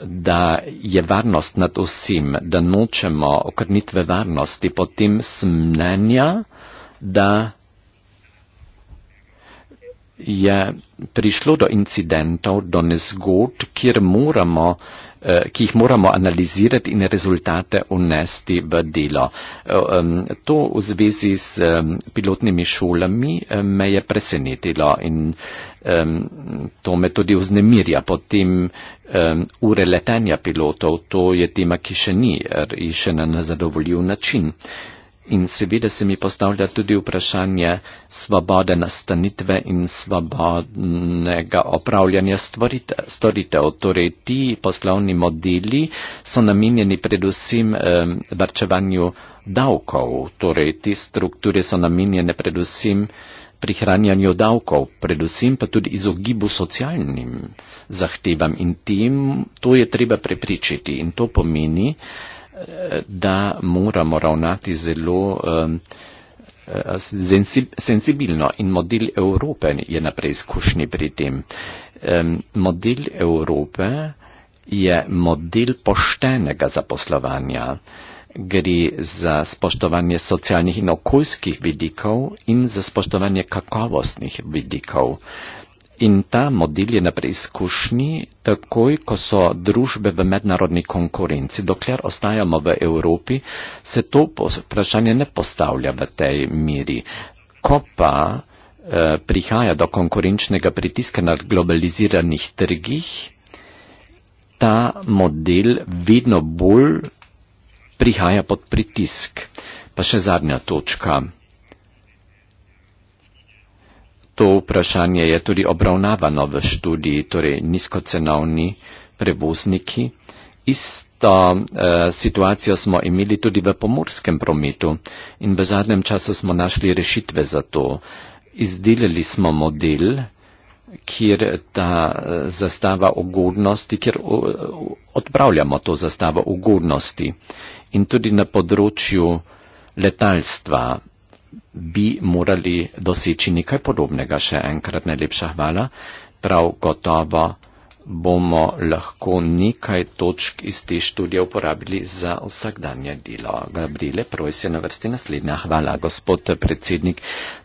da je varnost nad vsem, da nočemo okrnitve varnosti, potem smnenja, da je prišlo do incidentov, do nezgod, moramo, eh, ki jih moramo analizirati in rezultate unesti v delo. Eh, to v zvezi s pilotnimi šolami eh, me je presenetilo in to me tudi vznemirja. Potem ure letenja pilotov, to je tema, ki še ni rešena er, na zadovoljiv način in seveda se mi postavlja tudi vprašanje svobode nastanitve in svobodnega opravljanja storitev. Torej, ti poslovni modeli so namenjeni predvsem vrčevanju davkov, torej te strukture so namenjene predvsem prihranjanju davkov, predvsem pa tudi izogibu socialnim zahtevam in tem, to je treba prepričiti in to pomeni, da moramo ravnati zelo senzibilno in model Evrope je na preizkušnji pri tem. Model Evrope je model poštenega zaposlovanja. Gre za spoštovanje socialnih in okoljskih vidikov in za spoštovanje kakovostnih vidikov. In ta model je na preizkušnji, takoj ko so družbe v mednarodni konkurenci, dokler ostajamo v Evropi, se to vprašanje ne postavlja v tej miri. Ko pa eh, prihaja do konkurenčnega pritiska na globaliziranih trgih, ta model vedno bolj prihaja pod pritisk. Pa še zadnja točka. To vprašanje je tudi obravnavano v študiji, torej nizkocenovni prevozniki. Isto eh, situacijo smo imeli tudi v pomorskem prometu in v zadnjem času smo našli rešitve za to. Izdelali smo model, kjer ta eh, zastava ugodnosti, kjer odpravljamo to zastavo ugodnosti in tudi na področju letalstva bi morali doseči nekaj podobnega. Še enkrat najlepša hvala. Prav gotovo bomo lahko nekaj točk iz te študije uporabili za vsakdanje delo. Gabriele, prvo je na vrsti naslednja. Hvala, gospod predsednik.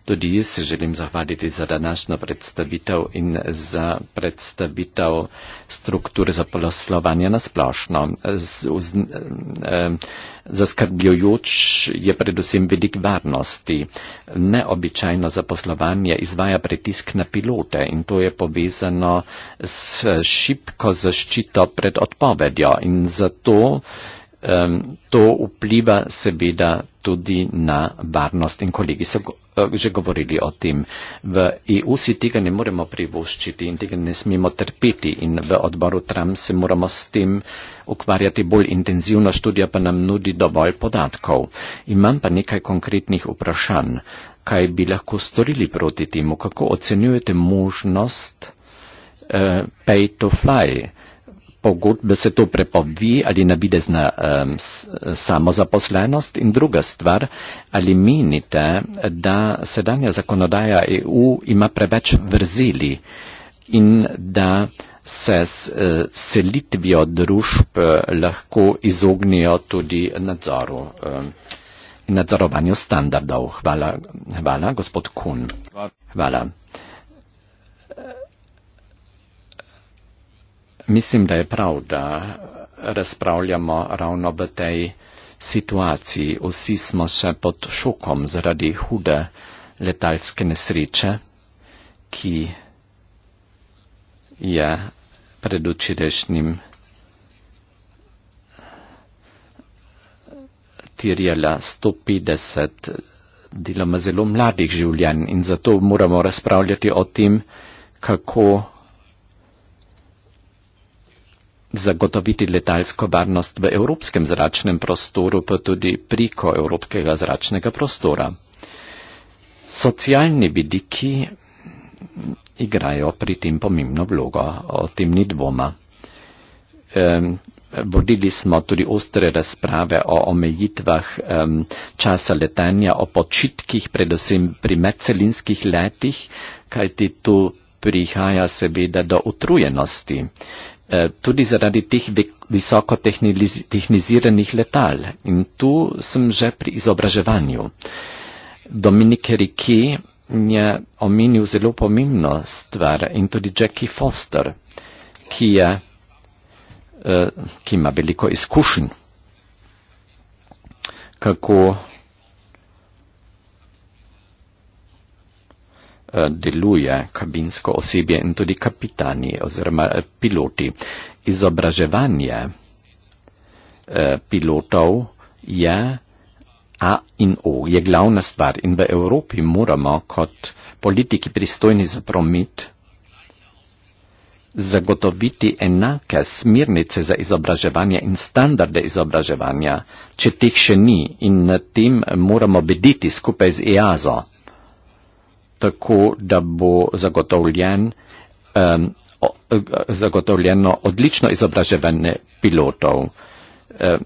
Tudi jaz se želim zahvaliti za današnjo predstavitev in za predstavitev struktur za poslovanje na splošno. Z, z, z, z, z, z, z, z, Zaskrbljujoč je predvsem vidik varnosti. Neobičajno zaposlovanje izvaja pritisk na pilote in to je povezano s šipko zaščito pred odpovedjo in zato um, to vpliva seveda tudi na varnost in kolegi so eh, že govorili o tem. V EU si tega ne moremo privoščiti in tega ne smemo trpeti in v odboru Trump se moramo s tem ukvarjati bolj intenzivno, študija pa nam nudi dovolj podatkov. Imam pa nekaj konkretnih vprašanj, kaj bi lahko storili proti temu, kako ocenjujete možnost uh, pay to fly pogodbe se to prepovi ali navidezna um, samozaposlenost. In druga stvar, ali menite, da sedanja zakonodaja EU ima preveč vrzili in da se s uh, selitvijo družb uh, lahko izognijo tudi nadzoru in uh, nadzorovanju standardov. Hvala, hvala gospod Kun. Hvala. mislim, da je prav, da razpravljamo ravno v tej situaciji. Vsi smo še pod šokom zaradi hude letalske nesreče, ki je pred včerajšnjim tirjala 150 deloma zelo mladih življenj in zato moramo razpravljati o tem, kako zagotoviti letalsko varnost v evropskem zračnem prostoru, pa tudi priko evropskega zračnega prostora. Socialni vidiki igrajo pri tem pomembno vlogo, o tem ni dvoma. Um, Vodili smo tudi ostre razprave o omejitvah um, časa letenja, o počitkih, predvsem pri medcelinskih letih, kajti tu prihaja seveda do utrujenosti tudi zaradi teh visoko tehniziranih letal. In tu sem že pri izobraževanju. Dominik Riki je omenil zelo pomembno stvar in tudi Jackie Foster, ki, je, ki ima veliko izkušenj, kako Eh, deluje kabinsko osebje in tudi kapitani oziroma eh, piloti. Izobraževanje eh, pilotov je A in O, je glavna stvar in v Evropi moramo kot politiki pristojni za promet zagotoviti enake smirnice za izobraževanje in standarde izobraževanja, če teh še ni in na tem moramo bediti skupaj z EASO tako, da bo zagotovljen, um, o, zagotovljeno odlično izobraževanje pilotov, um,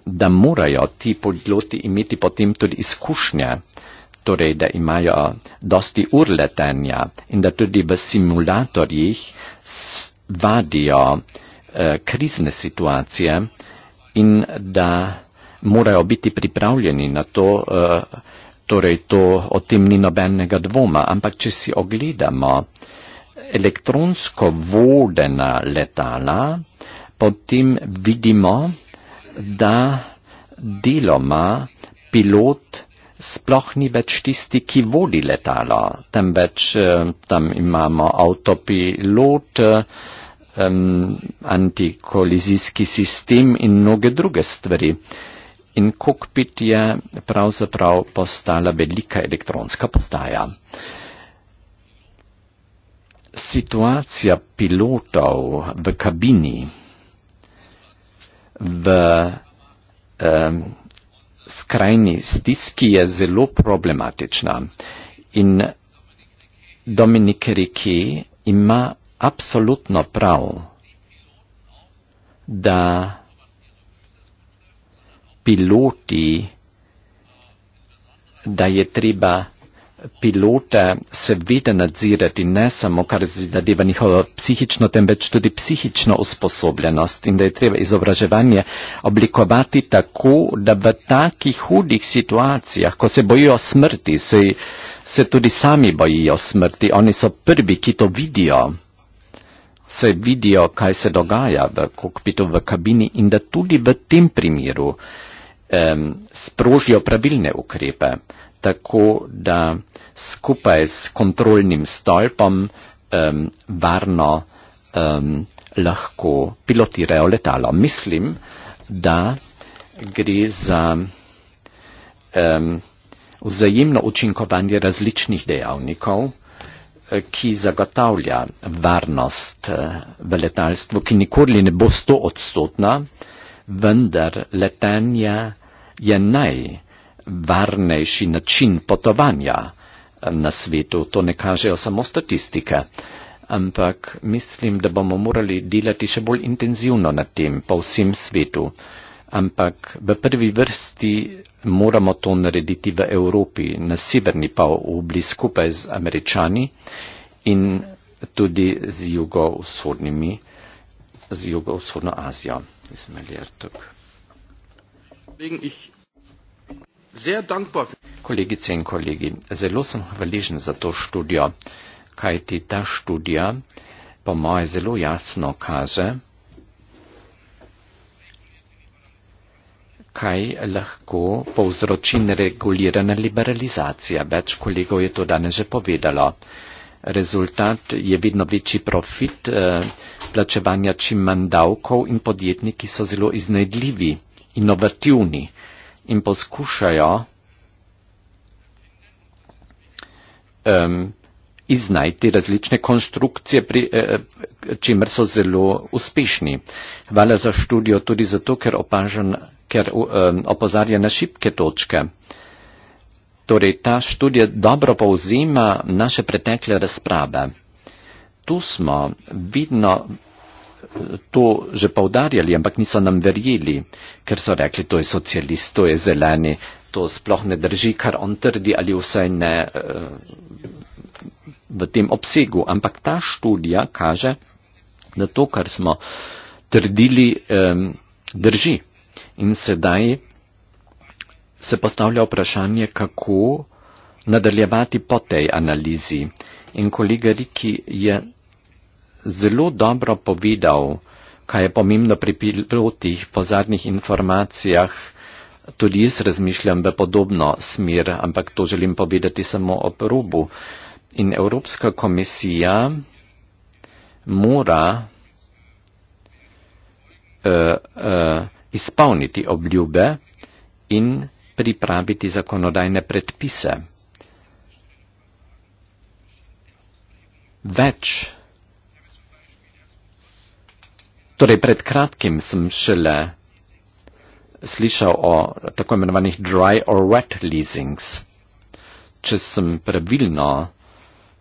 da morajo ti piloti imeti potem tudi izkušnje, torej da imajo dosti ur letenja in da tudi v simulatorjih vadijo uh, krizne situacije in da morajo biti pripravljeni na to, uh, Torej, to, o tem ni nobenega dvoma, ampak če si ogledamo elektronsko vodena letala, potem vidimo, da deloma pilot sploh ni več tisti, ki vodi letalo, temveč eh, tam imamo avtopilot, um, antikolizijski sistem in mnoge druge stvari in kokpit je pravzaprav postala velika elektronska postaja. Situacija pilotov v kabini v um, skrajni stiski je zelo problematična in Dominik Riki ima absolutno prav, da piloti, da je treba pilota seveda nadzirati, ne samo kar zadeva njihovo psihično, temveč tudi psihično usposobljenost in da je treba izobraževanje oblikovati tako, da v takih hudih situacijah, ko se bojijo smrti, se, se tudi sami bojijo smrti, oni so prvi, ki to vidijo, se vidijo, kaj se dogaja v kokpitu, v kabini in da tudi v tem primeru sprožijo pravilne ukrepe, tako da skupaj s kontrolnim stolpom varno lahko pilotirajo letalo. Mislim, da gre za vzajemno učinkovanje različnih dejavnikov ki zagotavlja varnost eh, v letalstvu, ki nikoli ne bo stoodstotna, vendar letenje je najvarnejši način potovanja eh, na svetu. To ne kažejo samo statistike, ampak mislim, da bomo morali delati še bolj intenzivno na tem po vsem svetu. Ampak v prvi vrsti moramo to narediti v Evropi, na severni pa v bližini skupaj z američani in tudi z jugovzhodnimi, z jugovzhodno Azijo. Izmeljer tukaj deswegen ich sehr dankbar Kollegice in kolegi, zelo sem hvaležen za to študijo, kaj ti ta študija po moje zelo jasno kaže, kaj lahko povzroči neregulirana liberalizacija. Več kolegov je to danes že povedalo. Rezultat je vedno večji profit, eh, plačevanja čim manj davkov in podjetniki so zelo iznajdljivi inovativni in poskušajo um, iznajti različne konstrukcije, pri eh, eh čemer so zelo uspešni. Hvala za študijo tudi zato, ker, opažen, ker um, opozarja na šibke točke. Torej, ta študija dobro povzima naše pretekle razprave. Tu smo vidno to že povdarjali, ampak niso nam verjeli, ker so rekli, to je socialist, to je zeleni, to sploh ne drži, kar on trdi ali vsaj ne eh, v tem obsegu. Ampak ta študija kaže, da to, kar smo trdili, eh, drži. In sedaj se postavlja vprašanje, kako nadaljevati po tej analizi. In kolega Riki je zelo dobro povedal, kaj je pomembno pri pilotih po zadnjih informacijah. Tudi jaz razmišljam v podobno smer, ampak to želim povedati samo o probu. In Evropska komisija mora uh, uh, izpolniti obljube in pripraviti zakonodajne predpise. Več Torej, pred kratkim sem šele slišal o tako imenovanih dry or wet leasings. Če sem pravilno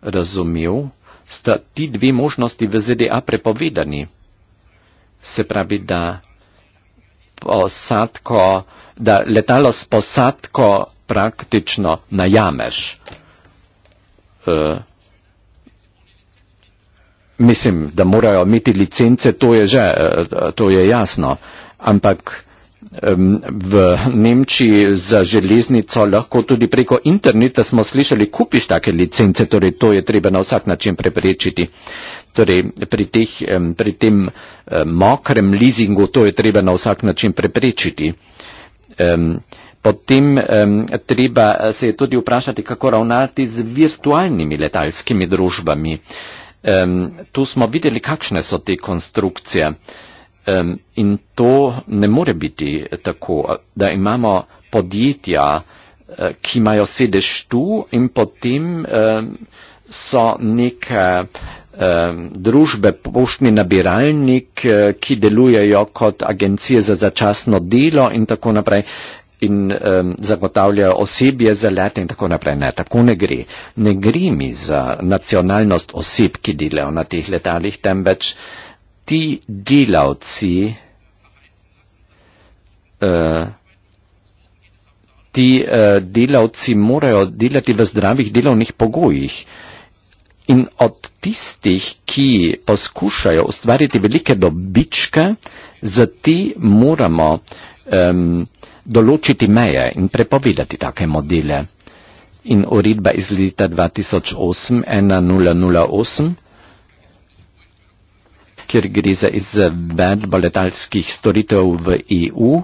razumel, sta ti dve možnosti v ZDA prepovedani. Se pravi, da, posadko, da letalo s posadko praktično najameš. Uh, e, mislim, da morajo imeti licence, to je že, eh, to je jasno. Ampak v Nemčiji za železnico lahko tudi preko interneta smo slišali, kupiš take licence, torej to je treba na vsak način preprečiti. Torej pri, teh, pri tem mokrem leasingu to je treba na vsak način preprečiti. Potem treba se je tudi vprašati, kako ravnati z virtualnimi letalskimi družbami. Um, tu smo videli, kakšne so te konstrukcije. Um, in to ne more biti tako, da imamo podjetja, eh, ki imajo sedež tu in potem um, so neke um, družbe, poštni nabiralnik, eh, ki delujejo kot agencije za začasno delo in tako naprej in um, zagotavljajo osebje za let in tako naprej. Ne, tako ne gre. Ne gre mi za nacionalnost oseb, ki delajo na teh letalih, temveč ti delavci, uh, ti uh, delavci morajo delati v zdravih delovnih pogojih. In od tistih, ki poskušajo ustvariti velike dobičke, za ti moramo um, določiti meje in prepovedati take modele. In uredba iz leta 2008-1008, kjer gre za izvedbo letalskih storitev v EU,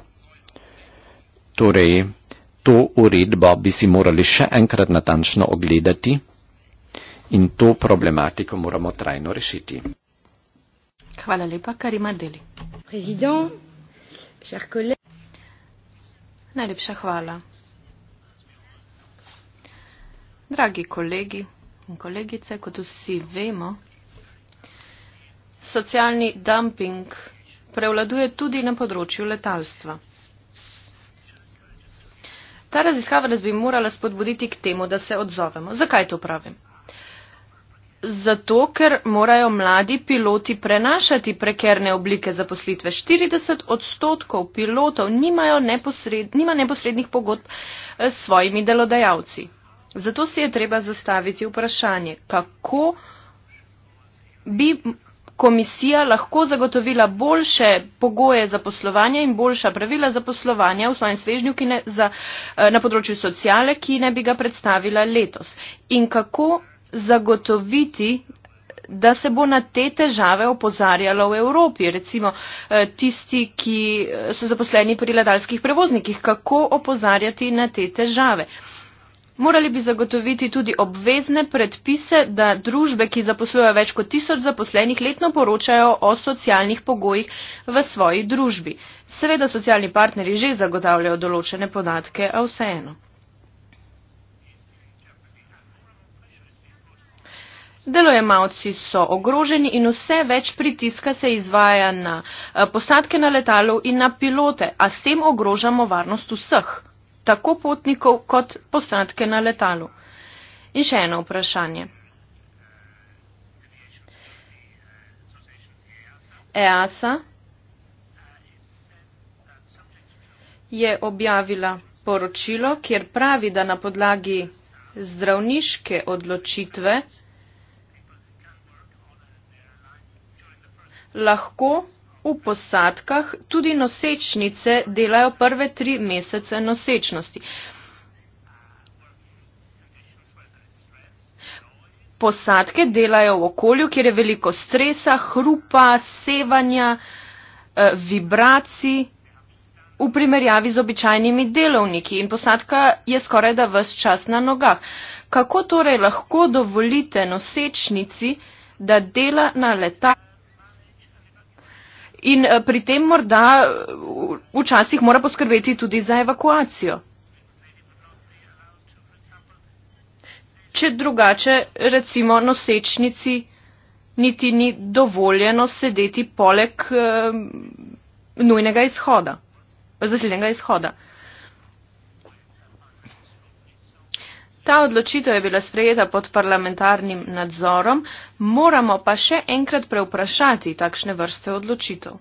torej to uredbo bi si morali še enkrat natančno ogledati in to problematiko moramo trajno rešiti. Hvala lepa, Karima Deli. Prezident, Najlepša hvala. Dragi kolegi in kolegice, kot vsi vemo, socialni dumping prevladuje tudi na področju letalstva. Ta raziskava nas bi morala spodbuditi k temu, da se odzovemo. Zakaj to pravim? Zato, ker morajo mladi piloti prenašati prekerne oblike zaposlitve. 40 odstotkov pilotov nimajo neposred, nima neposrednih pogodb eh, s svojimi delodajalci. Zato si je treba zastaviti vprašanje, kako bi komisija lahko zagotovila boljše pogoje za poslovanje in boljša pravila za poslovanje v svojem svežnju ne, za, eh, na področju sociale, ki ne bi ga predstavila letos. In kako zagotoviti, da se bo na te težave opozarjalo v Evropi, recimo eh, tisti, ki eh, so zaposleni pri ladalskih prevoznikih, kako opozarjati na te težave. Morali bi zagotoviti tudi obvezne predpise, da družbe, ki zaposlujejo več kot tisoč zaposlenih, letno poročajo o socialnih pogojih v svoji družbi. Seveda socialni partnerji že zagotavljajo določene podatke, a vseeno. Delojemalci so ogroženi in vse več pritiska se izvaja na eh, posadke na letalu in na pilote, a s tem ogrožamo varnost vseh, tako potnikov kot posadke na letalu. In še eno vprašanje. EASA je objavila poročilo, kjer pravi, da na podlagi zdravniške odločitve lahko v posadkah tudi nosečnice delajo prve tri mesece nosečnosti. Posadke delajo v okolju, kjer je veliko stresa, hrupa, sevanja, eh, vibracij v primerjavi z običajnimi delovniki in posadka je skoraj da vse čas na nogah. Kako torej lahko dovolite nosečnici, da dela na letalih? in eh, pri tem morda eh, včasih mora poskrbeti tudi za evakuacijo. Če drugače, recimo, nosečnici niti ni dovoljeno sedeti poleg eh, nujnega izhoda, zasilnega izhoda. Ta odločitev je bila sprejeta pod parlamentarnim nadzorom, moramo pa še enkrat preuprašati takšne vrste odločitev.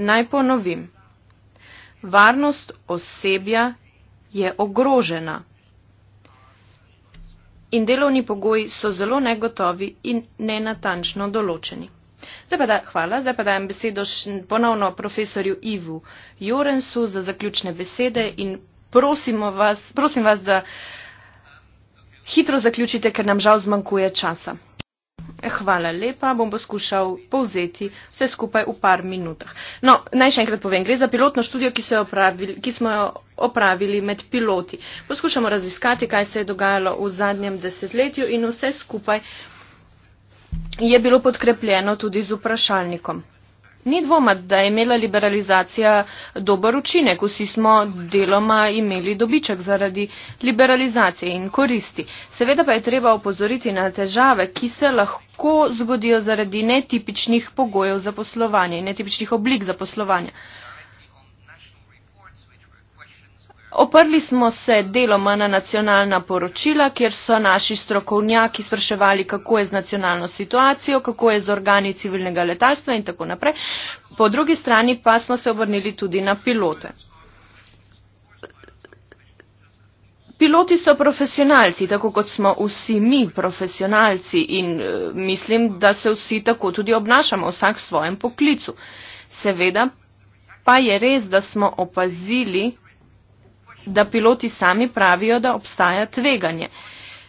Naj ponovim. Varnost osebja je ogrožena in delovni pogoji so zelo negotovi in nenatančno določeni. Zdaj pa da, hvala, zdaj pa dajem besedo ponovno profesorju Ivu Jorensu za zaključne besede in prosimo vas, prosim vas, da hitro zaključite, ker nam žal zmanjkuje časa. Hvala lepa, bom poskušal povzeti vse skupaj v par minutah. No, naj še enkrat povem, gre za pilotno študijo, ki, opravili, ki smo jo opravili med piloti. Poskušamo raziskati, kaj se je dogajalo v zadnjem desetletju in vse skupaj je bilo podkrepljeno tudi z vprašalnikom. Ni dvoma, da je imela liberalizacija dober učinek. Vsi smo deloma imeli dobiček zaradi liberalizacije in koristi. Seveda pa je treba opozoriti na težave, ki se lahko zgodijo zaradi netipičnih pogojev za poslovanje in netipičnih oblik za poslovanje. Oprli smo se deloma na nacionalna poročila, kjer so naši strokovnjaki spraševali, kako je z nacionalno situacijo, kako je z organi civilnega letalstva in tako naprej. Po drugi strani pa smo se obrnili tudi na pilote. Piloti so profesionalci, tako kot smo vsi mi profesionalci in eh, mislim, da se vsi tako tudi obnašamo, vsak v svojem poklicu. Seveda pa je res, da smo opazili, da piloti sami pravijo, da obstaja tveganje.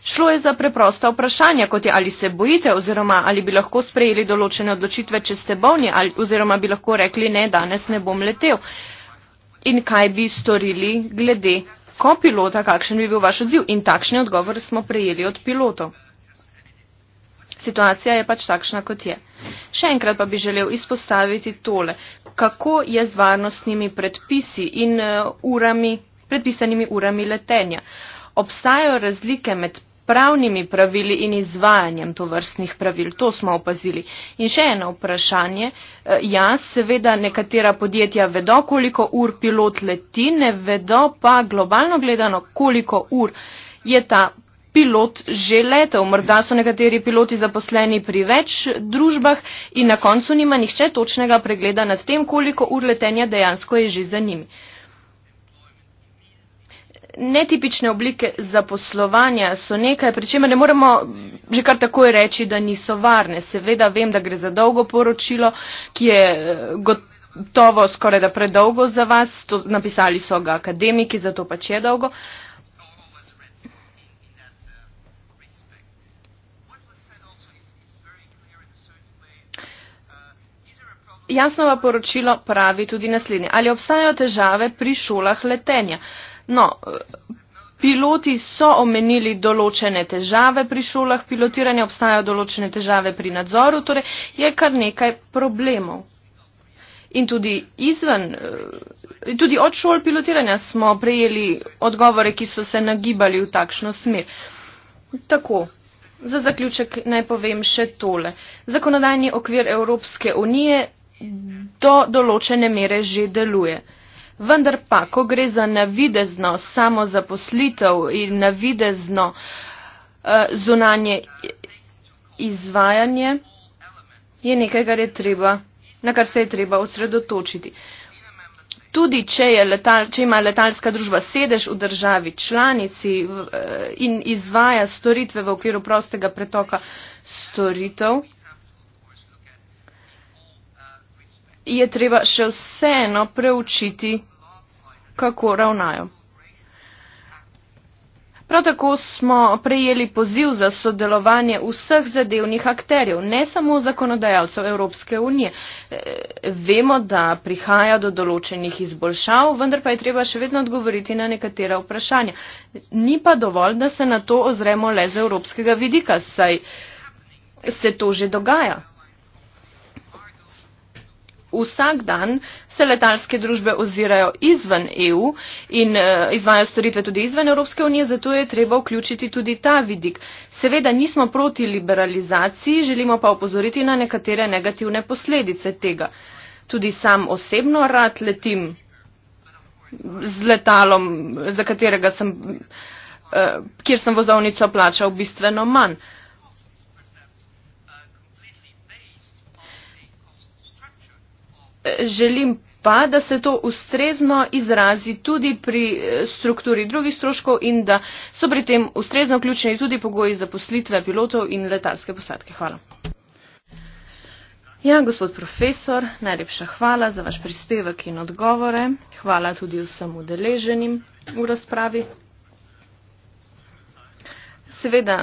Šlo je za preprosta vprašanja, kot je ali se bojite oziroma ali bi lahko sprejeli določene odločitve, če ste bolni ali, oziroma bi lahko rekli ne, danes ne bom letel. In kaj bi storili glede ko pilota, kakšen bi bil vaš odziv in takšne odgovore smo prejeli od pilotov. Situacija je pač takšna, kot je. Še enkrat pa bi želel izpostaviti tole, kako je z varnostnimi predpisi in uh, urami, predpisanimi urami letenja. Obstajajo razlike med pravnimi pravili in izvajanjem tovrstnih pravil, to smo opazili. In še eno vprašanje, eh, jaz seveda nekatera podjetja vedo, koliko ur pilot leti, ne vedo pa globalno gledano, koliko ur je ta pilot že letel. Morda so nekateri piloti zaposleni pri več družbah in na koncu nima nihče točnega pregleda nad tem, koliko ur letenja dejansko je že za njimi. Netipične oblike zaposlovanja so nekaj, pri čemer ne moremo že kar takoj reči, da niso varne. Seveda vem, da gre za dolgo poročilo, ki je eh, gotovo skoraj da predolgo za vas. To napisali so ga akademiki, zato pač je dolgo. Jasnova poročilo pravi tudi naslednje. Ali obstajajo težave pri šolah letenja? Uh, No, piloti so omenili določene težave pri šolah pilotiranja, obstajajo določene težave pri nadzoru, torej je kar nekaj problemov. In tudi izven, eh, tudi od šol pilotiranja smo prejeli odgovore, ki so se nagibali v takšno smer. Tako. Za zaključek naj povem še tole. Zakonodajni okvir Evropske unije do določene mere že deluje. Vendar pa, ko gre za navidezno samozaposlitev in navidezno eh, zunanje izvajanje, je nekaj, kar je treba, na kar se je treba osredotočiti. Tudi, če, letal, če ima letalska družba sedež v državi članici eh, in izvaja storitve v okviru prostega pretoka storitev, je treba še vseeno preučiti, kako ravnajo. Prav tako smo prejeli poziv za sodelovanje vseh zadevnih akterjev, ne samo zakonodajalcev Evropske unije. E, vemo, da prihaja do določenih izboljšav, vendar pa je treba še vedno odgovoriti na nekatera vprašanja. Ni pa dovolj, da se na to ozremo le z evropskega vidika, saj se to že dogaja. Vsak dan se letalske družbe ozirajo izven EU in uh, eh, izvajo storitve tudi izven Evropske unije, zato je treba vključiti tudi ta vidik. Seveda nismo proti liberalizaciji, želimo pa opozoriti na nekatere negativne posledice tega. Tudi sam osebno rad letim z letalom, za katerega sem, uh, kjer sem vozovnico plačal bistveno manj. Uh, želim pa, da se to ustrezno izrazi tudi pri eh, strukturi drugih stroškov in da so pri tem ustrezno vključeni tudi pogoji za poslitve pilotov in letalske posadke. Hvala. Ja, gospod profesor, najlepša hvala za vaš prispevek in odgovore. Hvala tudi vsem udeleženim v razpravi. Seveda,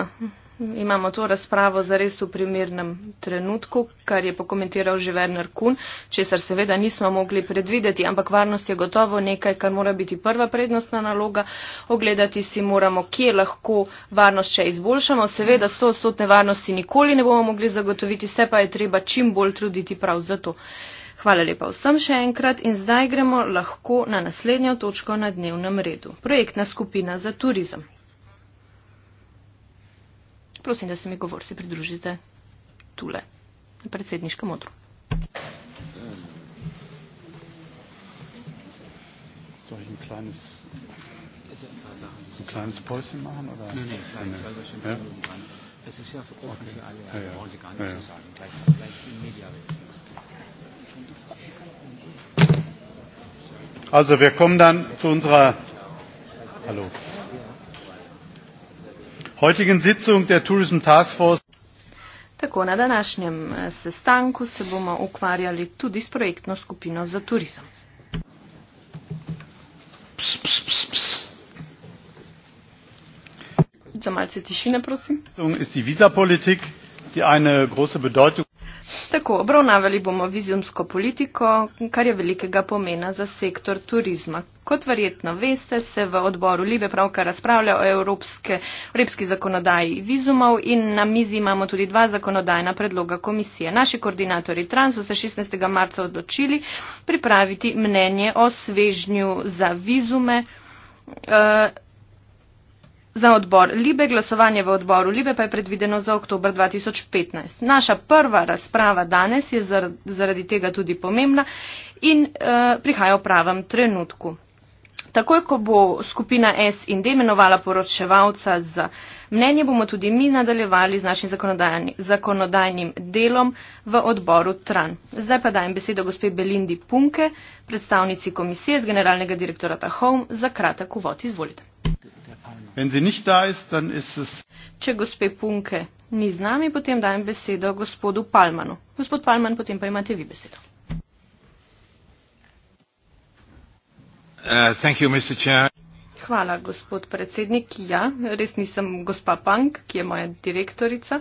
Imamo to razpravo zares v primernem trenutku, kar je pokomentiral že Werner Kuhn, česar seveda nismo mogli predvideti, ampak varnost je gotovo nekaj, kar mora biti prva prednostna naloga. Ogledati si moramo, kje lahko varnost še izboljšamo. Seveda 100-stotne varnosti nikoli ne bomo mogli zagotoviti, vse pa je treba čim bolj truditi prav za to. Hvala lepa vsem še enkrat in zdaj gremo lahko na naslednjo točko na dnevnem redu. Projektna skupina za turizem prosim, da se mi govorci pridružite tule, na predsedniškem odru. Also, wir kommen dann zu unserer. Hallo heutigen Sitzung der Tourism Task Force. Tako, na današnjem eh, sestanku se bomo ukvarjali tudi s projektno skupino za turizem. Ps, ps, ps, ps. Za malce tišine, prosim. Je to vizapolitika, ki ima veliko pomen. Tako obravnavali bomo vizumsko politiko, kar je velikega pomena za sektor turizma. Kot verjetno veste, se v odboru Libe pravkar razpravlja o evropske, evropski zakonodaji vizumov in na mizi imamo tudi dva zakonodajna predloga komisije. Naši koordinatori trans so se 16. marca odločili pripraviti mnenje o svežnju za vizume. Uh, za odbor Libe, glasovanje v odboru Libe pa je predvideno za oktober 2015. Naša prva razprava danes je zaradi tega tudi pomembna in uh, prihaja v pravem trenutku. Takoj, ko bo skupina S in D imenovala poročevalca za mnenje, bomo tudi mi nadaljevali z našim zakonodajnim, zakonodajnim delom v odboru TRAN. Zdaj pa dajem besedo gospe Belindi Punke, predstavnici komisije z generalnega direktorata HOME za kratek uvod. Izvolite. Wenn sie nicht da ist, dann ist es. Če gospe Punke ni z nami, potem dajem besedo gospodu Palmanu. Gospod Palman, potem pa imate vi besedo. Uh, you, Hvala, gospod predsednik. Ja, res nisem gospa Punk, ki je moja direktorica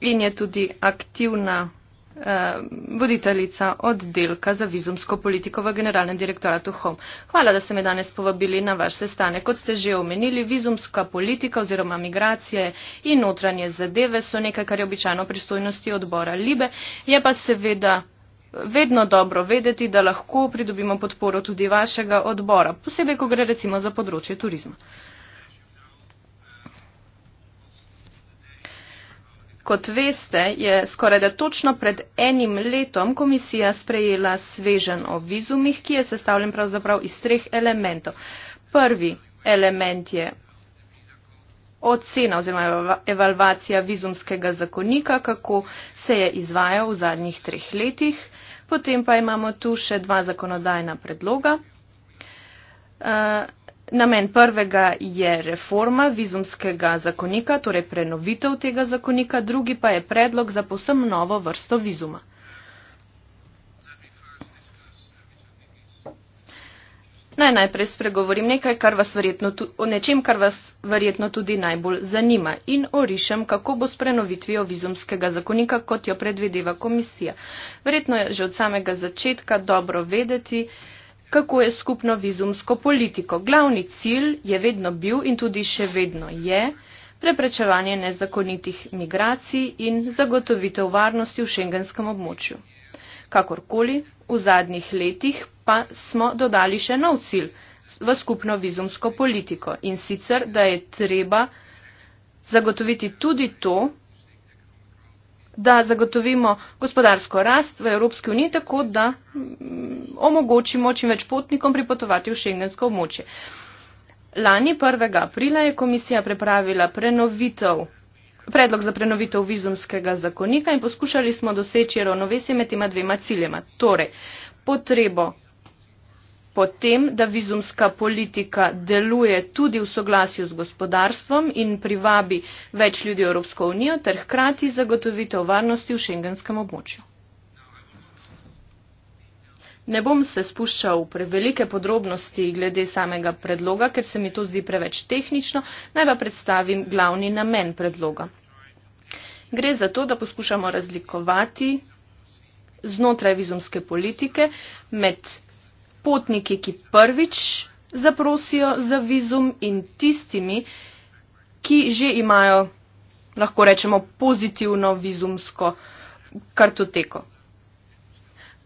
in je tudi aktivna Eh, voditeljica oddelka za vizumsko politiko v generalnem direktoratu HOM. Hvala, da ste me danes povabili na vaš sestanek. Kot ste že omenili, vizumska politika oziroma migracije in notranje zadeve so nekaj, kar je običajno pristojnosti odbora Libe. Je pa seveda vedno dobro vedeti, da lahko pridobimo podporo tudi vašega odbora, posebej, ko gre recimo za področje turizma. Uh, Kot veste, je skoraj da točno pred enim letom komisija sprejela svežen o vizumih, ki je sestavljen pravzaprav iz treh elementov. Prvi element je ocena oziroma evalvacija vizumskega zakonika, kako se je izvajal v zadnjih treh letih. Potem pa imamo tu še dva zakonodajna predloga. Uh, Namen prvega je reforma vizumskega zakonika, torej prenovitev tega zakonika, drugi pa je predlog za posem novo vrsto vizuma. Naj najprej spregovorim nekaj, kar vas verjetno, o nečem, kar vas verjetno tudi najbolj zanima in orišem, kako bo s prenovitvijo vizumskega zakonika, kot jo predvideva komisija. Verjetno je že od samega začetka dobro vedeti, kako je skupno vizumsko politiko. Glavni cilj je vedno bil in tudi še vedno je preprečevanje nezakonitih migracij in zagotovitev varnosti v šengenskem območju. Kakorkoli, v zadnjih letih pa smo dodali še nov cilj v skupno vizumsko politiko in sicer, da je treba zagotoviti tudi to, da zagotovimo gospodarsko rast v Evropski uniji, tako da omogočimo čim več potnikom pripotovati v šengensko območje. Lani 1. aprila je komisija prepravila prenovitev. Predlog za prenovitev vizumskega zakonika in poskušali smo doseči ravnovesje med tema dvema ciljema, torej potrebo Potem, da vizumska politika deluje tudi v soglasju z gospodarstvom in privabi več ljudi v Evropsko unijo, ter hkrati zagotovitev varnosti v šengenskem območju. Ne bom se spuščal v prevelike podrobnosti glede samega predloga, ker se mi to zdi preveč tehnično, naj pa predstavim glavni namen predloga. Gre za to, da poskušamo razlikovati znotraj vizumske politike med potniki, ki prvič zaprosijo za vizum in tistimi, ki že imajo, lahko rečemo, pozitivno vizumsko kartoteko.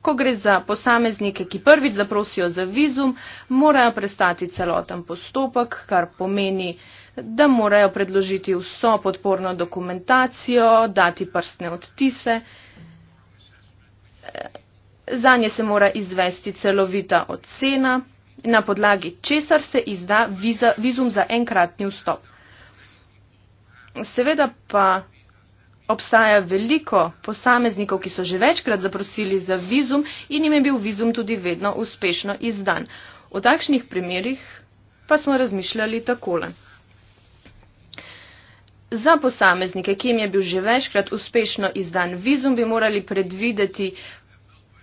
Ko gre za posameznike, ki prvič zaprosijo za vizum, morajo prestati celoten postopek, kar pomeni, da morajo predložiti vso podporno dokumentacijo, dati prstne odtise za nje se mora izvesti celovita ocena, na podlagi česar se izda viza, vizum za enkratni vstop. Seveda pa obstaja veliko posameznikov, ki so že večkrat zaprosili za vizum in jim je bil vizum tudi vedno uspešno izdan. V takšnih primerih pa smo razmišljali takole. Za posameznike, ki jim je bil že večkrat uspešno izdan vizum, bi morali predvideti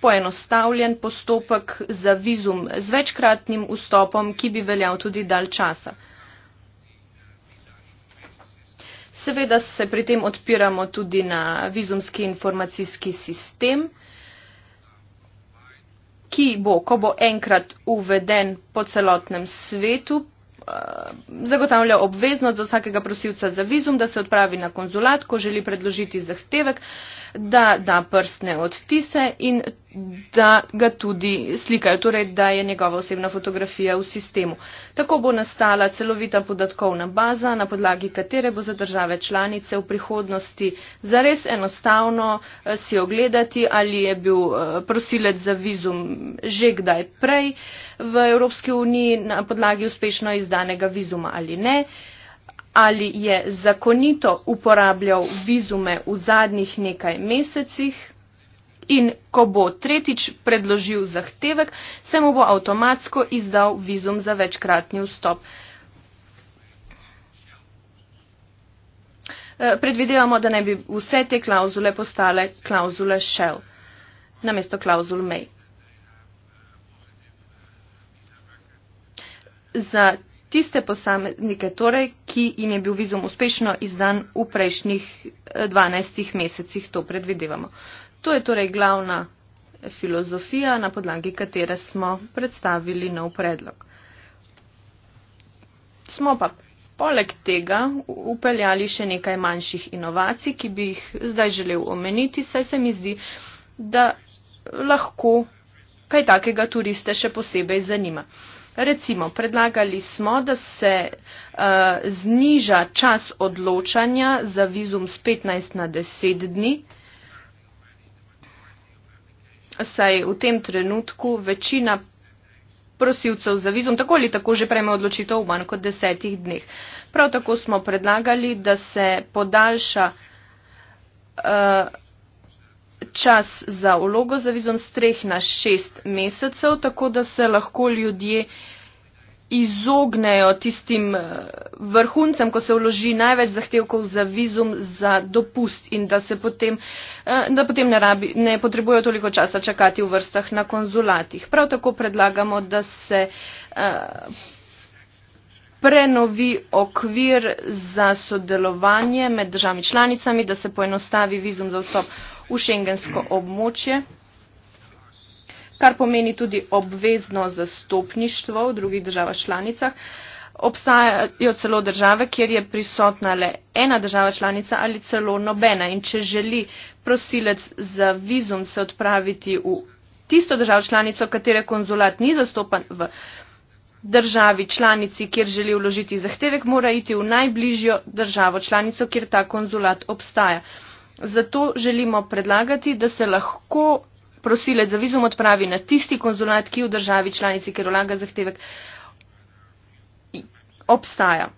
poenostavljen postopek za vizum z večkratnim vstopom, ki bi veljal tudi dalj časa. Seveda se pri tem odpiramo tudi na vizumski informacijski sistem, ki bo, ko bo enkrat uveden po celotnem svetu, eh, zagotavlja obveznost za vsakega prosilca za vizum, da se odpravi na konzulat, ko želi predložiti zahtevek, da da prstne odtise in da ga tudi slikajo, torej da je njegova osebna fotografija v sistemu. Tako bo nastala celovita podatkovna baza, na podlagi katere bo za države članice v prihodnosti zares enostavno eh, si ogledati, ali je bil eh, prosilec za vizum že kdaj prej v Evropski uniji na podlagi uspešno izdanega vizuma ali ne ali je zakonito uporabljal vizume v zadnjih nekaj mesecih in ko bo tretjič predložil zahtevek, se mu bo avtomatsko izdal vizum za večkratni vstop. Eh, predvidevamo, da naj bi vse te klauzule postale klauzule shell namesto klauzul may. Za tiste posameznike torej, ki jim je bil vizum uspešno izdan v prejšnjih 12 eh, mesecih, to predvidevamo. To je torej glavna filozofija, na podlagi katere smo predstavili nov predlog. Smo pa poleg tega upeljali še nekaj manjših inovacij, ki bi jih zdaj želel omeniti, saj se mi zdi, da lahko kaj takega turiste še posebej zanima. Recimo, predlagali smo, da se uh, zniža čas odločanja za vizum z 15 na 10 dni, saj v tem trenutku večina prosilcev za vizum tako ali tako že prejme odločitev v manj kot desetih dneh. Prav tako smo predlagali, da se podaljša uh, čas za vlogo za vizum z treh na šest mesecev, tako da se lahko ljudje uh, izognejo tistim eh, vrhuncem, ko se vloži največ zahtevkov za vizum za dopust in da se potem, eh, da potem ne, rabi, ne potrebujo toliko časa čakati v vrstah na konzulatih. Prav tako predlagamo, da se eh, prenovi okvir za sodelovanje med državami članicami, da se poenostavi vizum za vstop v šengensko območje kar pomeni tudi obvezno zastopništvo v drugih državah članicah. Obstajajo celo države, kjer je prisotna le ena država članica ali celo nobena in če želi prosilec za vizum se odpraviti v tisto državo članico, katere konzulat ni zastopan v državi članici, kjer želi vložiti zahtevek, mora iti v najbližjo državo članico, kjer ta konzulat obstaja. Zato želimo predlagati, da se lahko prosilec za vizum odpravi na tisti konzulat, ki v državi članici, kjer vlaga zahtevek, obstaja.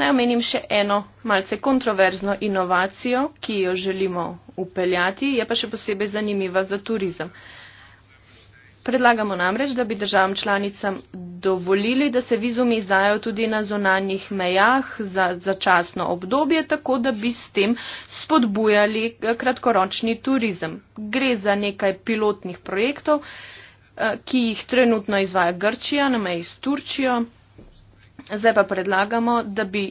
Naj omenim še eno malce kontroverzno inovacijo, ki jo želimo upeljati, je pa še posebej zanimiva za turizem. Uh, Predlagamo namreč, da bi državam članicam dovolili, da se vizumi izdajo tudi na zonanjih mejah za začasno obdobje, tako da bi s tem spodbujali kratkoročni turizem. Gre za nekaj pilotnih projektov, eh, ki jih trenutno izvaja Grčija na meji s Turčijo. Zdaj pa predlagamo, da bi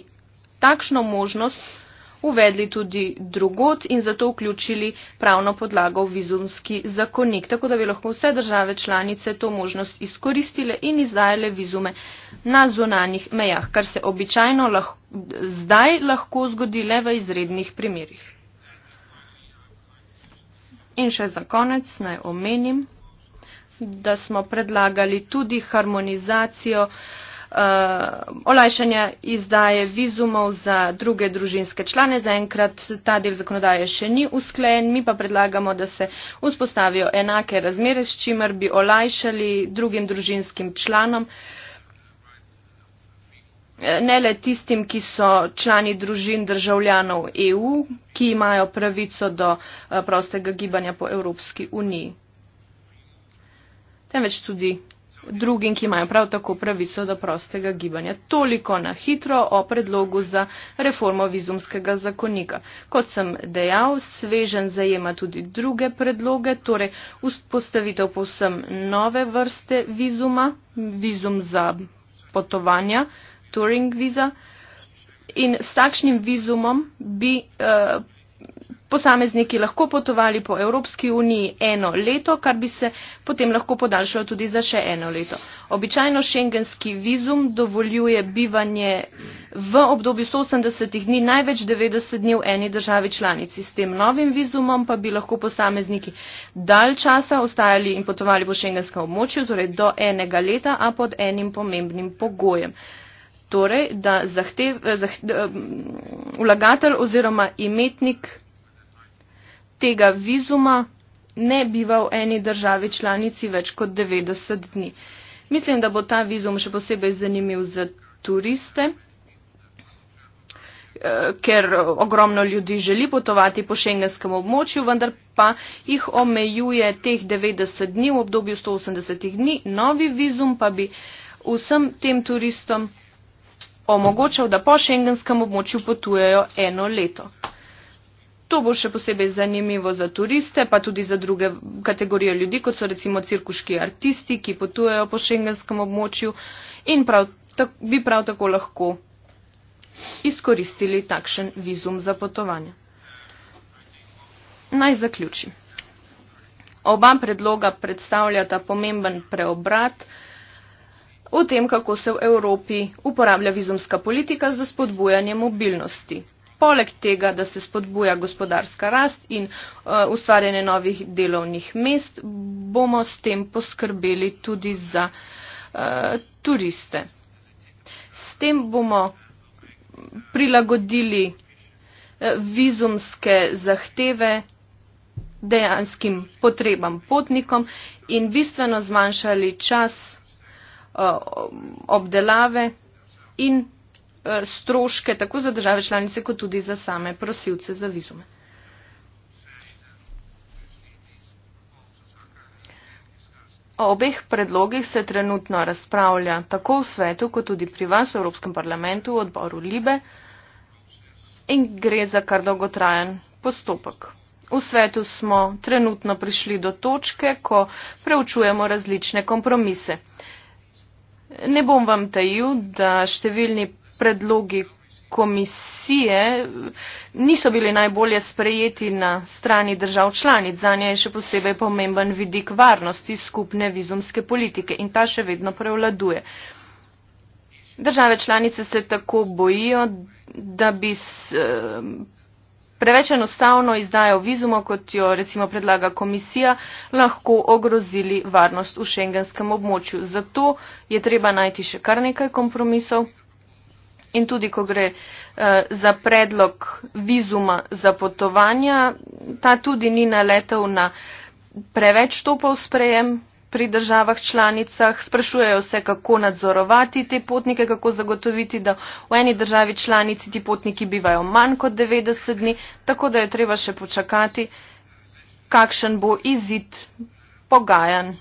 takšno možnost uvedli tudi drugot in zato vključili pravno podlago v vizumski zakonik, tako da bi lahko vse države članice to možnost izkoristile in izdajale vizume na zunanjih mejah, kar se običajno lahko, zdaj lahko zgodile v izrednih primerjih. In še za konec naj omenim, da smo predlagali tudi harmonizacijo Eh, olajšanja izdaje vizumov za druge družinske člane. Zaenkrat ta del zakonodaje še ni usklen, mi pa predlagamo, da se vzpostavijo enake razmere, s čimer bi olajšali drugim družinskim članom. Eh, ne le tistim, ki so člani družin državljanov EU, ki imajo pravico do eh, prostega gibanja po Evropski uniji, temveč tudi drugim, ki imajo prav tako pravico do prostega gibanja. Toliko na hitro o predlogu za reformo vizumskega zakonika. Kot sem dejal, svežen zajema tudi druge predloge, torej postavitev povsem nove vrste vizuma, vizum za potovanja, touring viza. In s takšnim vizumom bi. Uh, posamezniki lahko potovali po Evropski uniji eno leto, kar bi se potem lahko podaljšalo tudi za še eno leto. Običajno šengenski vizum dovoljuje bivanje v obdobju 180 dni največ 90 dni v eni državi članici. S tem novim vizumom pa bi lahko posamezniki dalj časa ostajali in potovali po šengenskem območju, torej do enega leta, a pod enim pomembnim pogojem torej, da zahtev, eh, zahtev, eh, vlagatelj oziroma imetnik tega vizuma ne biva v eni državi članici več kot 90 dni. Mislim, da bo ta vizum še posebej zanimiv za turiste, eh, ker ogromno ljudi želi potovati po šengenskem območju, vendar pa jih omejuje teh 90 dni v obdobju 180 dni. Novi vizum pa bi vsem tem turistom omogočal, da po šengenskem območju potujejo eno leto. To bo še posebej zanimivo za turiste, pa tudi za druge kategorije ljudi, kot so recimo cirkuški artisti, ki potujejo po šengenskem območju in prav, tak, bi prav tako lahko izkoristili takšen vizum za potovanje. Naj zaključim. Oba predloga predstavljata pomemben preobrat o tem, kako se v Evropi uporablja vizumska politika za spodbujanje mobilnosti. Poleg tega, da se spodbuja gospodarska rast in uh, ustvarjanje novih delovnih mest, bomo s tem poskrbeli tudi za uh, turiste. S tem bomo prilagodili uh, vizumske zahteve dejanskim potrebam potnikom in bistveno zmanjšali čas Eh, obdelave in eh, stroške tako za države članice, kot tudi za same prosilce za vizume. O obeh predlogih se trenutno razpravlja tako v svetu, kot tudi pri vas v Evropskem parlamentu, v odboru Libe in gre za kar dolgotrajen postopek. V svetu smo trenutno prišli do točke, ko preučujemo različne kompromise. Ne bom vam tajil, da številni predlogi komisije niso bili najbolje sprejeti na strani držav članic. Za nje je še posebej pomemben vidik varnosti skupne vizumske politike in ta še vedno prevladuje. Države članice se tako bojijo, da bi s, eh, preveč enostavno izdajo vizumo, kot jo recimo predlaga komisija, lahko ogrozili varnost v šengenskem območju. Zato je treba najti še kar nekaj kompromisov. In tudi, ko gre eh, za predlog vizuma za potovanja, ta tudi ni naletel na preveč topov sprejem, pri državah članicah, sprašujejo se, kako nadzorovati te potnike, kako zagotoviti, da v eni državi članici ti potniki bivajo manj kot 90 dni, tako da je treba še počakati, kakšen bo izid pogajan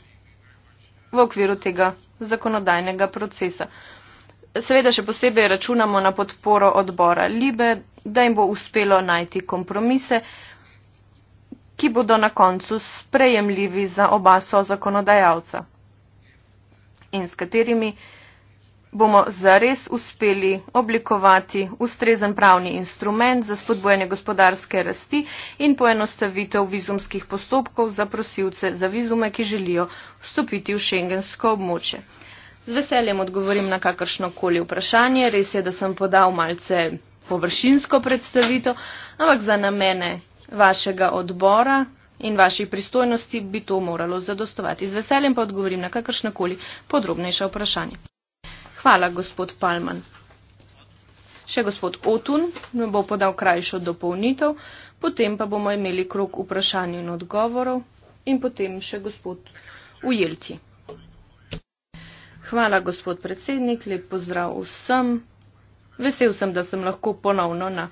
v okviru tega zakonodajnega procesa. Seveda še posebej računamo na podporo odbora Libe, da jim bo uspelo najti kompromise ki bodo na koncu sprejemljivi za oba so zakonodajalca in s katerimi bomo zares uspeli oblikovati ustrezen pravni instrument za spodbojanje gospodarske rasti in poenostavitev vizumskih postopkov za prosilce za vizume, ki želijo vstopiti v šengensko območje. Z veseljem odgovorim na kakršno koli vprašanje. Res je, da sem podal malce površinsko predstavitev, ampak za namene vašega odbora in vaših pristojnosti bi to moralo zadostovati. Z veseljem pa odgovorim na kakršnakoli podrobnejša vprašanja. Hvala, gospod Palman. Še gospod Otun bo podal krajšo dopolnitev, potem pa bomo imeli krok vprašanj in odgovorov in potem še gospod Ujelti. Hvala, gospod predsednik, lep pozdrav vsem. Vesel sem, da sem lahko ponovno na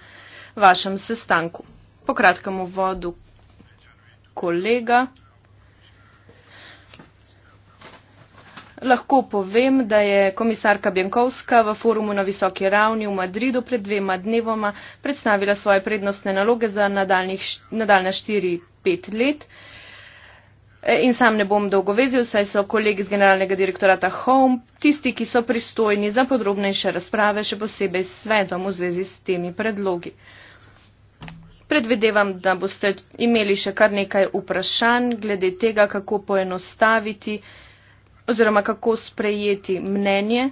vašem sestanku po kratkem uvodu kolega. Lahko povem, da je komisarka Bjankovska v forumu na visoki ravni v Madridu pred dvema dnevoma predstavila svoje prednostne naloge za nadaljne 4-5 let. E, in sam ne bom dolgo vezil, saj so kolegi z generalnega direktorata Home tisti, ki so pristojni za podrobnejše razprave, še posebej s svetom v zvezi s temi predlogi. Predvidevam, da boste imeli še kar nekaj vprašanj glede tega, kako poenostaviti oziroma kako sprejeti mnenje,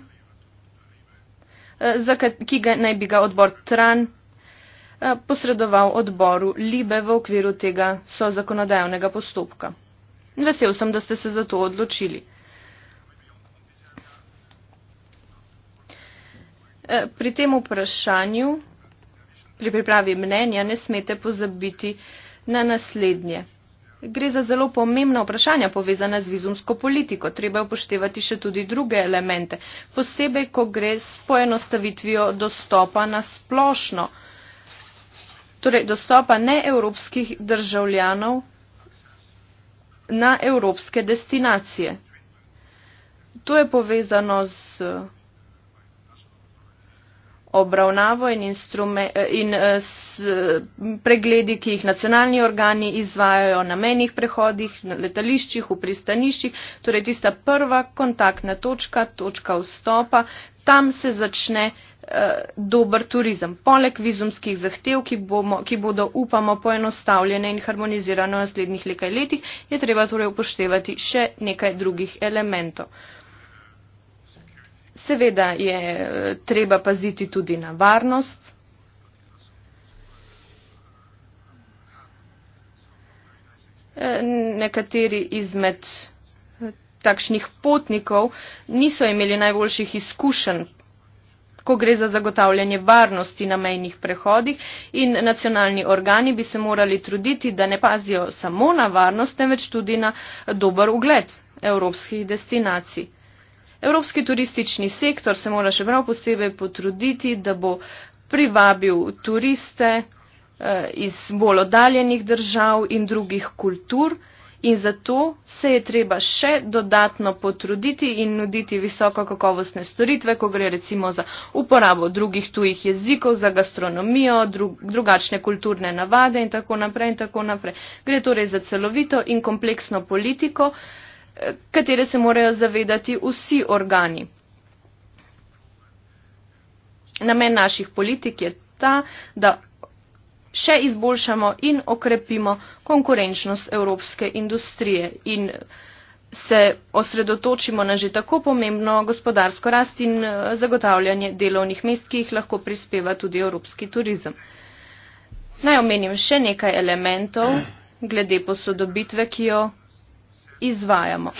eh, ki ga naj bi ga odbor Tran eh, posredoval odboru Libe v okviru tega sozakonodajnega postopka. Vesel sem, da ste se za to odločili. Eh, pri tem vprašanju Pri pripravi mnenja ne smete pozabiti na naslednje. Gre za zelo pomembna vprašanja povezana z vizumsko politiko. Treba upoštevati še tudi druge elemente, posebej, ko gre s poenostavitvijo dostopa na splošno, torej dostopa neevropskih državljanov na evropske destinacije. To je povezano z obravnavo in, in eh, s, pregledi, ki jih nacionalni organi izvajajo na menih prehodih, na letališčih, v pristaniščih. Torej tista prva kontaktna točka, točka vstopa, tam se začne eh, dober turizem. Poleg vizumskih zahtev, ki, bomo, ki bodo, upamo, poenostavljene in harmonizirane v naslednjih nekaj letih, je treba torej upoštevati še nekaj drugih elementov. Seveda je eh, treba paziti tudi na varnost. Eh, nekateri izmed eh, takšnih potnikov niso imeli najboljših izkušenj, ko gre za zagotavljanje varnosti na mejnih prehodih in nacionalni organi bi se morali truditi, da ne pazijo samo na varnost, temveč tudi na dober ugled evropskih destinacij. Evropski turistični sektor se mora še prav posebej potruditi, da bo privabil turiste eh, iz bolj oddaljenih držav in drugih kultur in zato se je treba še dodatno potruditi in nuditi visoko kakovostne storitve, ko gre recimo za uporabo drugih tujih jezikov, za gastronomijo, drugačne kulturne navade in tako naprej in tako naprej. Gre torej za celovito in kompleksno politiko, katere se morajo zavedati vsi organi. Namen naših politik je ta, da še izboljšamo in okrepimo konkurenčnost evropske industrije in se osredotočimo na že tako pomembno gospodarsko rast in eh, zagotavljanje delovnih mest, ki jih lahko prispeva tudi evropski turizem. Naj omenim še nekaj elementov glede posodobitve, ki jo izvajamo.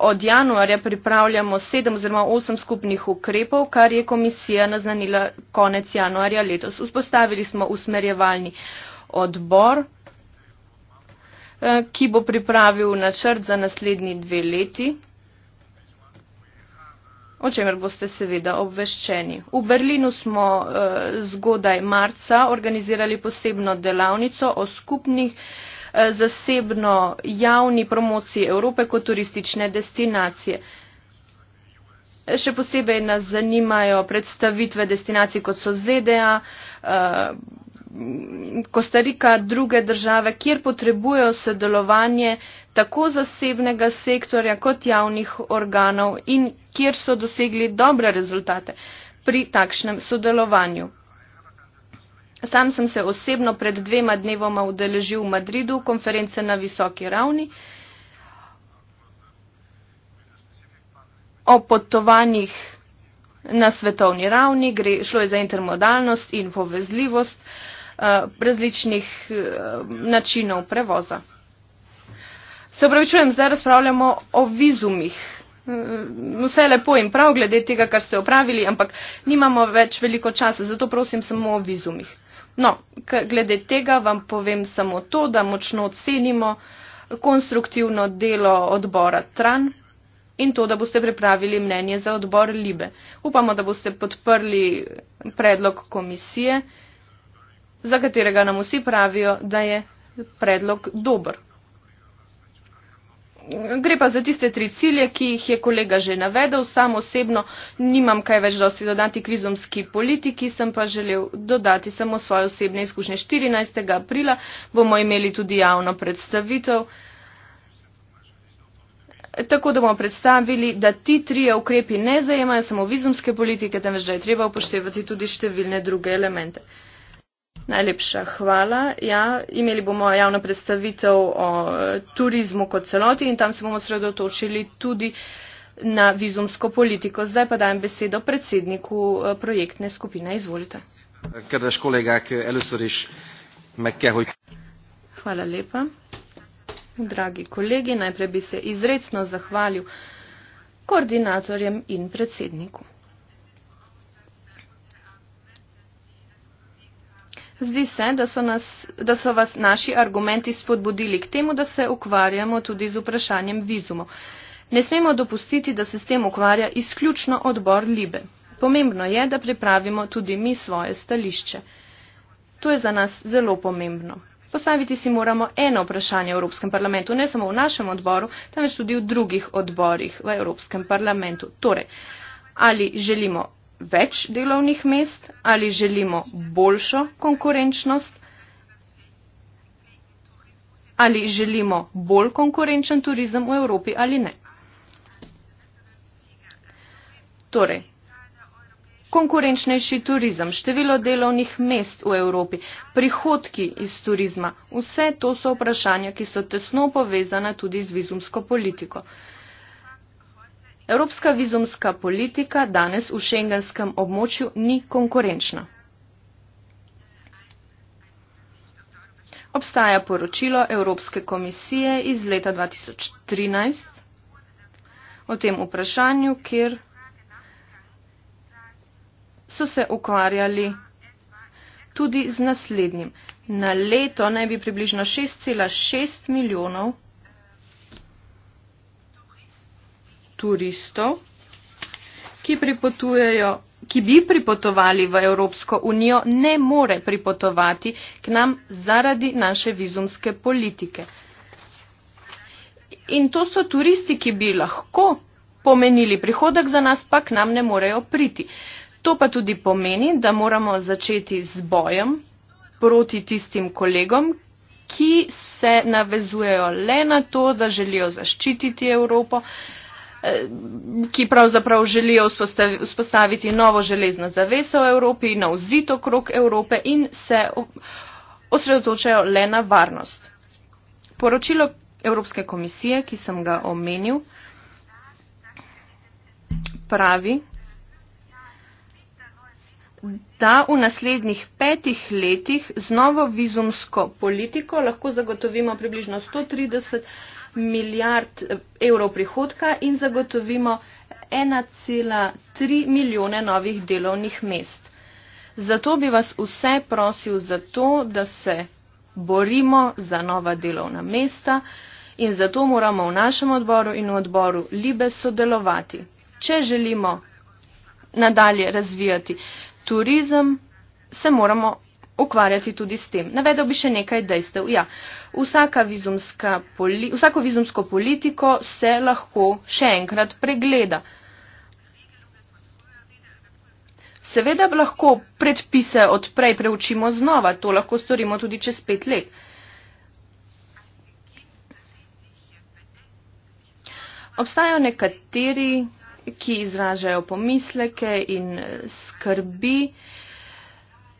Od januarja pripravljamo sedem oziroma osem skupnih ukrepov, kar je komisija naznanila konec januarja letos. Vzpostavili smo usmerjevalni odbor, eh, ki bo pripravil načrt za naslednji dve leti, o čemer boste seveda obveščeni. V Berlinu smo eh, zgodaj marca organizirali posebno delavnico o skupnih Eh, zasebno javni promociji Evrope kot turistične destinacije. Še posebej nas zanimajo predstavitve destinacij kot so ZDA, Kostarika, eh, druge države, kjer potrebujejo sodelovanje tako zasebnega sektorja kot javnih organov in kjer so dosegli dobre rezultate pri takšnem sodelovanju. Sam sem se osebno pred dvema dnevoma udeležil v Madridu konference na visoki ravni o potovanjih na svetovni ravni, gre, šlo je za intermodalnost in povezljivost eh, različnih eh, načinov prevoza. Se upravičujem, zdaj razpravljamo o vizumih. Mm, vse lepo in prav glede tega, kar ste opravili, ampak nimamo več veliko časa, zato prosim samo o vizumih. No, glede tega vam povem samo to, da močno ocenimo konstruktivno delo odbora Tran in to, da boste pripravili mnenje za odbor Libe. Upamo, da boste podprli predlog komisije, za katerega nam vsi pravijo, da je predlog dober gre pa za tiste tri cilje, ki jih je kolega že navedel. Sam osebno nimam kaj več dosti dodati k vizumski politiki, sem pa želel dodati samo svoje osebne izkušnje. 14. aprila bomo imeli tudi javno predstavitev. Tako da bomo predstavili, da ti trije ukrepi ne zajemajo samo vizumske politike, temveč da je treba upoštevati tudi številne druge elemente. Najlepša hvala. Ja, imeli bomo javno predstavitev o eh, turizmu kot celoti in tam se bomo sredotočili tudi na vizumsko politiko. Zdaj pa dajem besedo predsedniku eh, projektne skupine. Izvolite. Hvala lepa. Dragi kolegi, najprej bi se izredno zahvalil koordinatorjem in predsedniku. Zdi se, da so, nas, da so vas naši argumenti spodbudili k temu, da se ukvarjamo tudi z vprašanjem vizumo. Ne smemo dopustiti, da se s tem ukvarja izključno odbor Libe. Pomembno je, da pripravimo tudi mi svoje stališče. To je za nas zelo pomembno. Postaviti si moramo eno vprašanje v Evropskem parlamentu, ne samo v našem odboru, temveč tudi v drugih odborih v Evropskem parlamentu. Torej, ali želimo več delovnih mest ali želimo boljšo konkurenčnost ali želimo bolj konkurenčen turizem v Evropi ali ne. Torej, konkurenčnejši turizem, število delovnih mest v Evropi, prihodki iz turizma, vse to so vprašanja, ki so tesno povezana tudi z vizumsko politiko. Evropska vizumska politika danes v šengenskem območju ni konkurenčna. Obstaja poročilo Evropske komisije iz leta 2013 o tem vprašanju, kjer so se ukvarjali tudi z naslednjim. Na leto naj bi približno 6,6 milijonov turistov, ki pripotujejo ki bi pripotovali v Evropsko unijo, ne more pripotovati k nam zaradi naše vizumske politike. In to so turisti, ki bi lahko pomenili prihodek za nas, pa k nam ne morejo priti. To pa tudi pomeni, da moramo začeti z bojem proti tistim kolegom, ki se navezujejo le na to, da želijo zaščititi Evropo, uh, ki pravzaprav želijo vzpostaviti novo železno zaveso v Evropi, na vzito krok Evrope in se osredotočajo le na varnost. Poročilo Evropske komisije, ki sem ga omenil, pravi, da v naslednjih petih letih z novo vizumsko politiko lahko zagotovimo približno 130 milijard evrov prihodka in zagotovimo 1,3 milijone novih delovnih mest. Zato bi vas vse prosil za to, da se borimo za nova delovna mesta in zato moramo v našem odboru in v odboru Libe sodelovati. Če želimo nadalje razvijati turizem, se moramo ukvarjati tudi s tem. Navedel bi še nekaj dejstev. Ja, poli, vsako vizumsko politiko se lahko še enkrat pregleda. Seveda lahko predpise odprej preučimo znova, to lahko storimo tudi čez pet let. Obstajajo nekateri, ki izražajo pomisleke in skrbi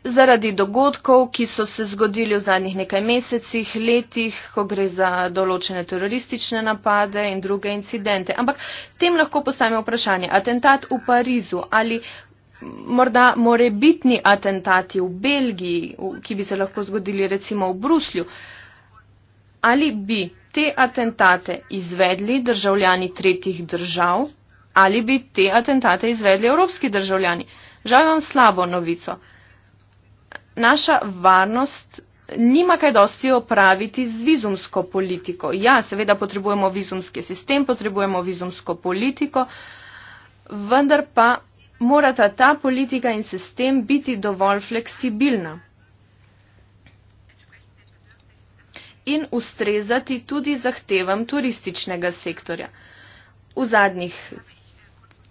zaradi dogodkov, ki so se zgodili v zadnjih nekaj mesecih, letih, ko gre za določene teroristične napade in druge incidente. Ampak tem lahko postavimo vprašanje. Atentat v Parizu ali morda morebitni atentati v Belgiji, ki bi se lahko zgodili recimo v Bruslju, ali bi te atentate izvedli državljani tretjih držav ali bi te atentate izvedli evropski državljani. Žal vam slabo novico naša varnost nima kaj dosti opraviti z vizumsko politiko. Ja, seveda potrebujemo vizumski sistem, potrebujemo vizumsko politiko, vendar pa morata ta politika in sistem biti dovolj fleksibilna in ustrezati tudi zahtevam turističnega sektorja. V zadnjih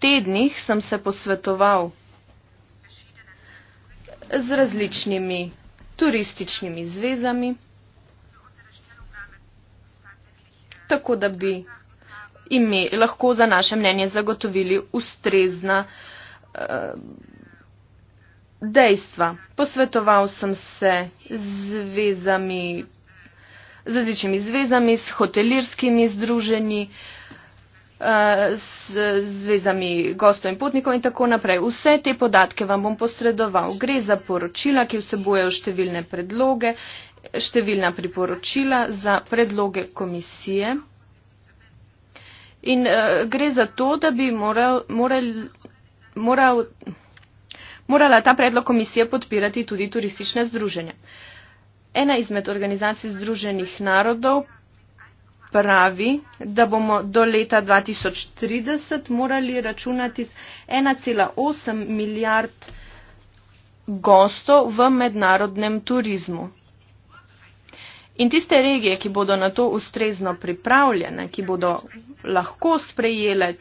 tednih sem se posvetoval z različnimi turističnimi zvezami, tako da bi ime, lahko za naše mnenje zagotovili ustrezna eh, dejstva. Posvetoval sem se z različnimi zvezami, z hotelirskimi združenji, eh, Eh, z zvezami gostov in potnikov in tako naprej. Vse te podatke vam bom posredoval. Gre za poročila, ki vsebujejo številne predloge, številna priporočila za predloge komisije. In uh, gre za to, da bi moral, moral, moral, morala ta predlog komisije podpirati tudi turistične združenja. Ena izmed organizacij Združenih narodov pravi, da bomo do leta 2030 morali računati z 1,8 milijard gostov v mednarodnem turizmu. In tiste regije, ki bodo na to ustrezno pripravljene, ki bodo lahko sprejele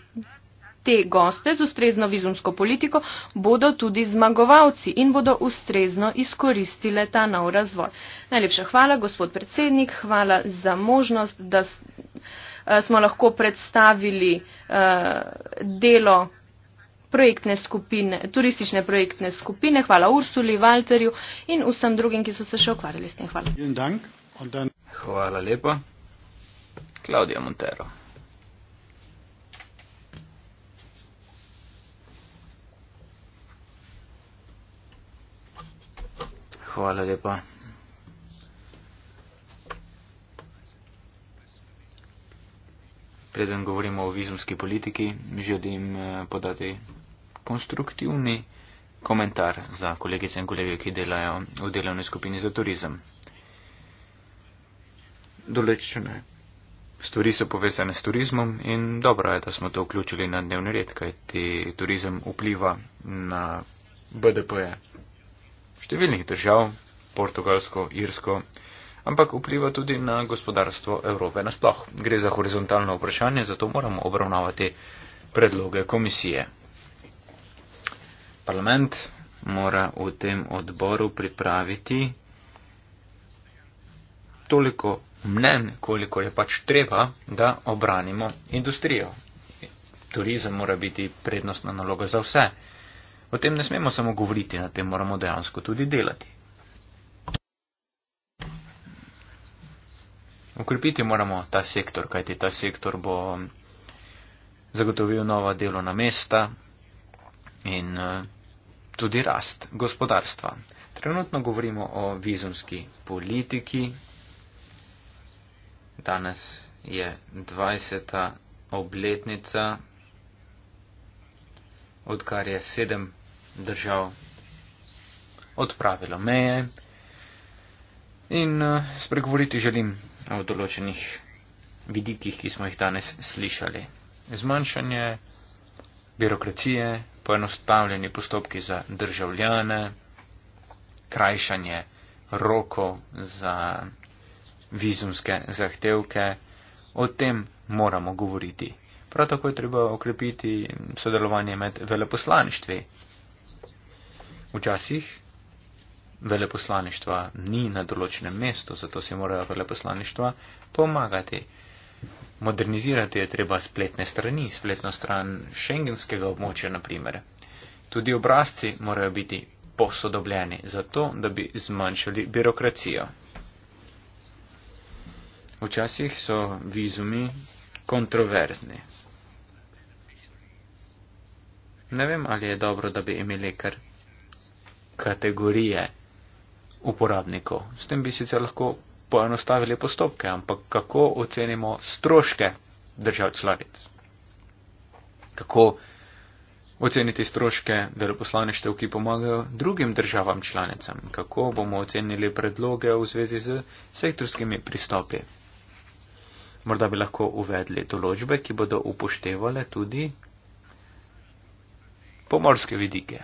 te goste z ustrezno vizumsko politiko bodo tudi zmagovalci in bodo ustrezno izkoristile ta nov razvoj. Najlepša hvala, gospod predsednik, hvala za možnost, da eh, smo lahko predstavili eh, delo projektne skupine, turistične projektne skupine. Hvala Ursuli, Valterju in vsem drugim, ki so se še ukvarjali s tem. Hvala. Hvala lepa. Claudia Montero. Hvala lepa. Preden govorimo o vizumski politiki, želim eh, podati konstruktivni komentar za kolegice in kolege, ki delajo v delovni skupini za turizem. Določene stvari so povezane s turizmom in dobro je, da smo to vključili na dnevni red, kajti turizem vpliva na BDP številnih držav, Portugalsko, Irsko, ampak vpliva tudi na gospodarstvo Evrope nasploh. Gre za horizontalno vprašanje, zato moramo obravnavati predloge komisije. Parlament mora v tem odboru pripraviti toliko mnen, koliko je pač treba, da obranimo industrijo. Turizem mora biti prednostna naloga za vse. O tem ne smemo samo govoriti, na tem moramo dejansko tudi delati. Ukrepiti moramo ta sektor, kajti ta sektor bo zagotovil nova delovna mesta in eh, tudi rast gospodarstva. Trenutno govorimo o vizumski politiki. Danes je 20. obletnica, odkar je 7 držav odpravilo meje in eh, spregovoriti želim o določenih vidikih, ki smo jih danes slišali. Zmanjšanje birokracije, poenostavljeni postopki za državljane, krajšanje rokov za vizumske zahtevke, o tem moramo govoriti. Prav tako je treba okrepiti sodelovanje med veleposlaništvi. Včasih veleposlaništva ni na določenem mestu, zato si morajo veleposlaništva pomagati. Modernizirati je treba spletne strani, spletno stran šengenskega območja naprimer. Tudi obrazci morajo biti posodobljeni, zato da bi zmanjšali birokracijo. Včasih so vizumi kontroverzni. Ne vem, ali je dobro, da bi imeli kar kategorije uporabnikov. S tem bi sicer lahko poenostavili postopke, ampak kako ocenimo stroške držav članic? Kako oceniti stroške veleposlaništev, ki pomagajo drugim državam članicam? Kako bomo ocenili predloge v zvezi z sektorskimi pristopi? Morda bi lahko uvedli določbe, ki bodo upoštevale tudi pomorske vidike.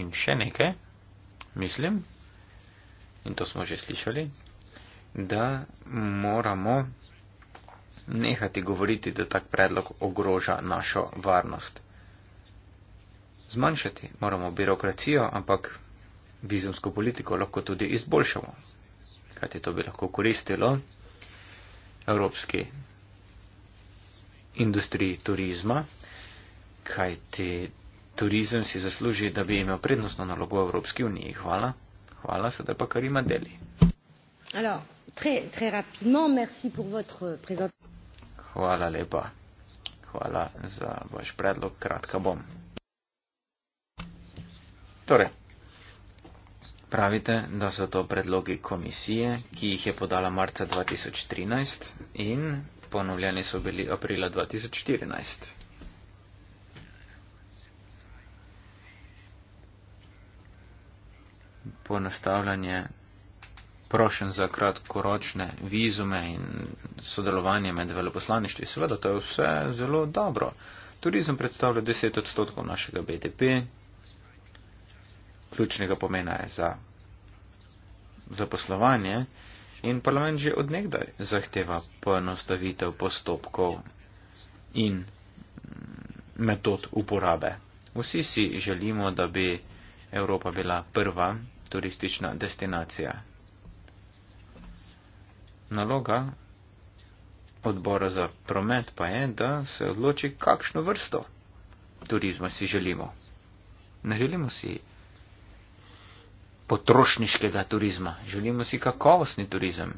In še nekaj mislim, in to smo že slišali, da moramo nehati govoriti, da tak predlog ogroža našo varnost. Zmanjšati moramo birokracijo, ampak vizumsko politiko lahko tudi izboljšamo, kajti to bi lahko koristilo evropski industriji turizma, kajti turizem si zasluži, da bi imel prednostno nalogo v Evropski uniji. Hvala. Hvala, sedaj pa kar ima deli. Hvala lepa. Hvala za vaš predlog. Kratka bom. Torej, pravite, da so to predlogi komisije, ki jih je podala marca 2013 in ponovljeni so bili aprila 2014. poenostavljanje prošen za kratkoročne vizume in sodelovanje med veleposlaništvi. Seveda, to je vse zelo dobro. Turizem predstavlja 10 odstotkov našega BDP, ključnega pomena je za zaposlovanje in parlament že odnegdaj zahteva poenostavitev postopkov in metod uporabe. Vsi si želimo, da bi Evropa bila prva turistična destinacija. Naloga odbora za promet pa je, da se odloči, kakšno vrsto turizma si želimo. Ne želimo si potrošniškega turizma, želimo si kakovostni turizem,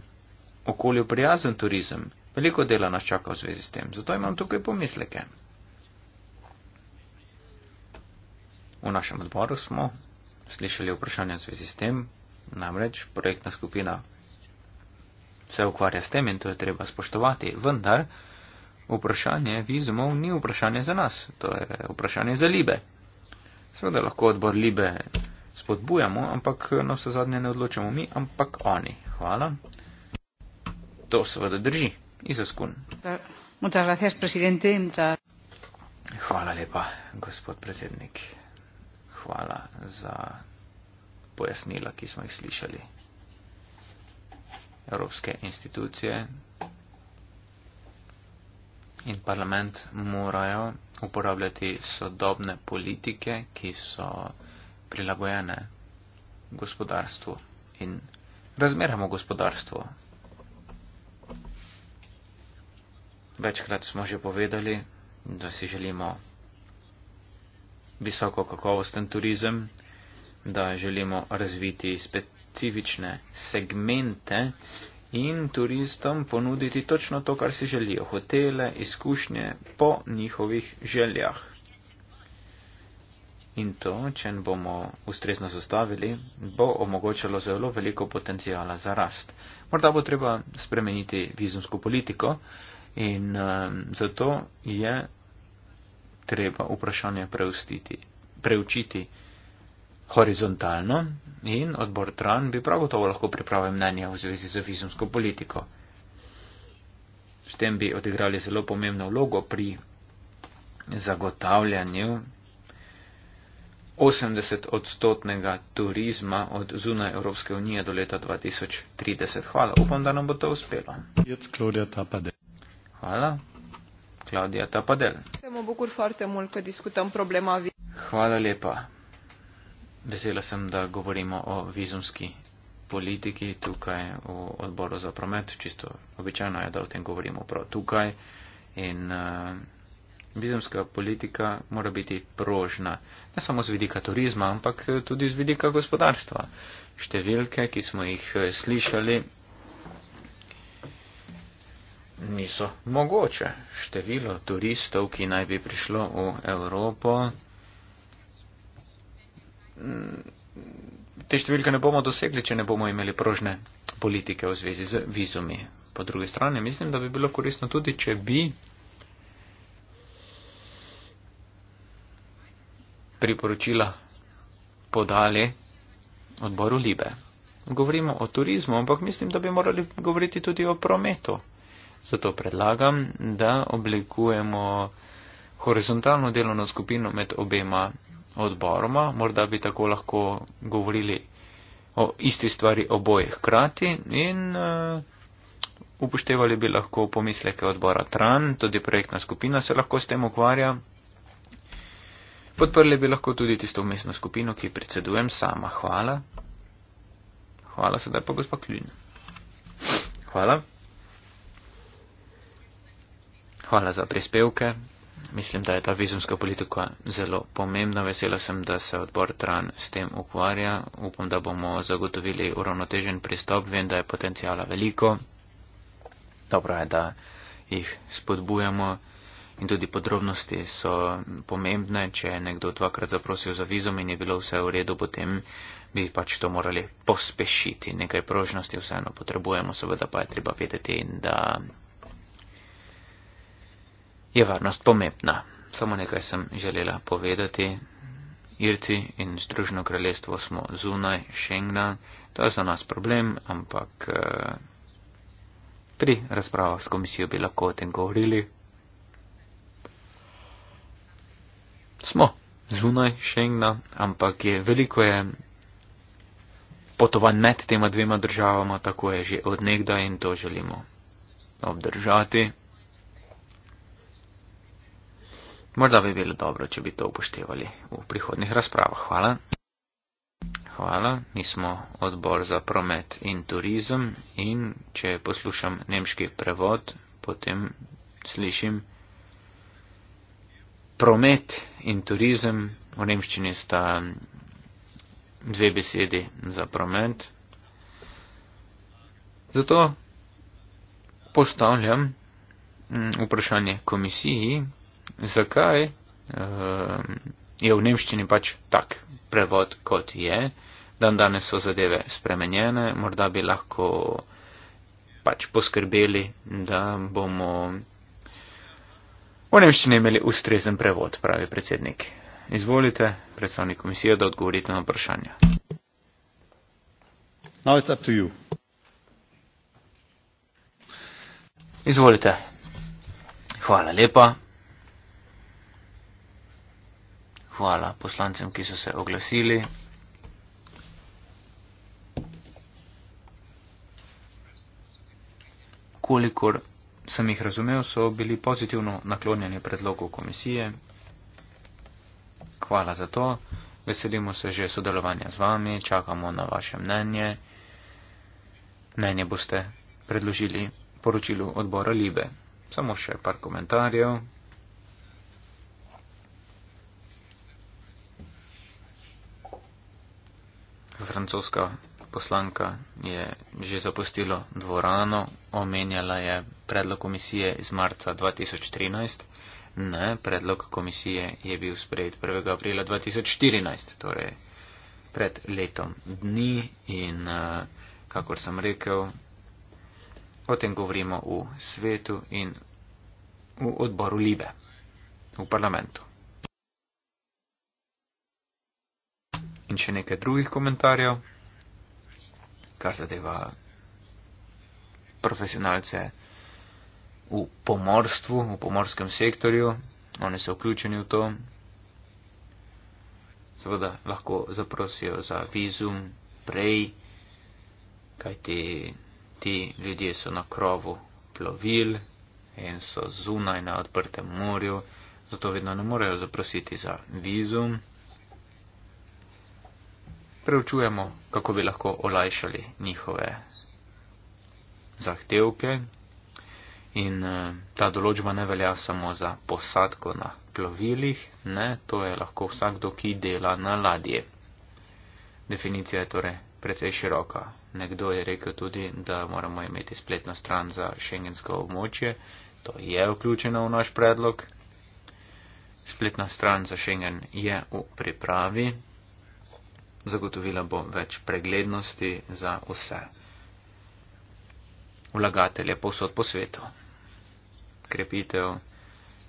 okoljoprijazen turizem. Veliko dela nas čaka v zvezi s tem, zato imam tukaj pomisleke. V našem odboru smo slišali vprašanje v zvezi s tem, namreč projektna skupina se ukvarja s tem in to je treba spoštovati, vendar vprašanje vizumov ni vprašanje za nas, to je vprašanje za Libe. Seveda lahko odbor Libe spodbujamo, ampak na vse zadnje ne odločamo mi, ampak oni. Hvala. To seveda drži. Izaskun. Hvala lepa, gospod predsednik hvala za pojasnila, ki smo jih slišali. Evropske institucije in parlament morajo uporabljati sodobne politike, ki so prilagojene gospodarstvu in razmeramo gospodarstvo. Večkrat smo že povedali, da si želimo visoko kakovosten turizem, da želimo razviti specifične segmente in turistom ponuditi točno to, kar si želijo, hotele, izkušnje po njihovih željah. In to, če bomo ustrezno zastavili, bo omogočalo zelo veliko potencijala za rast. Morda bo treba spremeniti vizumsko politiko in um, zato je treba vprašanje preustiti, preučiti horizontalno in odbor Tran bi prav gotovo lahko pripravil mnenje v zvezi z vizumsko politiko. S tem bi odigrali zelo pomembno vlogo pri zagotavljanju 80 odstotnega turizma od zunaj Evropske unije do leta 2030. Hvala, upam, da nam bo to uspelo. Hvala, Klaudija Tapadel bucur foarte mult că discutăm problema vizumului. Vesela sem, da govorimo o vizumski politiki tukaj v odboru za promet. Čisto običajno je, da o tem govorimo prav tukaj. In uh, vizumska politika mora biti prožna, ne samo z vidika turizma, ampak tudi z vidika gospodarstva. Številke, ki smo jih eh, slišali, niso mogoče. Število turistov, ki naj bi prišlo v Evropo, mm, te številke ne bomo dosegli, če ne bomo imeli prožne politike v zvezi z vizumi. Po drugi strani mislim, da bi bilo koristno tudi, če bi priporočila podali odboru Libe. Govorimo o turizmu, ampak mislim, da bi morali govoriti tudi o prometu. Zato predlagam, da oblikujemo horizontalno delovno skupino med obema odboroma. Morda bi tako lahko govorili o isti stvari oboje hkrati in uh, upoštevali bi lahko pomisleke odbora TRAN, tudi projektna skupina se lahko s tem ukvarja. Podprli bi lahko tudi tisto umestno skupino, ki predsedujem sama. Hvala. Hvala sedaj pa gospod Kljun. Hvala. Hvala za prispevke. Mislim, da je ta vizumska politika zelo pomembna. Vesela sem, da se odbor Tran s tem ukvarja. Upam, da bomo zagotovili uravnotežen pristop. Vem, da je potencijala veliko. Dobro je, da jih spodbujamo in tudi podrobnosti so pomembne. Če je nekdo dvakrat zaprosil za vizum in je bilo vse v redu, potem bi pač to morali pospešiti. Nekaj prožnosti vseeno potrebujemo, seveda pa je treba vedeti, da je varnost pomembna. Samo nekaj sem želela povedati. Irci in Združeno kraljestvo smo zunaj Schengna. To je za nas problem, ampak eh, pri razpravah s komisijo bi lahko o tem govorili. Smo zunaj Schengna, ampak je veliko je potovanj med tema dvema državama, tako je že odnegda in to želimo obdržati. Morda bi bilo dobro, če bi to upoštevali v prihodnih razpravah. Hvala. Hvala. Mi smo odbor za promet in turizem in če poslušam nemški prevod, potem slišim promet in turizem. V nemščini sta dve besedi za promet. Zato postavljam mm, vprašanje komisiji, zakaj uh, je v nemščini pač tak prevod, kot je. Dan danes so zadeve spremenjene, morda bi lahko pač poskrbeli, da bomo v nemščini imeli ustrezen prevod, pravi predsednik. Izvolite, predstavnik komisije, da odgovorite na vprašanje. Now it's up to you. Izvolite. Hvala lepa. hvala poslancem, ki so se oglasili. Kolikor sem jih razumel, so bili pozitivno naklonjeni predlogov komisije. Hvala za to. Veselimo se že sodelovanja z vami, čakamo na vaše mnenje. Mnenje boste predložili poročilu odbora Libe. Samo še par komentarjev. francoska poslanka je že zapustila dvorano, omenjala je predlog komisije iz marca 2013. Ne, predlog komisije je bil sprejet 1. aprila 2014, torej pred letom dni in, eh, kakor sem rekel, o tem govorimo v svetu in v odboru Libe, v parlamentu. in še nekaj drugih komentarjev, kar zadeva profesionalce v pomorstvu, v pomorskem sektorju. Oni so vključeni v to. Seveda lahko zaprosijo za vizum prej, kajti ti ljudje so na krovu plovil in so zunaj na odprtem morju, zato vedno ne morejo zaprositi za vizum preučujemo, kako bi lahko olajšali njihove zahtevke. In eh, ta določba ne velja samo za posadko na plovilih, ne, to je lahko vsakdo, ki dela na ladji. Definicija je torej precej široka. Nekdo je rekel tudi, da moramo imeti spletno stran za šengensko območje, to je vključeno v naš predlog. Spletna stran za šengen je v pripravi, zagotovila bo več preglednosti za vse vlagatelje povsod po svetu. Krepitev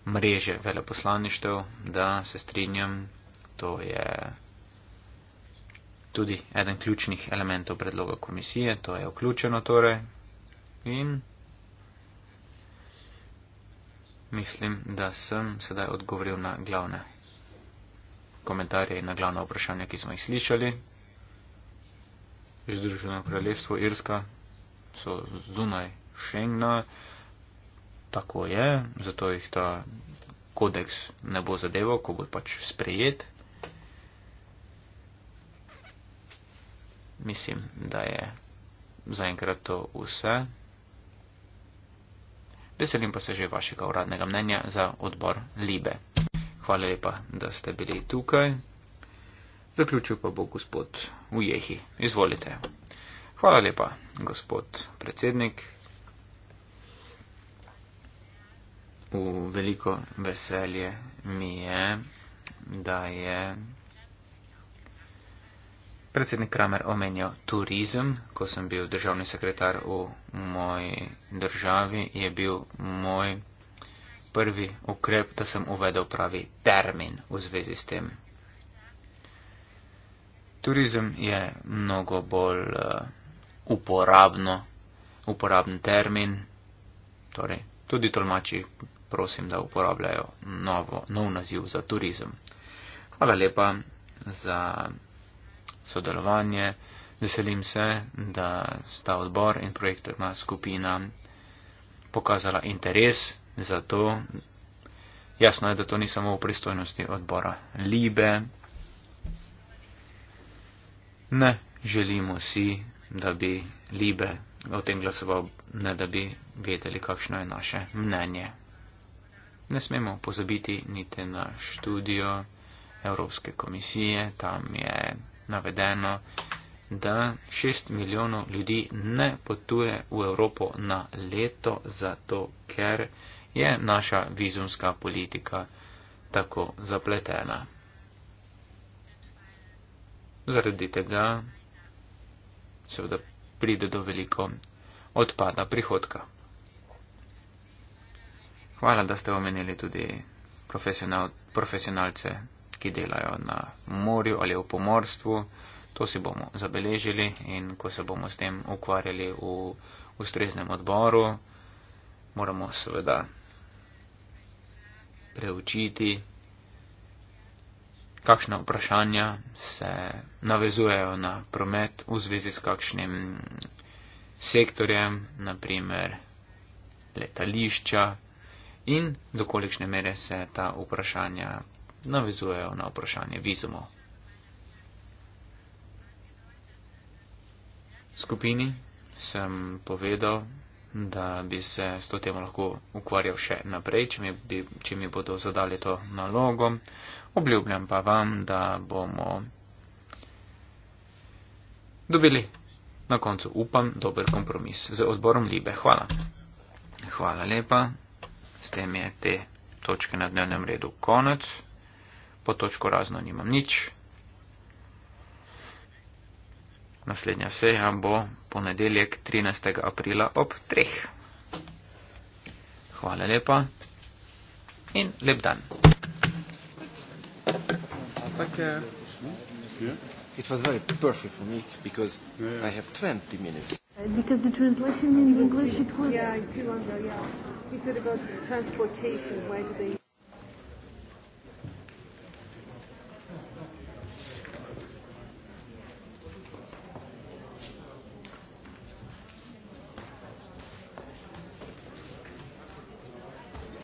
mreže veleposlaništev, da se strinjam, to je tudi eden ključnih elementov predloga komisije, to je vključeno torej in mislim, da sem sedaj odgovoril na glavne komentarje in na glavno vprašanje, ki smo jih slišali. Združeno kraljestvo Irska so zunaj Schengna, tako je, zato jih ta kodeks ne bo zadeval, ko bo pač sprejet. Mislim, da je zaenkrat to vse. Veselim pa se že vašega uradnega mnenja za odbor Libe. Hvala lepa, da ste bili tukaj. Zaključil pa bo gospod Ujehi. Izvolite. Hvala lepa, gospod predsednik. V veliko veselje mi je, da je predsednik Kramer omenjal turizem. Ko sem bil državni sekretar v moji državi, je bil moj prvi ukrep, da sem uvedel pravi termin v zvezi s tem. Turizem je mnogo bolj uh, uporabno, uporaben termin, torej tudi tolmači prosim, da uporabljajo novo, nov naziv za turizem. Hvala lepa za sodelovanje. Veselim se, da sta odbor in projektorna skupina pokazala interes. Zato jasno je, da to ni samo v pristojnosti odbora Libe. Ne želimo si, da bi Libe o tem glasoval, ne da bi vedeli, kakšno je naše mnenje. Ne smemo pozabiti niti na študijo Evropske komisije, tam je navedeno, da 6 milijonov ljudi ne potuje v Evropo na leto, zato ker je naša vizumska politika tako zapletena. Zaradi tega seveda pride do veliko odpada prihodka. Hvala, da ste omenili tudi profesional, profesionalce, ki delajo na morju ali v pomorstvu. To si bomo zabeležili in ko se bomo s tem ukvarjali v ustreznem odboru, moramo seveda preučiti, kakšna vprašanja se navezujejo na promet v zvezi s kakšnim sektorjem, naprimer letališča in dokolikšne mere se ta vprašanja navezujejo na vprašanje vizumov. Skupini sem povedal, da bi se s to temo lahko ukvarjal še naprej, če mi, bi, če mi bodo zadali to nalogo. Obljubljam pa vam, da bomo dobili na koncu, upam, dober kompromis z odborom Libe. Hvala. Hvala lepa. S tem je te točke na dnevnem redu konec. Po točko razno nimam nič. Naslednja seja bo ponedeljek 13. aprila ob 3. Hvala lepa in lep dan. It was very perfect for me because yeah. I have 20 minutes. Because the translation in English, it was. Yeah, too long ago, yeah. He said about transportation, where do they.